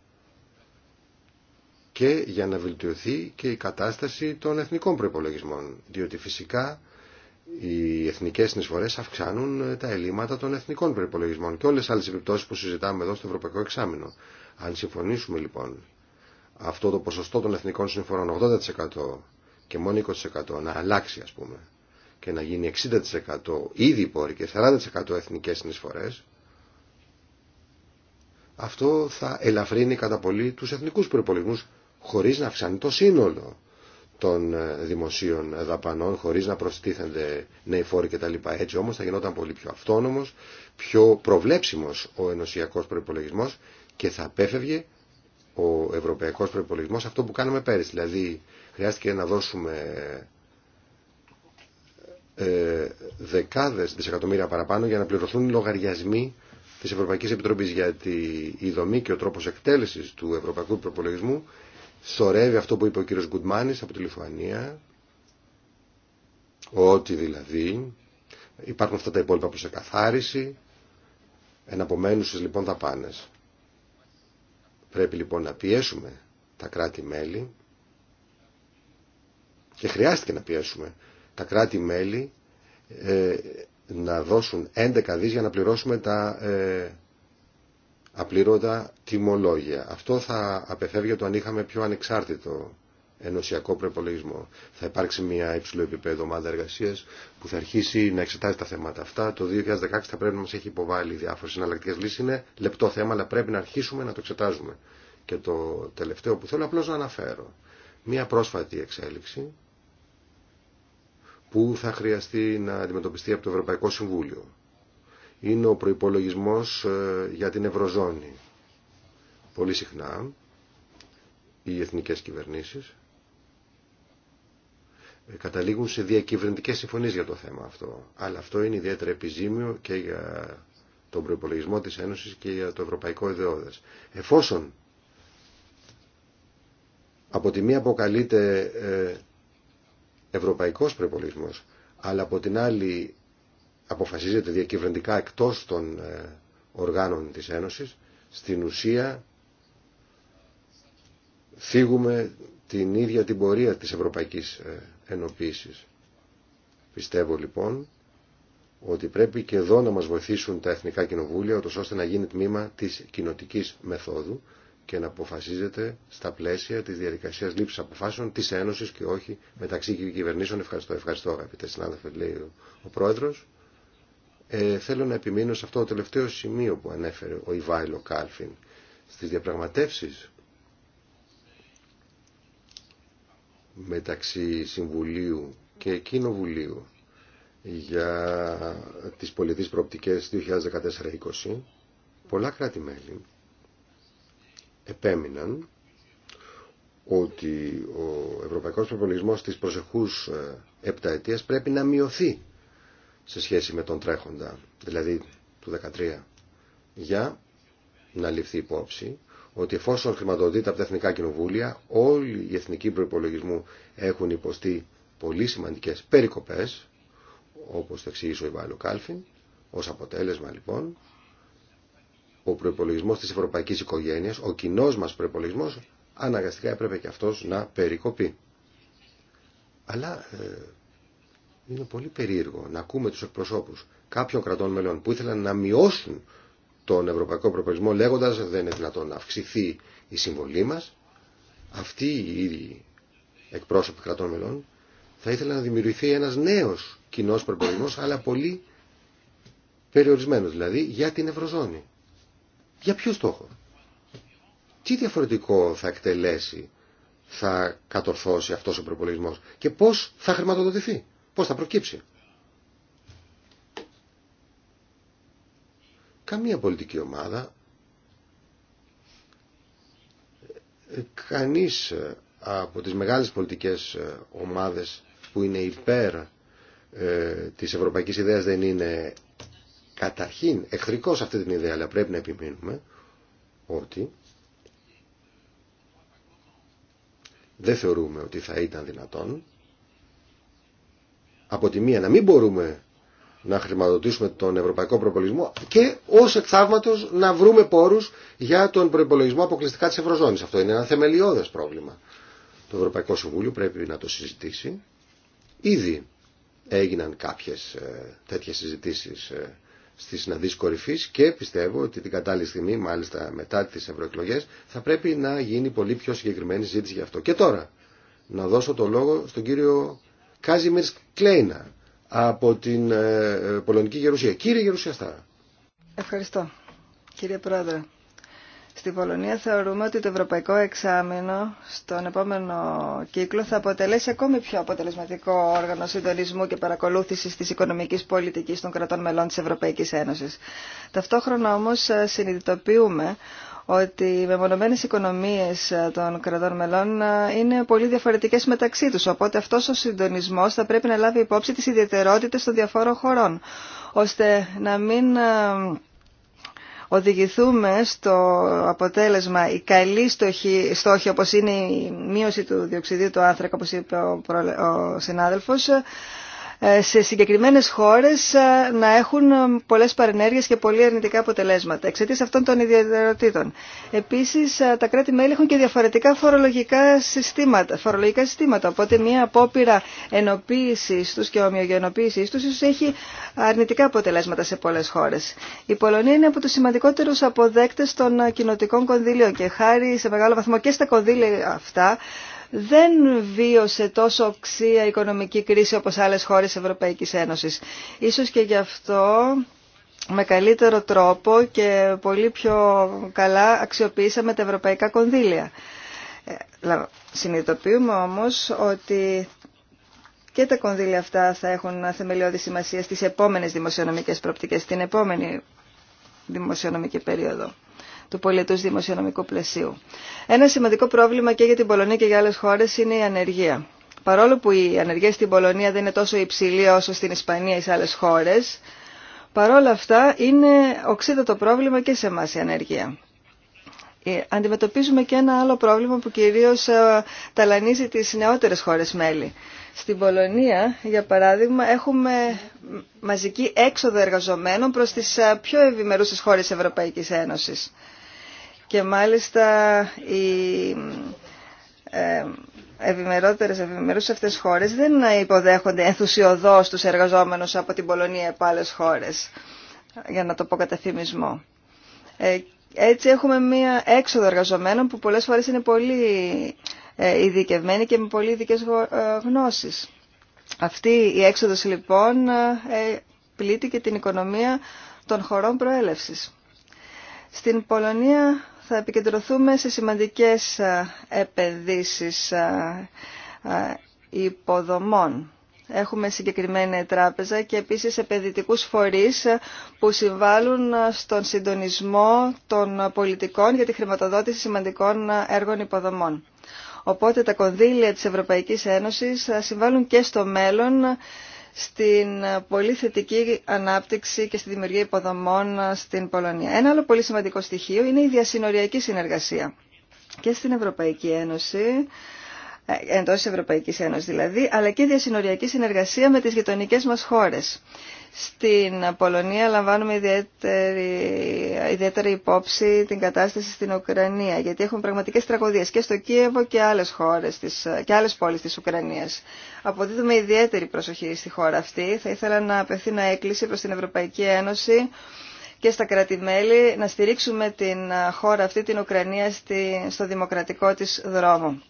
και για να βελτιωθεί και η κατάσταση των εθνικών προϋπολογισμών, διότι φυσικά οι εθνικές συνεισφορές αυξάνουν ε, τα ελλείμματα των εθνικών προϋπολογισμών και όλες τις άλλες επιπτώσεις που συζητάμε εδώ στο Ευρωπαϊκό Εξάμεινο. Αν συμφωνήσουμε λοιπόν αυτό το ποσοστό των εθνικών συνεισφορών 80% και μόνο 20% να αλλάξει ας πούμε και να γίνει 60% ήδη υπόρρη και 40% εθνικές συνεισφορές, αυτό θα ελαφρύνει κατά πολύ τους εθνικούς προϋπολογισμούς χωρίς να αυξάνει το σύνολο των ε, δημοσίων δαπανών χωρίς να προστίθενται νέοι φόροι κτλ. Έτσι όμως θα γινόταν πολύ πιο αυτόνομος, πιο προβλέψιμος ο ενωσιακός προπολογισμό και θα απέφευγε ο ευρωπαϊκός προπολογισμό αυτό που κάναμε πέρυσι. Δηλαδή χρειάστηκε να δώσουμε ε, δεκάδες δισεκατομμύρια παραπάνω για να πληρωθούν οι λογαριασμοί της Ευρωπαϊκής Επιτροπής γιατί η δομή και ο τρόπος εκτέλεσης του ευρωπαϊκού προπολογισμού σορεύει αυτό που είπε ο κύριος Γκουτμάνης από τη Λιθουανία, ότι δηλαδή υπάρχουν αυτά τα υπόλοιπα προς εκαθάριση, εναπομένουσες λοιπόν δαπάνες. Πρέπει λοιπόν να πιέσουμε τα κράτη-μέλη και χρειάστηκε να πιέσουμε τα κράτη-μέλη ε, να δώσουν 11 δις για να πληρώσουμε τα ε, απλήρωτα τιμολόγια. Αυτό θα απεφεύγει το αν είχαμε πιο ανεξάρτητο ενωσιακό προπολογισμό. Θα υπάρξει μια υψηλό επίπεδο ομάδα εργασία που θα αρχίσει να εξετάζει τα θέματα αυτά. Το 2016 θα πρέπει να μα έχει υποβάλει διάφορε συναλλακτικέ λύσει. Είναι λεπτό θέμα, αλλά πρέπει να αρχίσουμε να το εξετάζουμε. Και το τελευταίο που θέλω απλώ να αναφέρω. Μια πρόσφατη εξέλιξη που θα χρειαστεί να αντιμετωπιστεί από το Ευρωπαϊκό Συμβούλιο είναι ο προϋπολογισμός ε, για την Ευρωζώνη. Πολύ συχνά οι εθνικές κυβερνήσεις ε, καταλήγουν σε διακυβερνητικές συμφωνίες για το θέμα αυτό. Αλλά αυτό είναι ιδιαίτερα επιζήμιο και για τον προϋπολογισμό της Ένωσης και για το Ευρωπαϊκό Ιδεώδες. Εφόσον από τη μία αποκαλείται ε, ευρωπαϊκός προϋπολογισμός, αλλά από την άλλη αποφασίζεται διακυβερνητικά εκτός των ε, οργάνων της Ένωσης, στην ουσία φύγουμε την ίδια την πορεία της Ευρωπαϊκής ε, Ενοποίησης. Πιστεύω λοιπόν ότι πρέπει και εδώ να μας βοηθήσουν τα Εθνικά Κοινοβούλια ώστε να γίνει τμήμα της κοινοτική μεθόδου και να αποφασίζεται στα πλαίσια της διαδικασίας λήψης αποφάσεων της Ένωσης και όχι μεταξύ κυβερνήσεων. Ευχαριστώ, ευχαριστώ αγαπητέ συνάδελφε, λέει ο Πρόεδρος. Ε, θέλω να επιμείνω σε αυτό το τελευταίο σημείο που ανέφερε ο Ιβάιλο Κάλφιν στις διαπραγματεύσεις μεταξύ Συμβουλίου και Κοινοβουλίου για τις πολιτικές προοπτικές 2014-2020 πολλά κράτη-μέλη επέμειναν ότι ο ευρωπαϊκός προπολογισμός της προσεχούς ε, επταετίας πρέπει να μειωθεί σε σχέση με τον τρέχοντα, δηλαδή του 13 για να ληφθεί υπόψη ότι εφόσον χρηματοδοτείται από τα εθνικά κοινοβούλια, όλοι οι εθνικοί προπολογισμού έχουν υποστεί πολύ σημαντικέ περικοπέ, όπω το εξηγήσω ο Ιβάλλο Κάλφιν. Ω αποτέλεσμα λοιπόν, ο προπολογισμό τη ευρωπαϊκή οικογένεια, ο κοινό μα προπολογισμό, αναγκαστικά έπρεπε και αυτό να περικοπεί. Αλλά ε, είναι πολύ περίεργο να ακούμε τους εκπροσώπους κάποιων κρατών μελών που ήθελαν να μειώσουν τον ευρωπαϊκό προπολογισμό λέγοντας δεν είναι δυνατόν να αυξηθεί η συμβολή μας. Αυτοί οι ίδιοι εκπρόσωποι κρατών μελών θα ήθελαν να δημιουργηθεί ένας νέος κοινό προπολογισμό, αλλά πολύ περιορισμένο, δηλαδή για την Ευρωζώνη. Για ποιο στόχο. Τι διαφορετικό θα εκτελέσει, θα κατορθώσει αυτός ο προπολογισμός και πώς θα χρηματοδοτηθεί. Πώς θα προκύψει. Καμία πολιτική ομάδα, ε, κανείς ε, από τις μεγάλες πολιτικές ε, ομάδες που είναι υπέρ ε, της ευρωπαϊκής ιδέας δεν είναι καταρχήν εχθρικός αυτή την ιδέα, αλλά πρέπει να επιμείνουμε ότι δεν θεωρούμε ότι θα ήταν δυνατόν από τη μία να μην μπορούμε να χρηματοδοτήσουμε τον ευρωπαϊκό προπολογισμό και ω εκ να βρούμε πόρου για τον προπολογισμό αποκλειστικά τη Ευρωζώνη. Αυτό είναι ένα θεμελιώδε πρόβλημα. Το Ευρωπαϊκό Συμβούλιο πρέπει να το συζητήσει. Ήδη έγιναν κάποιε τέτοιε συζητήσει ε, στι συναντήσει κορυφή και πιστεύω ότι την κατάλληλη στιγμή, μάλιστα μετά τι ευρωεκλογέ, θα πρέπει να γίνει πολύ πιο συγκεκριμένη συζήτηση γι' αυτό. Και τώρα να δώσω το λόγο στον κύριο Κάζιμιρ Κλέινα από την ε, ε, Πολωνική Γερουσία. Κύριε Γερουσιαστά. Ευχαριστώ. Κύριε Πρόεδρε. Στην Πολωνία θεωρούμε ότι το ευρωπαϊκό εξάμεινο στον επόμενο κύκλο θα αποτελέσει ακόμη πιο αποτελεσματικό όργανο συντονισμού και παρακολούθησης της οικονομικής πολιτικής των κρατών μελών της Ευρωπαϊκής Ένωσης. Ταυτόχρονα όμως συνειδητοποιούμε ότι οι μεμονωμένες οικονομίες των κρατών μελών ε, είναι πολύ διαφορετικές μεταξύ τους, οπότε αυτός ο συντονισμός θα πρέπει να λάβει υπόψη τις ιδιαιτερότητες των διαφόρων χωρών, ώστε να μην ε, οδηγηθούμε στο αποτέλεσμα η καλή στόχη στόχη όπως είναι η μείωση του διοξιδίου του άνθρακα όπως είπε ο, προ, ο συνάδελφος ε, ε, σε συγκεκριμένες χώρες ε, να έχουν ε, πολλές παρενέργειες και πολύ αρνητικά αποτελέσματα εξαιτίας αυτών των ιδιαιτεροτήτων. Επίσης, τα κράτη-μέλη έχουν και διαφορετικά φορολογικά συστήματα, φορολογικά συστήματα οπότε μια απόπειρα ενοποίησης τους και ομοιογενοποίησης τους ίσω έχει αρνητικά αποτελέσματα σε πολλές χώρες. Η Πολωνία είναι από τους σημαντικότερους αποδέκτες των κοινοτικών κονδύλων και χάρη σε μεγάλο βαθμό και στα κονδύλια αυτά δεν βίωσε τόσο οξία οικονομική κρίση όπως άλλες χώρες Ευρωπαϊκής Ένωσης. Ίσως και γι' αυτό με καλύτερο τρόπο και πολύ πιο καλά αξιοποιήσαμε τα ευρωπαϊκά κονδύλια. Ε, συνειδητοποιούμε όμως ότι και τα κονδύλια αυτά θα έχουν θεμελιώδη σημασία στις επόμενες δημοσιονομικές προπτικές, στην επόμενη δημοσιονομική περίοδο του πολιτού δημοσιονομικού πλαισίου. Ένα σημαντικό πρόβλημα και για την Πολωνία και για άλλε χώρε είναι η ανεργία. Παρόλο που η ανεργία στην Πολωνία δεν είναι τόσο υψηλή όσο στην Ισπανία ή σε άλλε χώρε, παρόλα αυτά είναι οξύτατο πρόβλημα και σε εμά η ανεργία. Ε, αντιμετωπίζουμε και ένα άλλο πρόβλημα που κυρίως ε, ταλανίζει τις νεότερες χώρες μέλη. Στην Πολωνία, για παράδειγμα, έχουμε μαζική έξοδο εργαζομένων προς τις ε, πιο ευημερούσες χώρες Ευρωπαϊκής Ένωσης. Και μάλιστα οι ε, ευημερότερες, ευημερούς αυτές χώρες δεν υποδέχονται ενθουσιοδός τους εργαζόμενους από την Πολωνία από άλλες χώρες, για να το πω κατά θυμισμό. Ε, έτσι έχουμε μία έξοδο εργαζομένων που πολλές φορές είναι πολύ ε, ειδικευμένοι και με πολύ ειδικέ γνώσεις. Αυτή η έξοδος λοιπόν πλήττει και την οικονομία των χωρών προέλευσης. Στην Πολωνία θα επικεντρωθούμε σε σημαντικές επενδύσεις υποδομών. Έχουμε συγκεκριμένη τράπεζα και επίσης επενδυτικούς φορείς που συμβάλλουν στον συντονισμό των πολιτικών για τη χρηματοδότηση σημαντικών έργων υποδομών. Οπότε τα κονδύλια της Ευρωπαϊκής Ένωσης θα συμβάλλουν και στο μέλλον στην πολύ θετική ανάπτυξη και στη δημιουργία υποδομών στην Πολωνία. Ένα άλλο πολύ σημαντικό στοιχείο είναι η διασυνοριακή συνεργασία. Και στην Ευρωπαϊκή Ένωση, ε, εντός Ευρωπαϊκής Ένωσης δηλαδή, αλλά και η διασυνοριακή συνεργασία με τις γειτονικές μας χώρες. Στην Πολωνία λαμβάνουμε ιδιαίτερη, ιδιαίτερη υπόψη την κατάσταση στην Ουκρανία, γιατί έχουν πραγματικές τραγωδίες και στο Κίεβο και άλλες, χώρες της, και άλλες πόλεις της Ουκρανίας. Αποδίδουμε ιδιαίτερη προσοχή στη χώρα αυτή. Θα ήθελα να απευθύνω έκκληση προς την Ευρωπαϊκή Ένωση και στα κρατημέλη να στηρίξουμε την χώρα αυτή, την Ουκρανία, στο δημοκρατικό της δρόμο.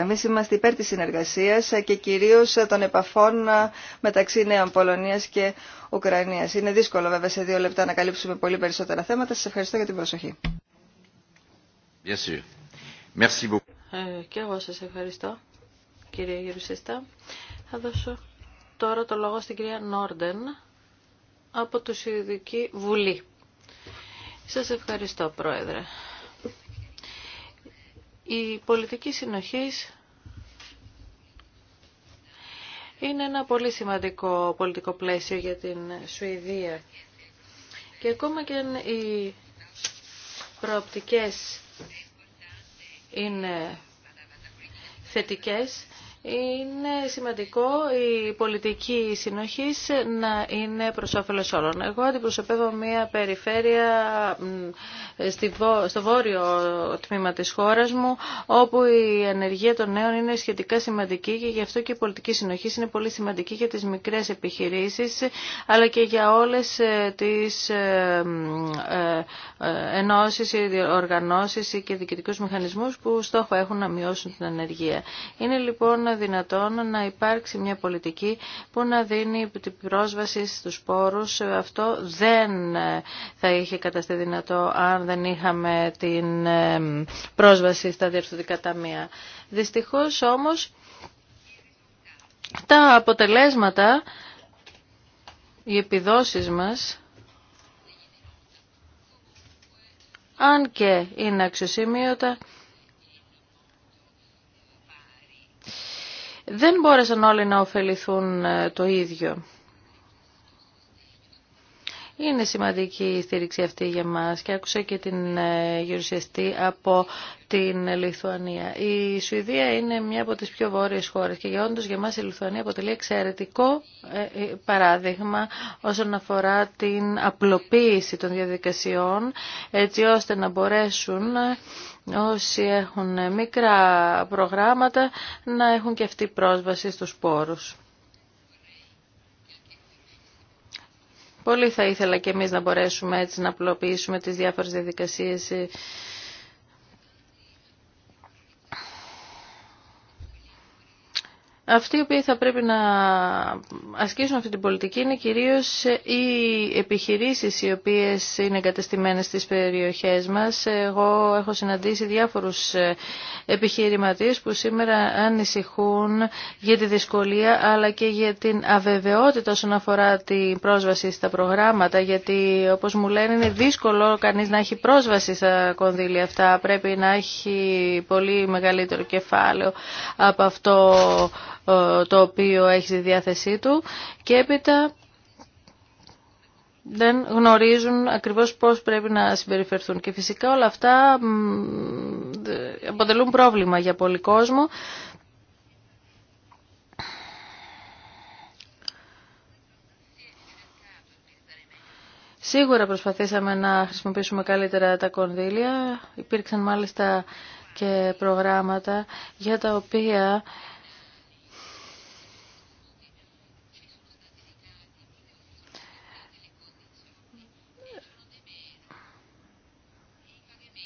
Εμεί είμαστε υπέρ τη συνεργασία και κυρίω των επαφών μεταξύ Νέων Πολωνία και Ουκρανία. Είναι δύσκολο βέβαια σε δύο λεπτά να καλύψουμε πολύ περισσότερα θέματα. Σα ευχαριστώ για την προσοχή. Ε, και εγώ σας ευχαριστώ, κύριε Γερουσίστα. Θα δώσω τώρα το λόγο στην κυρία Νόρντεν από το Συνδική Βουλή. Σας ευχαριστώ, Πρόεδρε. Η πολιτική συνοχής είναι ένα πολύ σημαντικό πολιτικό πλαίσιο για την Σουηδία. Και ακόμα και αν οι προοπτικές είναι θετικές, είναι σημαντικό η πολιτική συνοχή να είναι προ όφελο όλων. Εγώ αντιπροσωπεύω μια περιφέρεια στο βόρειο τμήμα τη χώρα μου, όπου η ανεργία των νέων είναι σχετικά σημαντική και γι' αυτό και η πολιτική συνοχή είναι πολύ σημαντική για τι μικρέ επιχειρήσει, αλλά και για όλε τι ε, ε, ενώσει, οργανώσει και διοικητικού μηχανισμού που στόχο έχουν να μειώσουν την ανεργία. Είναι λοιπόν δυνατόν να υπάρξει μια πολιτική που να δίνει την πρόσβαση στους πόρους. Αυτό δεν ε, θα είχε καταστεί δυνατό αν δεν είχαμε την ε, πρόσβαση στα διευθυντικά ταμεία. Δυστυχώς όμως τα αποτελέσματα, οι επιδόσεις μας, αν και είναι αξιοσημείωτα, δεν μπόρεσαν όλοι να ωφεληθούν ε, το ίδιο. Είναι σημαντική η στήριξη αυτή για μας και άκουσα και την ε, γερουσιαστή από την Λιθουανία. Η Σουηδία είναι μια από τις πιο βόρειες χώρες και για όντως για μας η Λιθουανία αποτελεί εξαιρετικό ε, ε, παράδειγμα όσον αφορά την απλοποίηση των διαδικασιών έτσι ώστε να μπορέσουν όσοι έχουν μικρά προγράμματα να έχουν και αυτή πρόσβαση στους πόρους. Πολύ θα ήθελα και εμείς να μπορέσουμε έτσι να απλοποιήσουμε τις διάφορες διαδικασίες ε, αυτοί οι οποίοι θα πρέπει να ασκήσουν αυτή την πολιτική είναι κυρίως οι επιχειρήσεις οι οποίες είναι εγκατεστημένες στις περιοχές μας. Εγώ έχω συναντήσει διάφορους ε, επιχειρηματίες που σήμερα ανησυχούν για τη δυσκολία αλλά και για την αβεβαιότητα όσον αφορά την πρόσβαση στα προγράμματα γιατί όπως μου λένε είναι δύσκολο κανείς να έχει πρόσβαση στα κονδύλια αυτά. Πρέπει να έχει πολύ μεγαλύτερο κεφάλαιο από αυτό ε, το οποίο έχει στη διάθεσή του και έπειτα δεν γνωρίζουν ακριβώς πώς πρέπει να συμπεριφερθούν. Και φυσικά όλα αυτά αποτελούν πρόβλημα για πολλοί κόσμο. Σίγουρα προσπαθήσαμε να χρησιμοποιήσουμε καλύτερα τα κονδύλια. Υπήρξαν μάλιστα και προγράμματα για τα οποία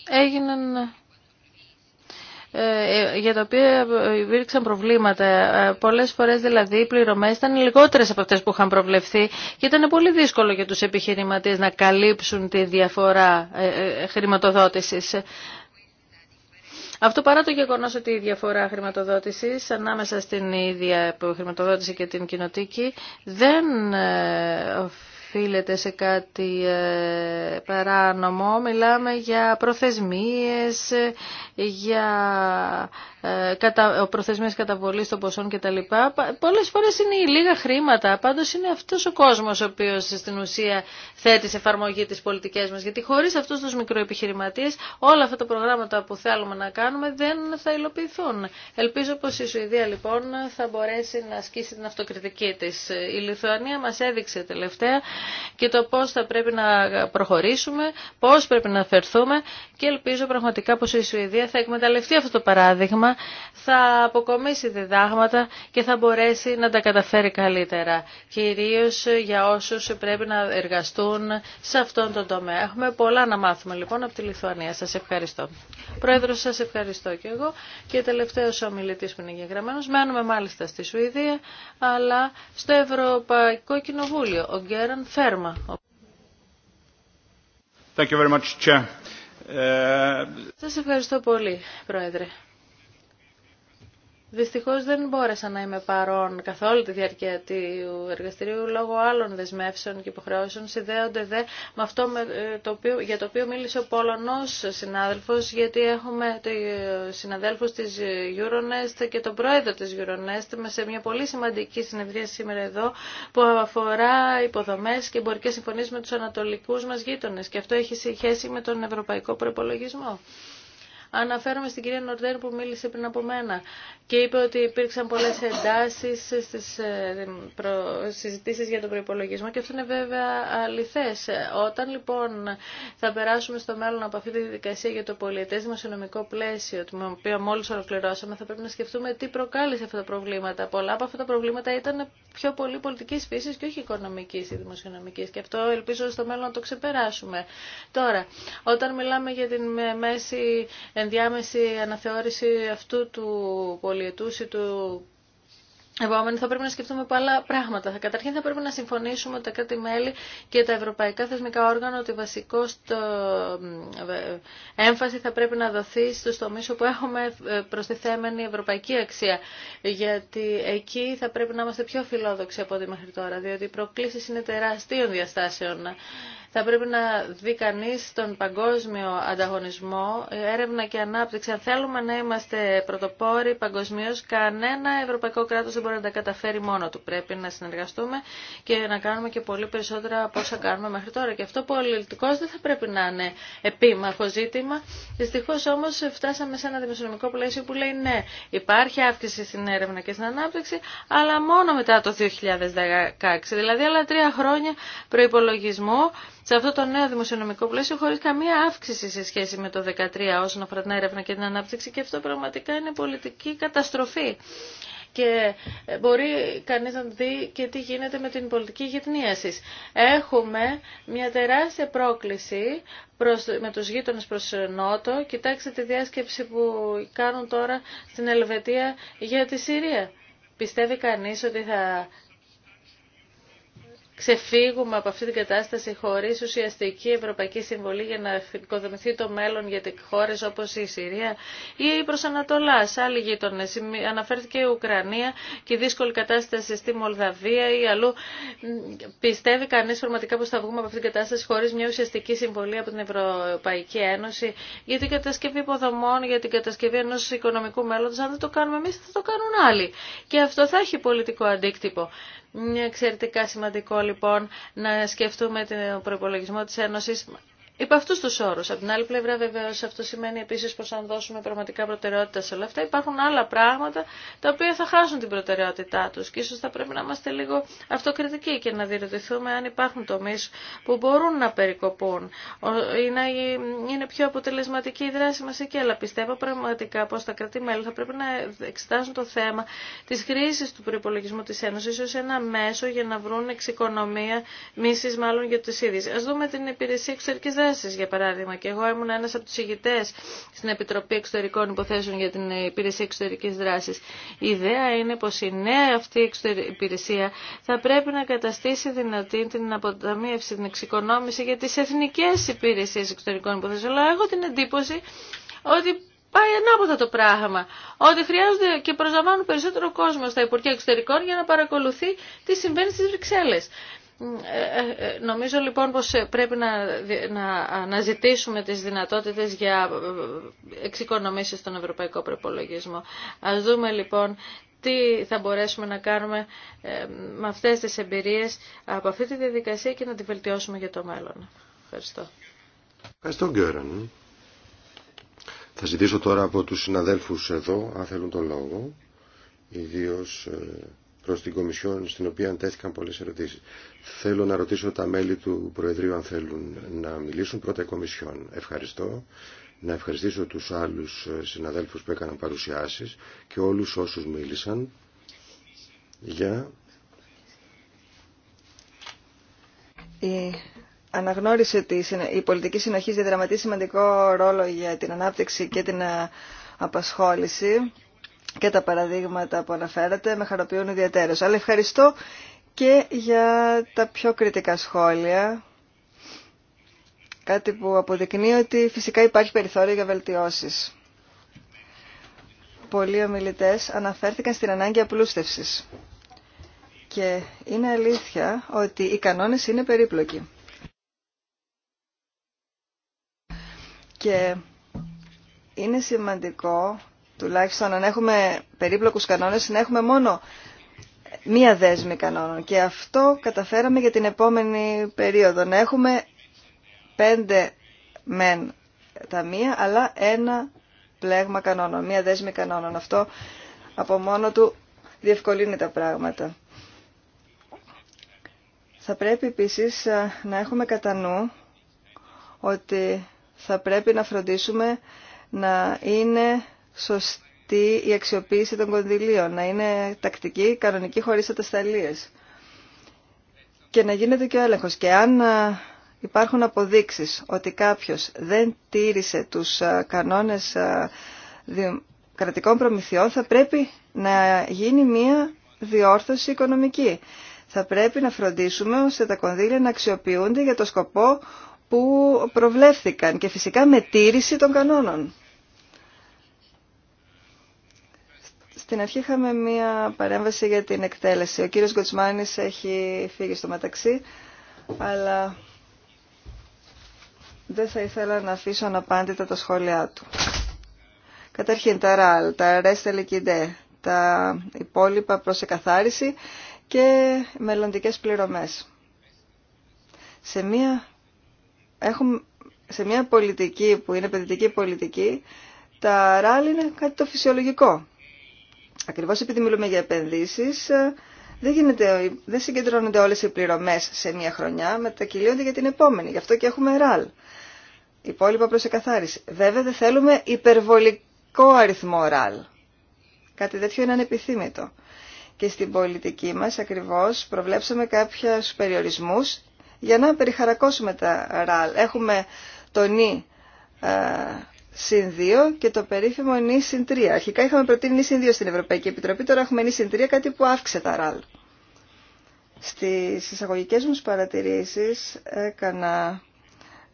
έγιναν ε, ε, για τα οποία υπήρξαν προβλήματα. Ε, πολλές φορές δηλαδή οι πληρωμές ήταν λιγότερες από αυτές που είχαν προβλεφθεί και ήταν πολύ δύσκολο για τους επιχειρηματίες να καλύψουν τη διαφορά χρηματοδότησης. Αυτό παρά το γεγονό ότι η διαφορά χρηματοδότηση ανάμεσα στην ίδια χρηματοδότηση και την κοινοτική δεν οφείλεται σε κάτι ε, παράνομο. Μιλάμε για προθεσμίες, για ε, προθεσμίες καταβολής των ποσών κτλ. Πολλές φορές είναι λίγα χρήματα. Πάντως είναι αυτός ο κόσμος ο οποίος στην ουσία θέτει σε εφαρμογή τις πολιτικές μας. Γιατί χωρίς αυτούς τους μικροεπιχειρηματίες όλα αυτά τα προγράμματα που θέλουμε να κάνουμε δεν θα υλοποιηθούν. Ελπίζω πως η Σουηδία λοιπόν θα μπορέσει να ασκήσει την αυτοκριτική της. Η Λιθουανία μας έδειξε τελευταία και το πώς θα πρέπει να προχωρήσουμε, πώς πρέπει να φερθούμε και ελπίζω πραγματικά πως η Σουηδία θα εκμεταλλευτεί αυτό το παράδειγμα, θα αποκομίσει διδάγματα και θα μπορέσει να τα καταφέρει καλύτερα, κυρίως για όσους πρέπει να εργαστούν σε αυτόν τον τομέα. Έχουμε πολλά να μάθουμε λοιπόν από τη Λιθουανία. Σας ευχαριστώ. Πρόεδρο, σας ευχαριστώ και εγώ. Και τελευταίος ο που είναι εγγεγραμμένος. Μένουμε μάλιστα στη Σουηδία, αλλά στο Ευρωπαϊκό Κοινοβούλιο. Ο Γκέραν Φέρμα. Ε, σας ευχαριστώ πολύ, Πρόεδρε. Δυστυχώς δεν μπόρεσα να είμαι παρόν καθ' όλη τη διάρκεια του εργαστηρίου λόγω άλλων δεσμεύσεων και υποχρεώσεων συνδέονται δε με αυτό με ε, το για το οποίο μίλησε ο Πολωνός συνάδελφος γιατί έχουμε το συναδέλφους της Euronest και τον πρόεδρο της Euronest σε μια πολύ σημαντική συνεδρία σήμερα εδώ που αφορά υποδομές και εμπορικές συμφωνίες με τους ανατολικούς μας γείτονες και αυτό έχει σχέση με τον ευρωπαϊκό προπολογισμό. Αναφέρομαι στην κυρία Νορδέρ που μίλησε πριν από μένα και είπε ότι υπήρξαν πολλές εντάσεις στις ε, συζητήσεις για τον προϋπολογισμό και αυτό είναι βέβαια αληθές. Όταν λοιπόν θα περάσουμε στο μέλλον από αυτή τη διαδικασία για το πολιετές δημοσιονομικό πλαίσιο, το οποίο μόλις ολοκληρώσαμε, θα πρέπει να σκεφτούμε τι προκάλεσε αυτά τα προβλήματα. Πολλά από αυτά τα προβλήματα ήταν πιο πολύ πολιτική φύση και όχι οικονομική ή δημοσιονομική. Και αυτό ελπίζω στο μέλλον να το ξεπεράσουμε. Τώρα, όταν μιλάμε για την μέση ενδιάμεση αναθεώρηση αυτού του πολιετού ή του επόμενου θα πρέπει να σκεφτούμε πολλά πράγματα. Καταρχήν θα πρέπει να συμφωνήσουμε τα κράτη-μέλη και τα ευρωπαϊκά θεσμικά όργανα ότι βασικό στο... έμφαση θα πρέπει να δοθεί στου τομεί όπου έχουμε ε, προστιθέμενη ευρωπαϊκή αξία. Γιατί εκεί θα πρέπει να είμαστε πιο φιλόδοξοι από ό,τι μέχρι τώρα, διότι οι προκλήσει είναι τεραστίων διαστάσεων θα πρέπει να δει κανεί τον παγκόσμιο ανταγωνισμό, έρευνα και ανάπτυξη. Αν θέλουμε να είμαστε πρωτοπόροι παγκοσμίω, κανένα ευρωπαϊκό κράτο δεν μπορεί να τα καταφέρει μόνο του. Πρέπει να συνεργαστούμε και να κάνουμε και πολύ περισσότερα από όσα κάνουμε μέχρι τώρα. Και αυτό πολιτικό δεν θα πρέπει να είναι επίμαχο ζήτημα. Δυστυχώ όμω φτάσαμε σε ένα δημοσιονομικό πλαίσιο που λέει ναι, υπάρχει αύξηση στην έρευνα και στην ανάπτυξη, αλλά μόνο μετά το 2016. Δηλαδή άλλα τρία χρόνια προπολογισμού σε αυτό το νέο δημοσιονομικό πλαίσιο χωρίς καμία αύξηση σε σχέση με το 2013 όσον αφορά την έρευνα και την ανάπτυξη και αυτό πραγματικά είναι πολιτική καταστροφή. Και μπορεί κανείς να δει και τι γίνεται με την πολιτική γυτνίασης. Έχουμε μια τεράστια πρόκληση προς, με τους γείτονες προς Νότο. Κοιτάξτε τη διάσκεψη που κάνουν τώρα στην Ελβετία για τη Συρία. Πιστεύει κανείς ότι θα ξεφύγουμε από αυτή την κατάσταση χωρίς ουσιαστική ευρωπαϊκή συμβολή για να οικοδομηθεί το μέλλον για χώρες όπως η Συρία ή η Προσανατολάς, άλλοι γείτονες. Αναφέρθηκε η Ουκρανία και η δύσκολη κατάσταση στη Μολδαβία ή αλλού. Πιστεύει κανείς πραγματικά πως θα βγούμε από αυτή την κατάσταση χωρίς μια ουσιαστική συμβολή από την Ευρωπαϊκή Ένωση για την κατασκευή υποδομών, για την κατασκευή ενός οικονομικού μέλλοντος. Αν δεν το κάνουμε εμείς θα το κάνουν άλλοι. Και αυτό θα έχει πολιτικό αντίκτυπο. Είναι εξαιρετικά σημαντικό λοιπόν να σκεφτούμε τον προπολογισμό της Ένωσης Υπό αυτού του όρου. Από την άλλη πλευρά, βεβαίω, αυτό σημαίνει επίση πω αν δώσουμε πραγματικά προτεραιότητα σε όλα αυτά, υπάρχουν άλλα πράγματα τα οποία θα χάσουν την προτεραιότητά του. Και ίσω θα πρέπει να είμαστε λίγο αυτοκριτικοί και να διερωτηθούμε αν υπάρχουν τομεί που μπορούν να περικοπούν ή να είναι πιο αποτελεσματική η δράση μα εκεί. Αλλά πιστεύω πραγματικά πω τα κρατή-μέλη θα πρέπει να εξετάσουν το θέμα τη χρήση του προπολογισμού τη Ένωση ω ένα μέσο για να βρουν εξοικονομία μίση μάλλον για τι ίδιε. Α δούμε την υπηρεσία εξωτερική για παράδειγμα. Και εγώ ήμουν ένα από του ηγητέ στην Επιτροπή Εξωτερικών Υποθέσεων για την Υπηρεσία εξωτερική δράση. Η ιδέα είναι πω η νέα αυτή υπηρεσία θα πρέπει να καταστήσει δυνατή την αποταμίευση, την εξοικονόμηση για τι εθνικέ υπηρεσίε εξωτερικών υποθέσεων. Αλλά έχω την εντύπωση ότι Πάει ανάποδα το πράγμα. Ότι χρειάζονται και προσλαμβάνουν περισσότερο κόσμο στα Υπουργεία Εξωτερικών για να παρακολουθεί τι συμβαίνει στι Βρυξέλλες. Νομίζω λοιπόν πως πρέπει να, να αναζητήσουμε τις δυνατότητες για εξοικονομήσεις στον ευρωπαϊκό προπολογισμό. Ας δούμε λοιπόν τι θα μπορέσουμε να κάνουμε ε, με αυτές τις εμπειρίες από αυτή τη διαδικασία και να τη βελτιώσουμε για το μέλλον. Ευχαριστώ. Ευχαριστώ Γκέραν. Θα ζητήσω τώρα από τους συναδέλφους εδώ, αν θέλουν τον λόγο, ιδίως ε, προς την Κομισιόν στην οποία τέθηκαν πολλές ερωτήσεις. Θέλω να ρωτήσω τα μέλη του Προεδρείου αν θέλουν να μιλήσουν πρώτα η Κομισιόν. Ευχαριστώ. Να ευχαριστήσω τους άλλους συναδέλφους που έκαναν παρουσιάσεις και όλους όσους μίλησαν για... αναγνώρισε ότι η πολιτική συνοχή διαδραματεί σημαντικό ρόλο για την ανάπτυξη και την ε, απασχόληση και τα παραδείγματα που αναφέρατε με χαροποιούν ιδιαίτερως. Αλλά ευχαριστώ και για τα πιο κριτικά σχόλια. Κάτι που αποδεικνύει ότι φυσικά υπάρχει περιθώριο για βελτιώσεις. Πολλοί ομιλητέ αναφέρθηκαν στην ανάγκη απλούστευσης. Και είναι αλήθεια ότι οι κανόνες είναι περίπλοκοι. Και είναι σημαντικό τουλάχιστον αν έχουμε περίπλοκους κανόνες, να έχουμε μόνο μία δέσμη κανόνων. Και αυτό καταφέραμε για την επόμενη περίοδο, να έχουμε πέντε μεν μία, αλλά ένα πλέγμα κανόνων, μία δέσμη κανόνων. Αυτό από μόνο του διευκολύνει τα πράγματα. Θα πρέπει επίσης ε, να έχουμε κατά νου ότι θα πρέπει να φροντίσουμε να είναι σωστή η αξιοποίηση των κονδυλίων, να είναι τακτική, κανονική, χωρίς ατασταλίες και να γίνεται και ο έλεγχος. Και αν υπάρχουν αποδείξεις ότι κάποιος δεν τήρησε τους κανόνες κρατικών προμηθειών, θα πρέπει να γίνει μία διόρθωση οικονομική. Θα πρέπει να φροντίσουμε ώστε τα κονδύλια να αξιοποιούνται για το σκοπό που προβλέφθηκαν και φυσικά με τήρηση των κανόνων. Στην αρχή είχαμε μία παρέμβαση για την εκτέλεση. Ο κύριος Γκοτσμάνης έχει φύγει στο μεταξύ, αλλά δεν θα ήθελα να αφήσω αναπάντητα τα σχόλιά του. Καταρχήν τα ραλ, τα ρέστε τα υπόλοιπα προς εκαθάριση και μελλοντικές πληρωμές. Σε μία, έχουμε, σε μια πολιτική που είναι παιδιτική πολιτική, τα ράλ είναι κάτι το φυσιολογικό. Ακριβώς επειδή μιλούμε για επενδύσεις, ε, δεν, γίνεται, δεν συγκεντρώνονται όλες οι πληρωμές σε μία χρονιά, μετακυλίονται για την επόμενη. Γι' αυτό και έχουμε ραλ. Υπόλοιπα προς εκαθάριση. Βέβαια δεν θέλουμε υπερβολικό αριθμό ραλ. Κάτι τέτοιο είναι ανεπιθύμητο. Και στην πολιτική μας ακριβώς προβλέψαμε κάποιους περιορισμούς για να περιχαρακώσουμε τα ραλ. Έχουμε τον νη ε, συν 2 και το περίφημο νη συν 3. Αρχικά είχαμε προτείνει νη συν 2 στην Ευρωπαϊκή Επιτροπή, τώρα έχουμε νη συν 3, κάτι που αύξησε τα ράλ. Στις εισαγωγικέ μου παρατηρήσεις έκανα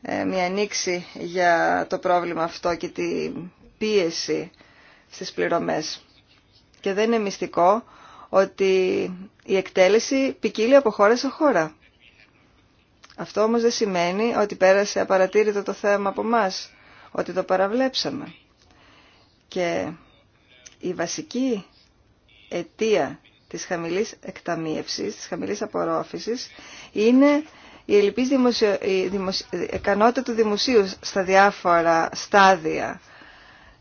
ε, μια ανοίξη για το πρόβλημα αυτό και την πίεση στις πληρωμές. Και δεν είναι μυστικό ότι η εκτέλεση ποικίλει από χώρα σε χώρα. Αυτό όμως δεν σημαίνει ότι πέρασε απαρατήρητο το θέμα από μας ότι το παραβλέψαμε. Και η βασική αιτία της χαμηλής εκταμίευσης, της χαμηλής απορρόφησης, είναι η ελληπής δημοσιο... ικανότητα του δημοσίου στα διάφορα στάδια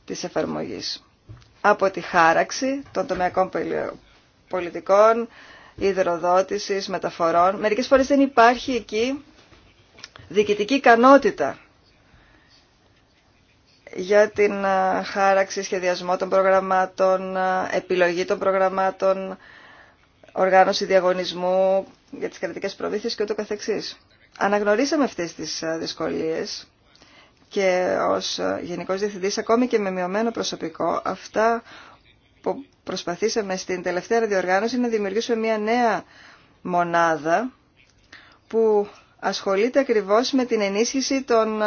της εφαρμογής. Από τη χάραξη των τομεακών πολιτικών, υδροδότησης, μεταφορών. Μερικές φορές δεν υπάρχει εκεί διοικητική ικανότητα για την ε, χάραξη, σχεδιασμό των προγραμμάτων, ε, επιλογή των προγραμμάτων, οργάνωση διαγωνισμού για τις κρατικές προμήθειες και ούτω καθεξής. Αναγνωρίσαμε αυτές τις ε, δυσκολίες και ως Γενικός Διευθυντής, ακόμη και με μειωμένο προσωπικό, αυτά που προσπαθήσαμε στην τελευταία διοργάνωση να δημιουργήσουμε μια νέα μονάδα που ασχολείται ακριβώς με την ενίσχυση των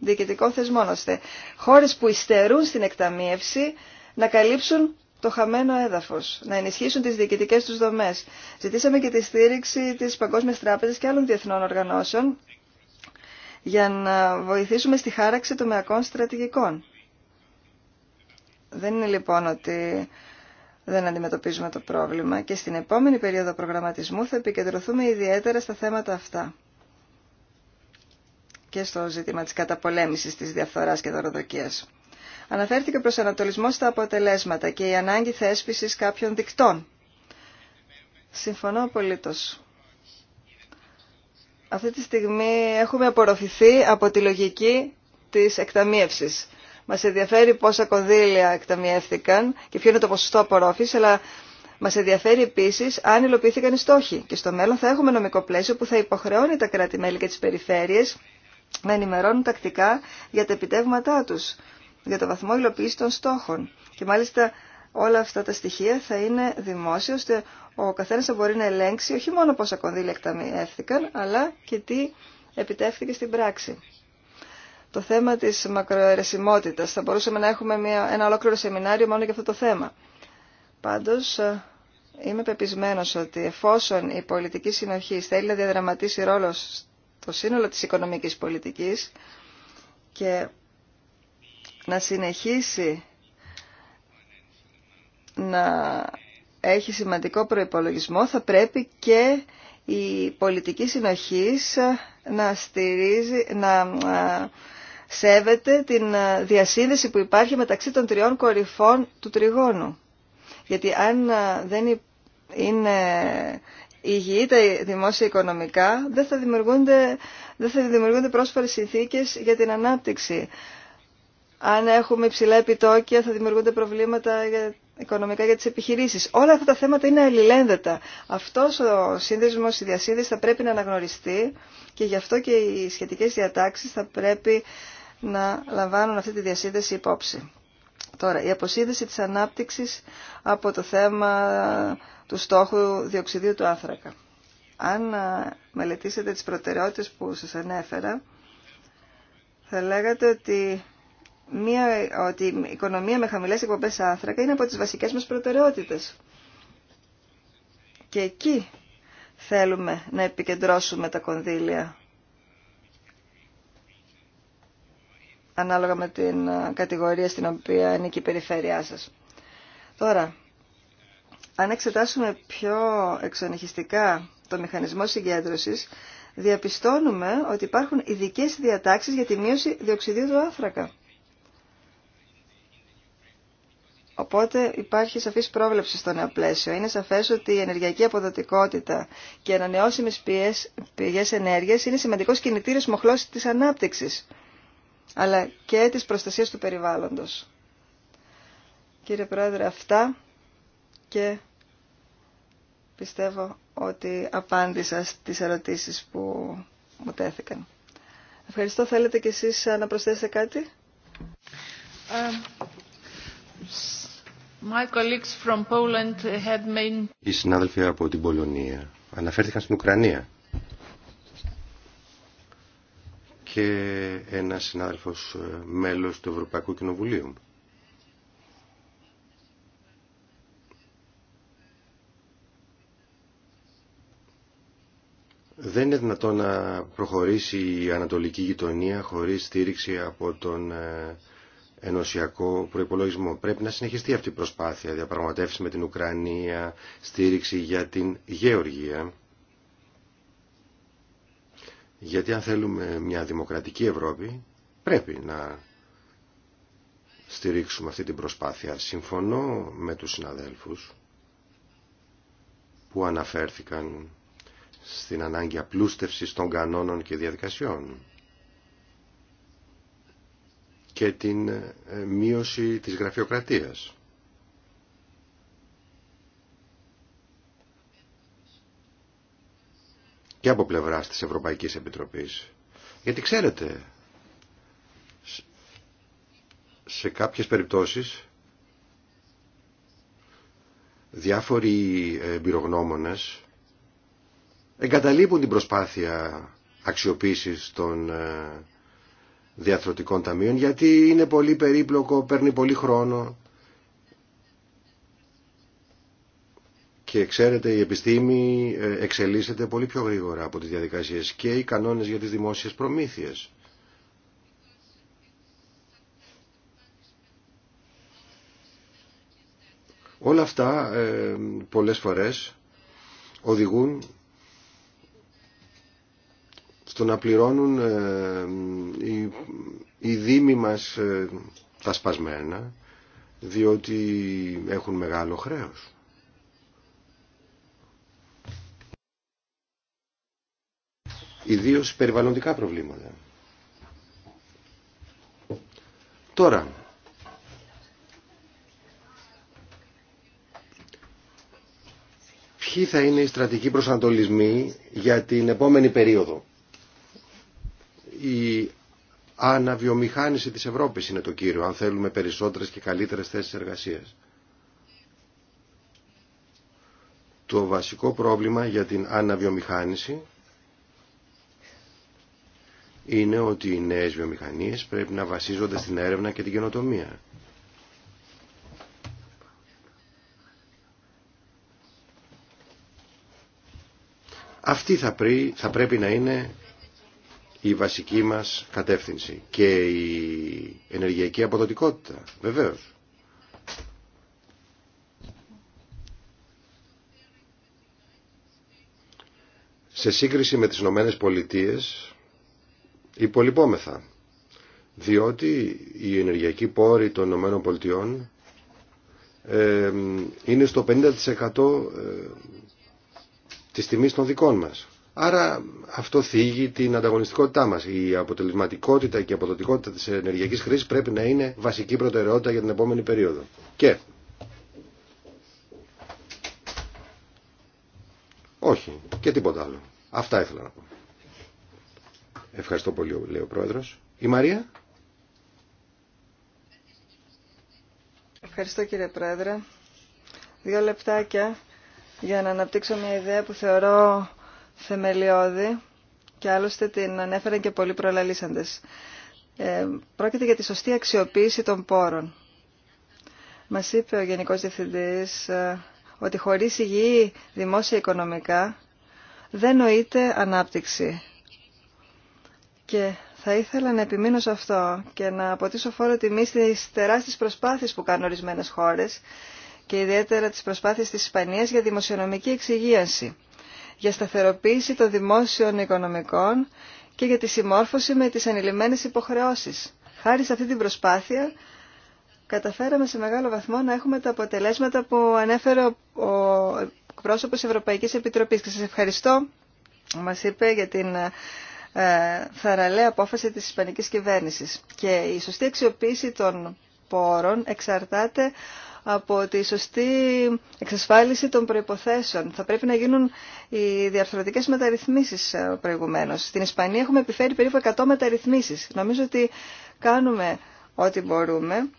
διοικητικών θεσμών, ώστε χώρες που υστερούν στην εκταμίευση να καλύψουν το χαμένο έδαφος, να ενισχύσουν τις διοικητικές τους δομές. Ζητήσαμε και τη στήριξη της Παγκόσμιας Τράπεζας και άλλων διεθνών οργανώσεων για να βοηθήσουμε στη χάραξη των μεακών στρατηγικών. Δεν είναι λοιπόν ότι δεν αντιμετωπίζουμε το πρόβλημα και στην επόμενη περίοδο προγραμματισμού θα επικεντρωθούμε ιδιαίτερα στα θέματα αυτά και στο ζήτημα της καταπολέμησης της διαφθοράς και δωροδοκίας. Αναφέρθηκε προς ανατολισμό στα αποτελέσματα και η ανάγκη θέσπισης κάποιων δικτών. Συμφωνώ απολύτως. Αυτή τη στιγμή έχουμε απορροφηθεί από τη λογική της εκταμίευσης. Μας ενδιαφέρει πόσα κονδύλια εκταμιεύθηκαν και ποιο είναι το ποσοστό απορρόφηση, αλλά μας ενδιαφέρει επίσης αν υλοποιήθηκαν οι στόχοι. Και στο μέλλον θα έχουμε νομικό πλαίσιο που θα υποχρεώνει τα κράτη-μέλη και τις περιφέρειες να ενημερώνουν τακτικά για τα επιτεύγματά τους, για το βαθμό υλοποίηση των στόχων. Και μάλιστα όλα αυτά τα στοιχεία θα είναι δημόσια, ώστε ο καθένας θα μπορεί να ελέγξει όχι μόνο πόσα κονδύλια εκταμιεύθηκαν, αλλά και τι επιτεύχθηκε στην πράξη. Το θέμα της μακροαιρεσιμότητας. Θα μπορούσαμε να έχουμε ένα ολόκληρο σεμινάριο μόνο για αυτό το θέμα. Πάντως, ε, είμαι πεπισμένος ότι εφόσον η πολιτική συνοχή θέλει να διαδραματίσει ρόλο το σύνολο της οικονομικής πολιτικής και να συνεχίσει να έχει σημαντικό προϋπολογισμό θα πρέπει και η πολιτική συνοχής να στηρίζει, να σέβεται την διασύνδεση που υπάρχει μεταξύ των τριών κορυφών του τριγώνου. Γιατί αν δεν είναι υγιεί τα δημόσια οικονομικά, δεν θα δημιουργούνται, δεν θα δημιουργούνται πρόσφορες συνθήκες για την ανάπτυξη. Αν έχουμε υψηλά επιτόκια θα δημιουργούνται προβλήματα για οικονομικά για τις επιχειρήσεις. Όλα αυτά τα θέματα είναι αλληλένδετα. Αυτός ο σύνδεσμος, η διασύνδεση θα πρέπει να αναγνωριστεί και γι' αυτό και οι σχετικές διατάξεις θα πρέπει να λαμβάνουν αυτή τη διασύνδεση υπόψη. Τώρα, η αποσύνδεση της ανάπτυξης από το θέμα του στόχου διοξιδίου του άνθρακα. Αν ε, μελετήσετε τις προτεραιότητες που σας ανέφερα, θα λέγατε ότι, μια, η οικονομία με χαμηλές εκπομπές άνθρακα είναι από τις βασικές μας προτεραιότητες. Και εκεί θέλουμε να επικεντρώσουμε τα κονδύλια ανάλογα με την ε, κατηγορία στην οποία ανήκει η περιφέρειά σας. Τώρα, αν εξετάσουμε πιο εξονυχιστικά το μηχανισμό συγκέντρωσης, διαπιστώνουμε ότι υπάρχουν ειδικέ διατάξεις για τη μείωση διοξιδίου του άνθρακα. Οπότε υπάρχει σαφής πρόβλεψη στο νέο πλαίσιο. Είναι σαφές ότι η ενεργειακή αποδοτικότητα και ανανεώσιμες πηγές ενέργειας είναι σημαντικός κινητήριος μοχλός της ανάπτυξης αλλά και της προστασίας του περιβάλλοντος. Κύριε Πρόεδρε, αυτά και πιστεύω ότι απάντησα στις ερωτήσεις που μου τέθηκαν. Ευχαριστώ. Θέλετε κι εσείς να προσθέσετε κάτι? Um, Οι συνάδελφοι από την Πολωνία αναφέρθηκαν στην Ουκρανία. και ένας συνάδελφος ε, μέλος του Ευρωπαϊκού Κοινοβουλίου. Δεν είναι δυνατόν να προχωρήσει η Ανατολική Γειτονία χωρίς στήριξη από τον ε, ενωσιακό προϋπολογισμό. Πρέπει να συνεχιστεί αυτή η προσπάθεια, Διαπραγματεύσει με την Ουκρανία, στήριξη για την Γεωργία. Γιατί αν θέλουμε μια δημοκρατική Ευρώπη πρέπει να στηρίξουμε αυτή την προσπάθεια. Συμφωνώ με τους συναδέλφους που αναφέρθηκαν στην ανάγκη απλούστευσης των κανόνων και διαδικασιών και την ε, μείωση της γραφειοκρατίας. και από πλευρά της Ευρωπαϊκής Επιτροπής. Γιατί ξέρετε, σε κάποιες περιπτώσεις διάφοροι εμπειρογνώμονες εγκαταλείπουν την προσπάθεια αξιοποίησης των ε, διαθροτικών ταμείων γιατί είναι πολύ περίπλοκο, παίρνει πολύ χρόνο και ξέρετε η επιστήμη ε, εξελίσσεται πολύ πιο γρήγορα από τις διαδικασίες και οι κανόνες για τις δημόσιες προμήθειες. Όλα αυτά ε, πολλές φορές οδηγούν στο να πληρώνουν ε, οι, δήμοι μας τα σπασμένα διότι έχουν μεγάλο χρέος. Ιδίω περιβαλλοντικά προβλήματα. Τώρα, ποιοι θα είναι οι στρατηγικοί προσανατολισμοί για την επόμενη περίοδο. Η αναβιομηχάνηση της Ευρώπης είναι το κύριο, αν θέλουμε περισσότερες και καλύτερες θέσεις εργασίας. Το βασικό πρόβλημα για την αναβιομηχάνηση είναι ότι οι νέες βιομηχανίες πρέπει να βασίζονται στην έρευνα και την καινοτομία. Αυτή θα, θα πρέπει να είναι η βασική μας κατεύθυνση και η ενεργειακή αποδοτικότητα, βεβαίως. Σε σύγκριση με τις Ηνωμένε Πολιτείες, υπολοιπόμεθα. Διότι οι ενεργειακοί πόροι των ΗΠΑ ε, είναι στο 50% ε, της τιμής των δικών μας. Άρα αυτό θίγει την ανταγωνιστικότητά μας. Η αποτελεσματικότητα και η αποδοτικότητα της ενεργειακής χρήσης πρέπει να είναι βασική προτεραιότητα για την επόμενη περίοδο. Και... Όχι. Και τίποτα άλλο. Αυτά ήθελα να πω. Ευχαριστώ πολύ, λέει ο Πρόεδρος. Η Μαρία. Ευχαριστώ κύριε Πρόεδρε. Δύο λεπτάκια για να αναπτύξω μια ιδέα που θεωρώ θεμελιώδη και άλλωστε την ανέφεραν και πολλοί προλαλήσαντες. Ε, πρόκειται για τη σωστή αξιοποίηση των πόρων. Μας είπε ο Γενικός Διευθυντής ε, ότι χωρίς υγιή δημόσια οικονομικά δεν νοείται ανάπτυξη. Και θα ήθελα να επιμείνω σε αυτό και να αποτίσω φόρο τιμή στις τεράστιες προσπάθειες που κάνουν ορισμένε χώρες και ιδιαίτερα τις προσπάθειες της Ισπανίας για δημοσιονομική εξυγίαση, για σταθεροποίηση των δημόσιων οικονομικών και για τη συμμόρφωση με τις ανηλυμένες υποχρεώσεις. Χάρη σε αυτή την προσπάθεια καταφέραμε σε μεγάλο βαθμό να έχουμε τα αποτελέσματα που ανέφερε ο πρόσωπος Ευρωπαϊκής Επιτροπή. Και σας ευχαριστώ, μας είπε για την ε, θαραλέα απόφαση της Ισπανικής κυβέρνησης. Και η σωστή αξιοποίηση των πόρων εξαρτάται από τη σωστή εξασφάλιση των προϋποθέσεων. Θα πρέπει να γίνουν οι διαρθρωτικές μεταρρυθμίσεις ε, προηγουμένως. Στην Ισπανία έχουμε επιφέρει περίπου 100 μεταρρυθμίσεις. Νομίζω ότι κάνουμε ό,τι μπορούμε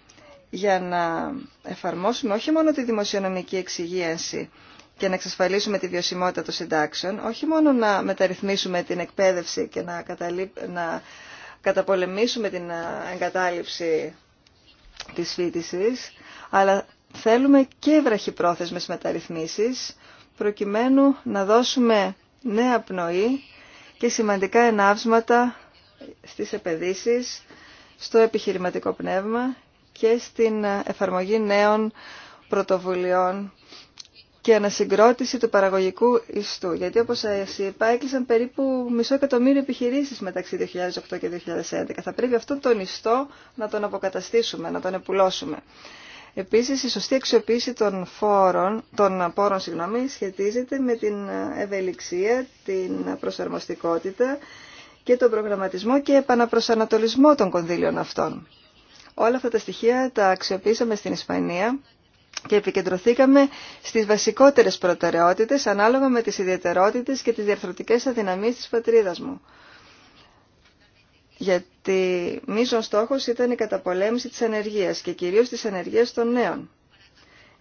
για να εφαρμόσουμε όχι μόνο τη δημοσιονομική εξυγίανση, και να εξασφαλίσουμε τη βιωσιμότητα των συντάξεων, όχι μόνο να μεταρρυθμίσουμε την εκπαίδευση και να, να καταπολεμήσουμε την ε, εγκατάλειψη της φίτησης, αλλά θέλουμε και βραχυπρόθεσμες μεταρρυθμίσεις, προκειμένου να δώσουμε νέα πνοή και σημαντικά ενάψματα στις επενδύσεις, στο επιχειρηματικό πνεύμα και στην ε, εφαρμογή νέων πρωτοβουλειών και ανασυγκρότηση του παραγωγικού ιστού. Γιατί όπως σας είπα έκλεισαν περίπου μισό εκατομμύριο επιχειρήσεις μεταξύ 2008 και 2011. Θα πρέπει αυτόν τον ιστό να τον αποκαταστήσουμε, να τον επουλώσουμε. Επίσης η σωστή αξιοποίηση των, φόρων, των πόρων συγγνώμη, σχετίζεται με την ευελιξία, την προσαρμοστικότητα και τον προγραμματισμό και επαναπροσανατολισμό των κονδύλιων αυτών. Όλα αυτά τα στοιχεία τα αξιοποίησαμε στην Ισπανία και επικεντρωθήκαμε στις βασικότερες προτεραιότητες ανάλογα με τις ιδιαιτερότητες και τις διαρθρωτικές αδυναμίες της πατρίδας μου. Γιατί μίσον στόχος ήταν η καταπολέμηση της ανεργίας και κυρίως της ανεργίας των νέων.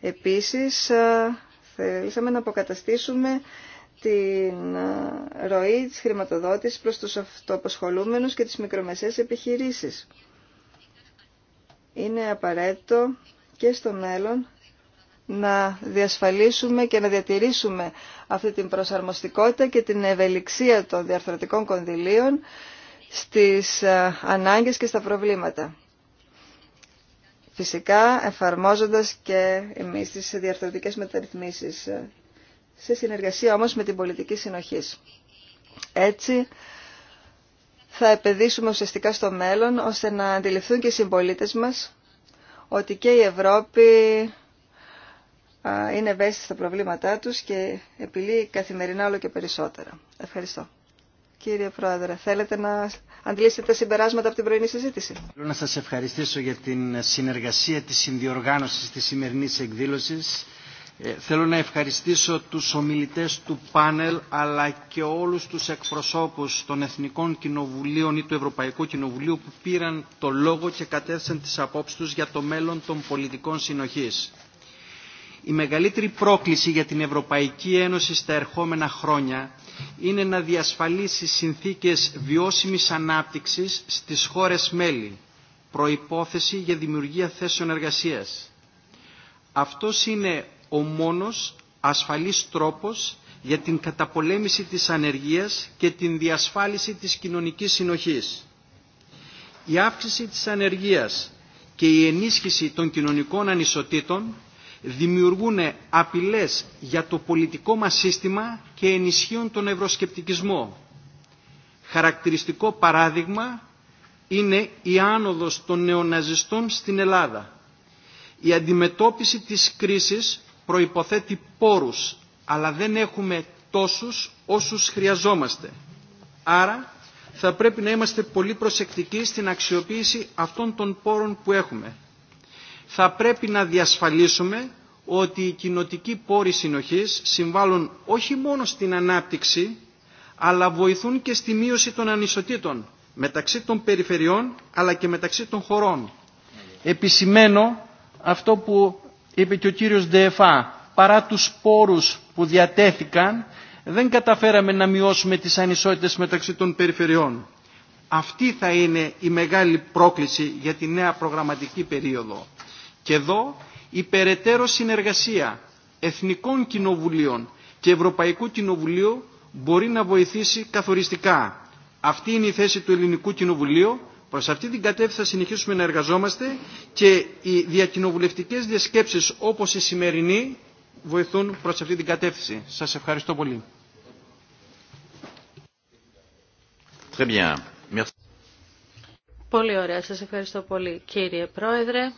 Επίσης, θέλησαμε να αποκαταστήσουμε την ροή της χρηματοδότησης προς τους αυτοαποσχολούμενους και τις μικρομεσαίες επιχειρήσεις. Είναι απαραίτητο και στο μέλλον να διασφαλίσουμε και να διατηρήσουμε αυτή την προσαρμοστικότητα και την ευελιξία των διαρθρωτικών κονδυλίων στις ε, ανάγκες και στα προβλήματα. Φυσικά εφαρμόζοντας και εμείς τις διαρθρωτικές μεταρρυθμίσεις ε, σε συνεργασία όμως με την πολιτική συνοχής. Έτσι θα επενδύσουμε ουσιαστικά στο μέλλον ώστε να αντιληφθούν και οι συμπολίτες μας ότι και η Ευρώπη είναι ευαίσθητα στα προβλήματά τους και επιλύει καθημερινά όλο και περισσότερα. Ευχαριστώ. Κύριε Πρόεδρε, θέλετε να αντλήσετε τα συμπεράσματα από την πρωινή συζήτηση. Θέλω να σας ευχαριστήσω για την συνεργασία της συνδιοργάνωσης της σημερινής εκδήλωσης. Ε, θέλω να ευχαριστήσω τους ομιλητές του πάνελ αλλά και όλους τους εκπροσώπους των Εθνικών Κοινοβουλίων ή του Ευρωπαϊκού Κοινοβουλίου που πήραν το λόγο και κατέθεσαν τις απόψεις τους για το μέλλον των πολιτικών συνοχής. Η μεγαλύτερη πρόκληση για την Ευρωπαϊκή Ένωση στα ερχόμενα χρόνια είναι να διασφαλίσει συνθήκες βιώσιμης ανάπτυξης στις χώρες μέλη, προϋπόθεση για δημιουργία θέσεων εργασίας. Αυτός είναι ο μόνος ασφαλής τρόπος για την καταπολέμηση της ανεργίας και την διασφάλιση της κοινωνικής συνοχής. Η αύξηση της ανεργίας και η ενίσχυση των κοινωνικών ανισοτήτων δημιουργούν απειλές για το πολιτικό μας σύστημα και ενισχύουν τον ευρωσκεπτικισμό. Χαρακτηριστικό παράδειγμα είναι η άνοδος των νεοναζιστών στην Ελλάδα. Η αντιμετώπιση της κρίσης προϋποθέτει πόρους, αλλά δεν έχουμε τόσους όσους χρειαζόμαστε. Άρα θα πρέπει να είμαστε πολύ προσεκτικοί στην αξιοποίηση αυτών των πόρων που έχουμε θα πρέπει να διασφαλίσουμε ότι οι κοινοτικοί πόροι συνοχής συμβάλλουν όχι μόνο στην ανάπτυξη, αλλά βοηθούν και στη μείωση των ανισοτήτων μεταξύ των περιφερειών αλλά και μεταξύ των χωρών. Επισημένω αυτό που είπε και ο κύριος Ντεεφά, παρά τους πόρους που διατέθηκαν, δεν καταφέραμε να μειώσουμε τις ανισότητες μεταξύ των περιφερειών. Αυτή θα είναι η μεγάλη πρόκληση για τη νέα προγραμματική περίοδο. Και εδώ η περαιτέρω συνεργασία Εθνικών Κοινοβουλίων και Ευρωπαϊκού Κοινοβουλίου μπορεί να βοηθήσει καθοριστικά. Αυτή είναι η θέση του Ελληνικού Κοινοβουλίου. Προς αυτή την κατεύθυνση θα συνεχίσουμε να εργαζόμαστε και οι διακοινοβουλευτικές διασκέψεις όπως η σημερινή βοηθούν προς αυτή την κατεύθυνση. Σας ευχαριστώ πολύ. Πολύ ωραία. Σας ευχαριστώ πολύ κύριε Πρόεδρε.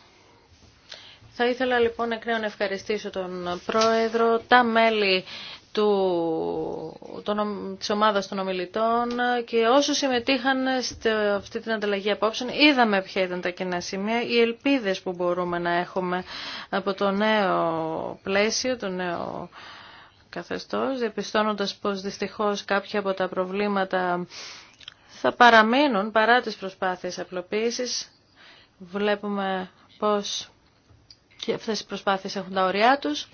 Θα ήθελα λοιπόν να νέου ευχαριστήσω τον Πρόεδρο, τα μέλη του, των, της ομάδας των ομιλητών και όσους συμμετείχαν σε αυτή την ανταλλαγή απόψεων είδαμε ποια ήταν τα κοινά σημεία, οι ελπίδες που μπορούμε να έχουμε από το νέο πλαίσιο, το νέο καθεστώς, διαπιστώνοντας πως δυστυχώς κάποια από τα προβλήματα θα παραμείνουν παρά τις προσπάθειες απλοποίησης. Βλέπουμε πως και αυτές οι προσπάθειες έχουν τα ωριά τους.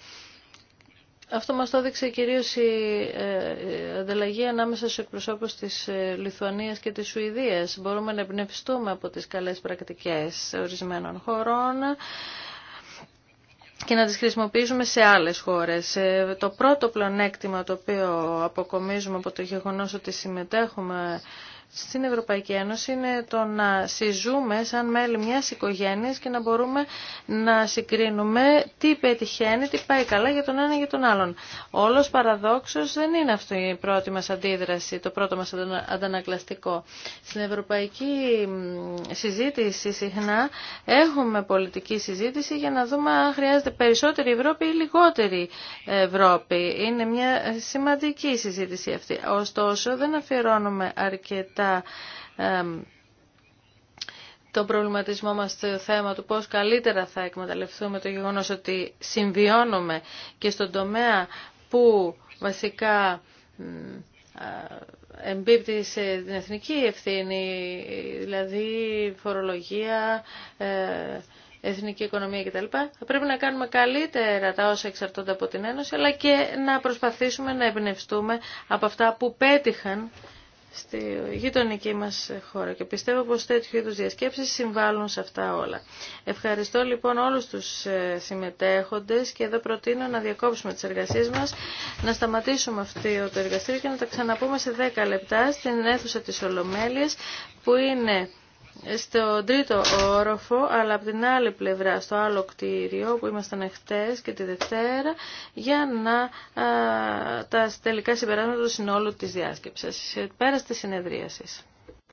Αυτό μας το έδειξε κυρίως η ε, ανταλλαγή ανάμεσα στους εκπροσώπους της ε, Λιθουανίας και της Σουηδίας. Μπορούμε να εμπνευστούμε από τις καλές πρακτικές ορισμένων χωρών και να τις χρησιμοποιήσουμε σε άλλες χώρες. Ε, το πρώτο πλονέκτημα το οποίο αποκομίζουμε από το γεγονός ότι συμμετέχουμε στην Ευρωπαϊκή Ένωση είναι το να συζούμε σαν μέλη μιας οικογένειας και να μπορούμε να συγκρίνουμε τι πετυχαίνει, τι πάει καλά για τον ένα για τον άλλον. Όλος παραδόξως δεν είναι αυτό η πρώτη μας αντίδραση, το πρώτο μας αντανακλαστικό. Στην Ευρωπαϊκή συζήτηση συχνά έχουμε πολιτική συζήτηση για να δούμε αν χρειάζεται περισσότερη Ευρώπη ή λιγότερη Ευρώπη. Είναι μια σημαντική συζήτηση αυτή. Ωστόσο δεν αφιερώνουμε αρκετά το προβληματισμό μας στο θέμα του πώς καλύτερα θα εκμεταλλευτούμε το γεγονός ότι συμβιώνουμε και στον τομέα που βασικά εμπίπτει σε την εθνική ευθύνη, δηλαδή φορολογία, ε, εθνική οικονομία κτλ. Θα πρέπει να κάνουμε καλύτερα τα όσα εξαρτώνται από την Ένωση, αλλά και να προσπαθήσουμε να εμπνευστούμε από αυτά που πέτυχαν στη γειτονική μας χώρα και πιστεύω πως τέτοιου είδους διασκέψεις συμβάλλουν σε αυτά όλα. Ευχαριστώ λοιπόν όλους τους ε, συμμετέχοντες και εδώ προτείνω να διακόψουμε τις εργασίες μας, να σταματήσουμε αυτή το εργαστήριο και να τα ξαναπούμε σε 10 λεπτά στην αίθουσα της Ολομέλειας που είναι στο τρίτο όροφο, αλλά από την άλλη πλευρά, στο άλλο κτίριο που ήμασταν χτέ και τη Δευτέρα, για να α, τα τελικά συμπεράσματα του συνόλου της διάσκεψης. Πέρα της συνεδρίαση.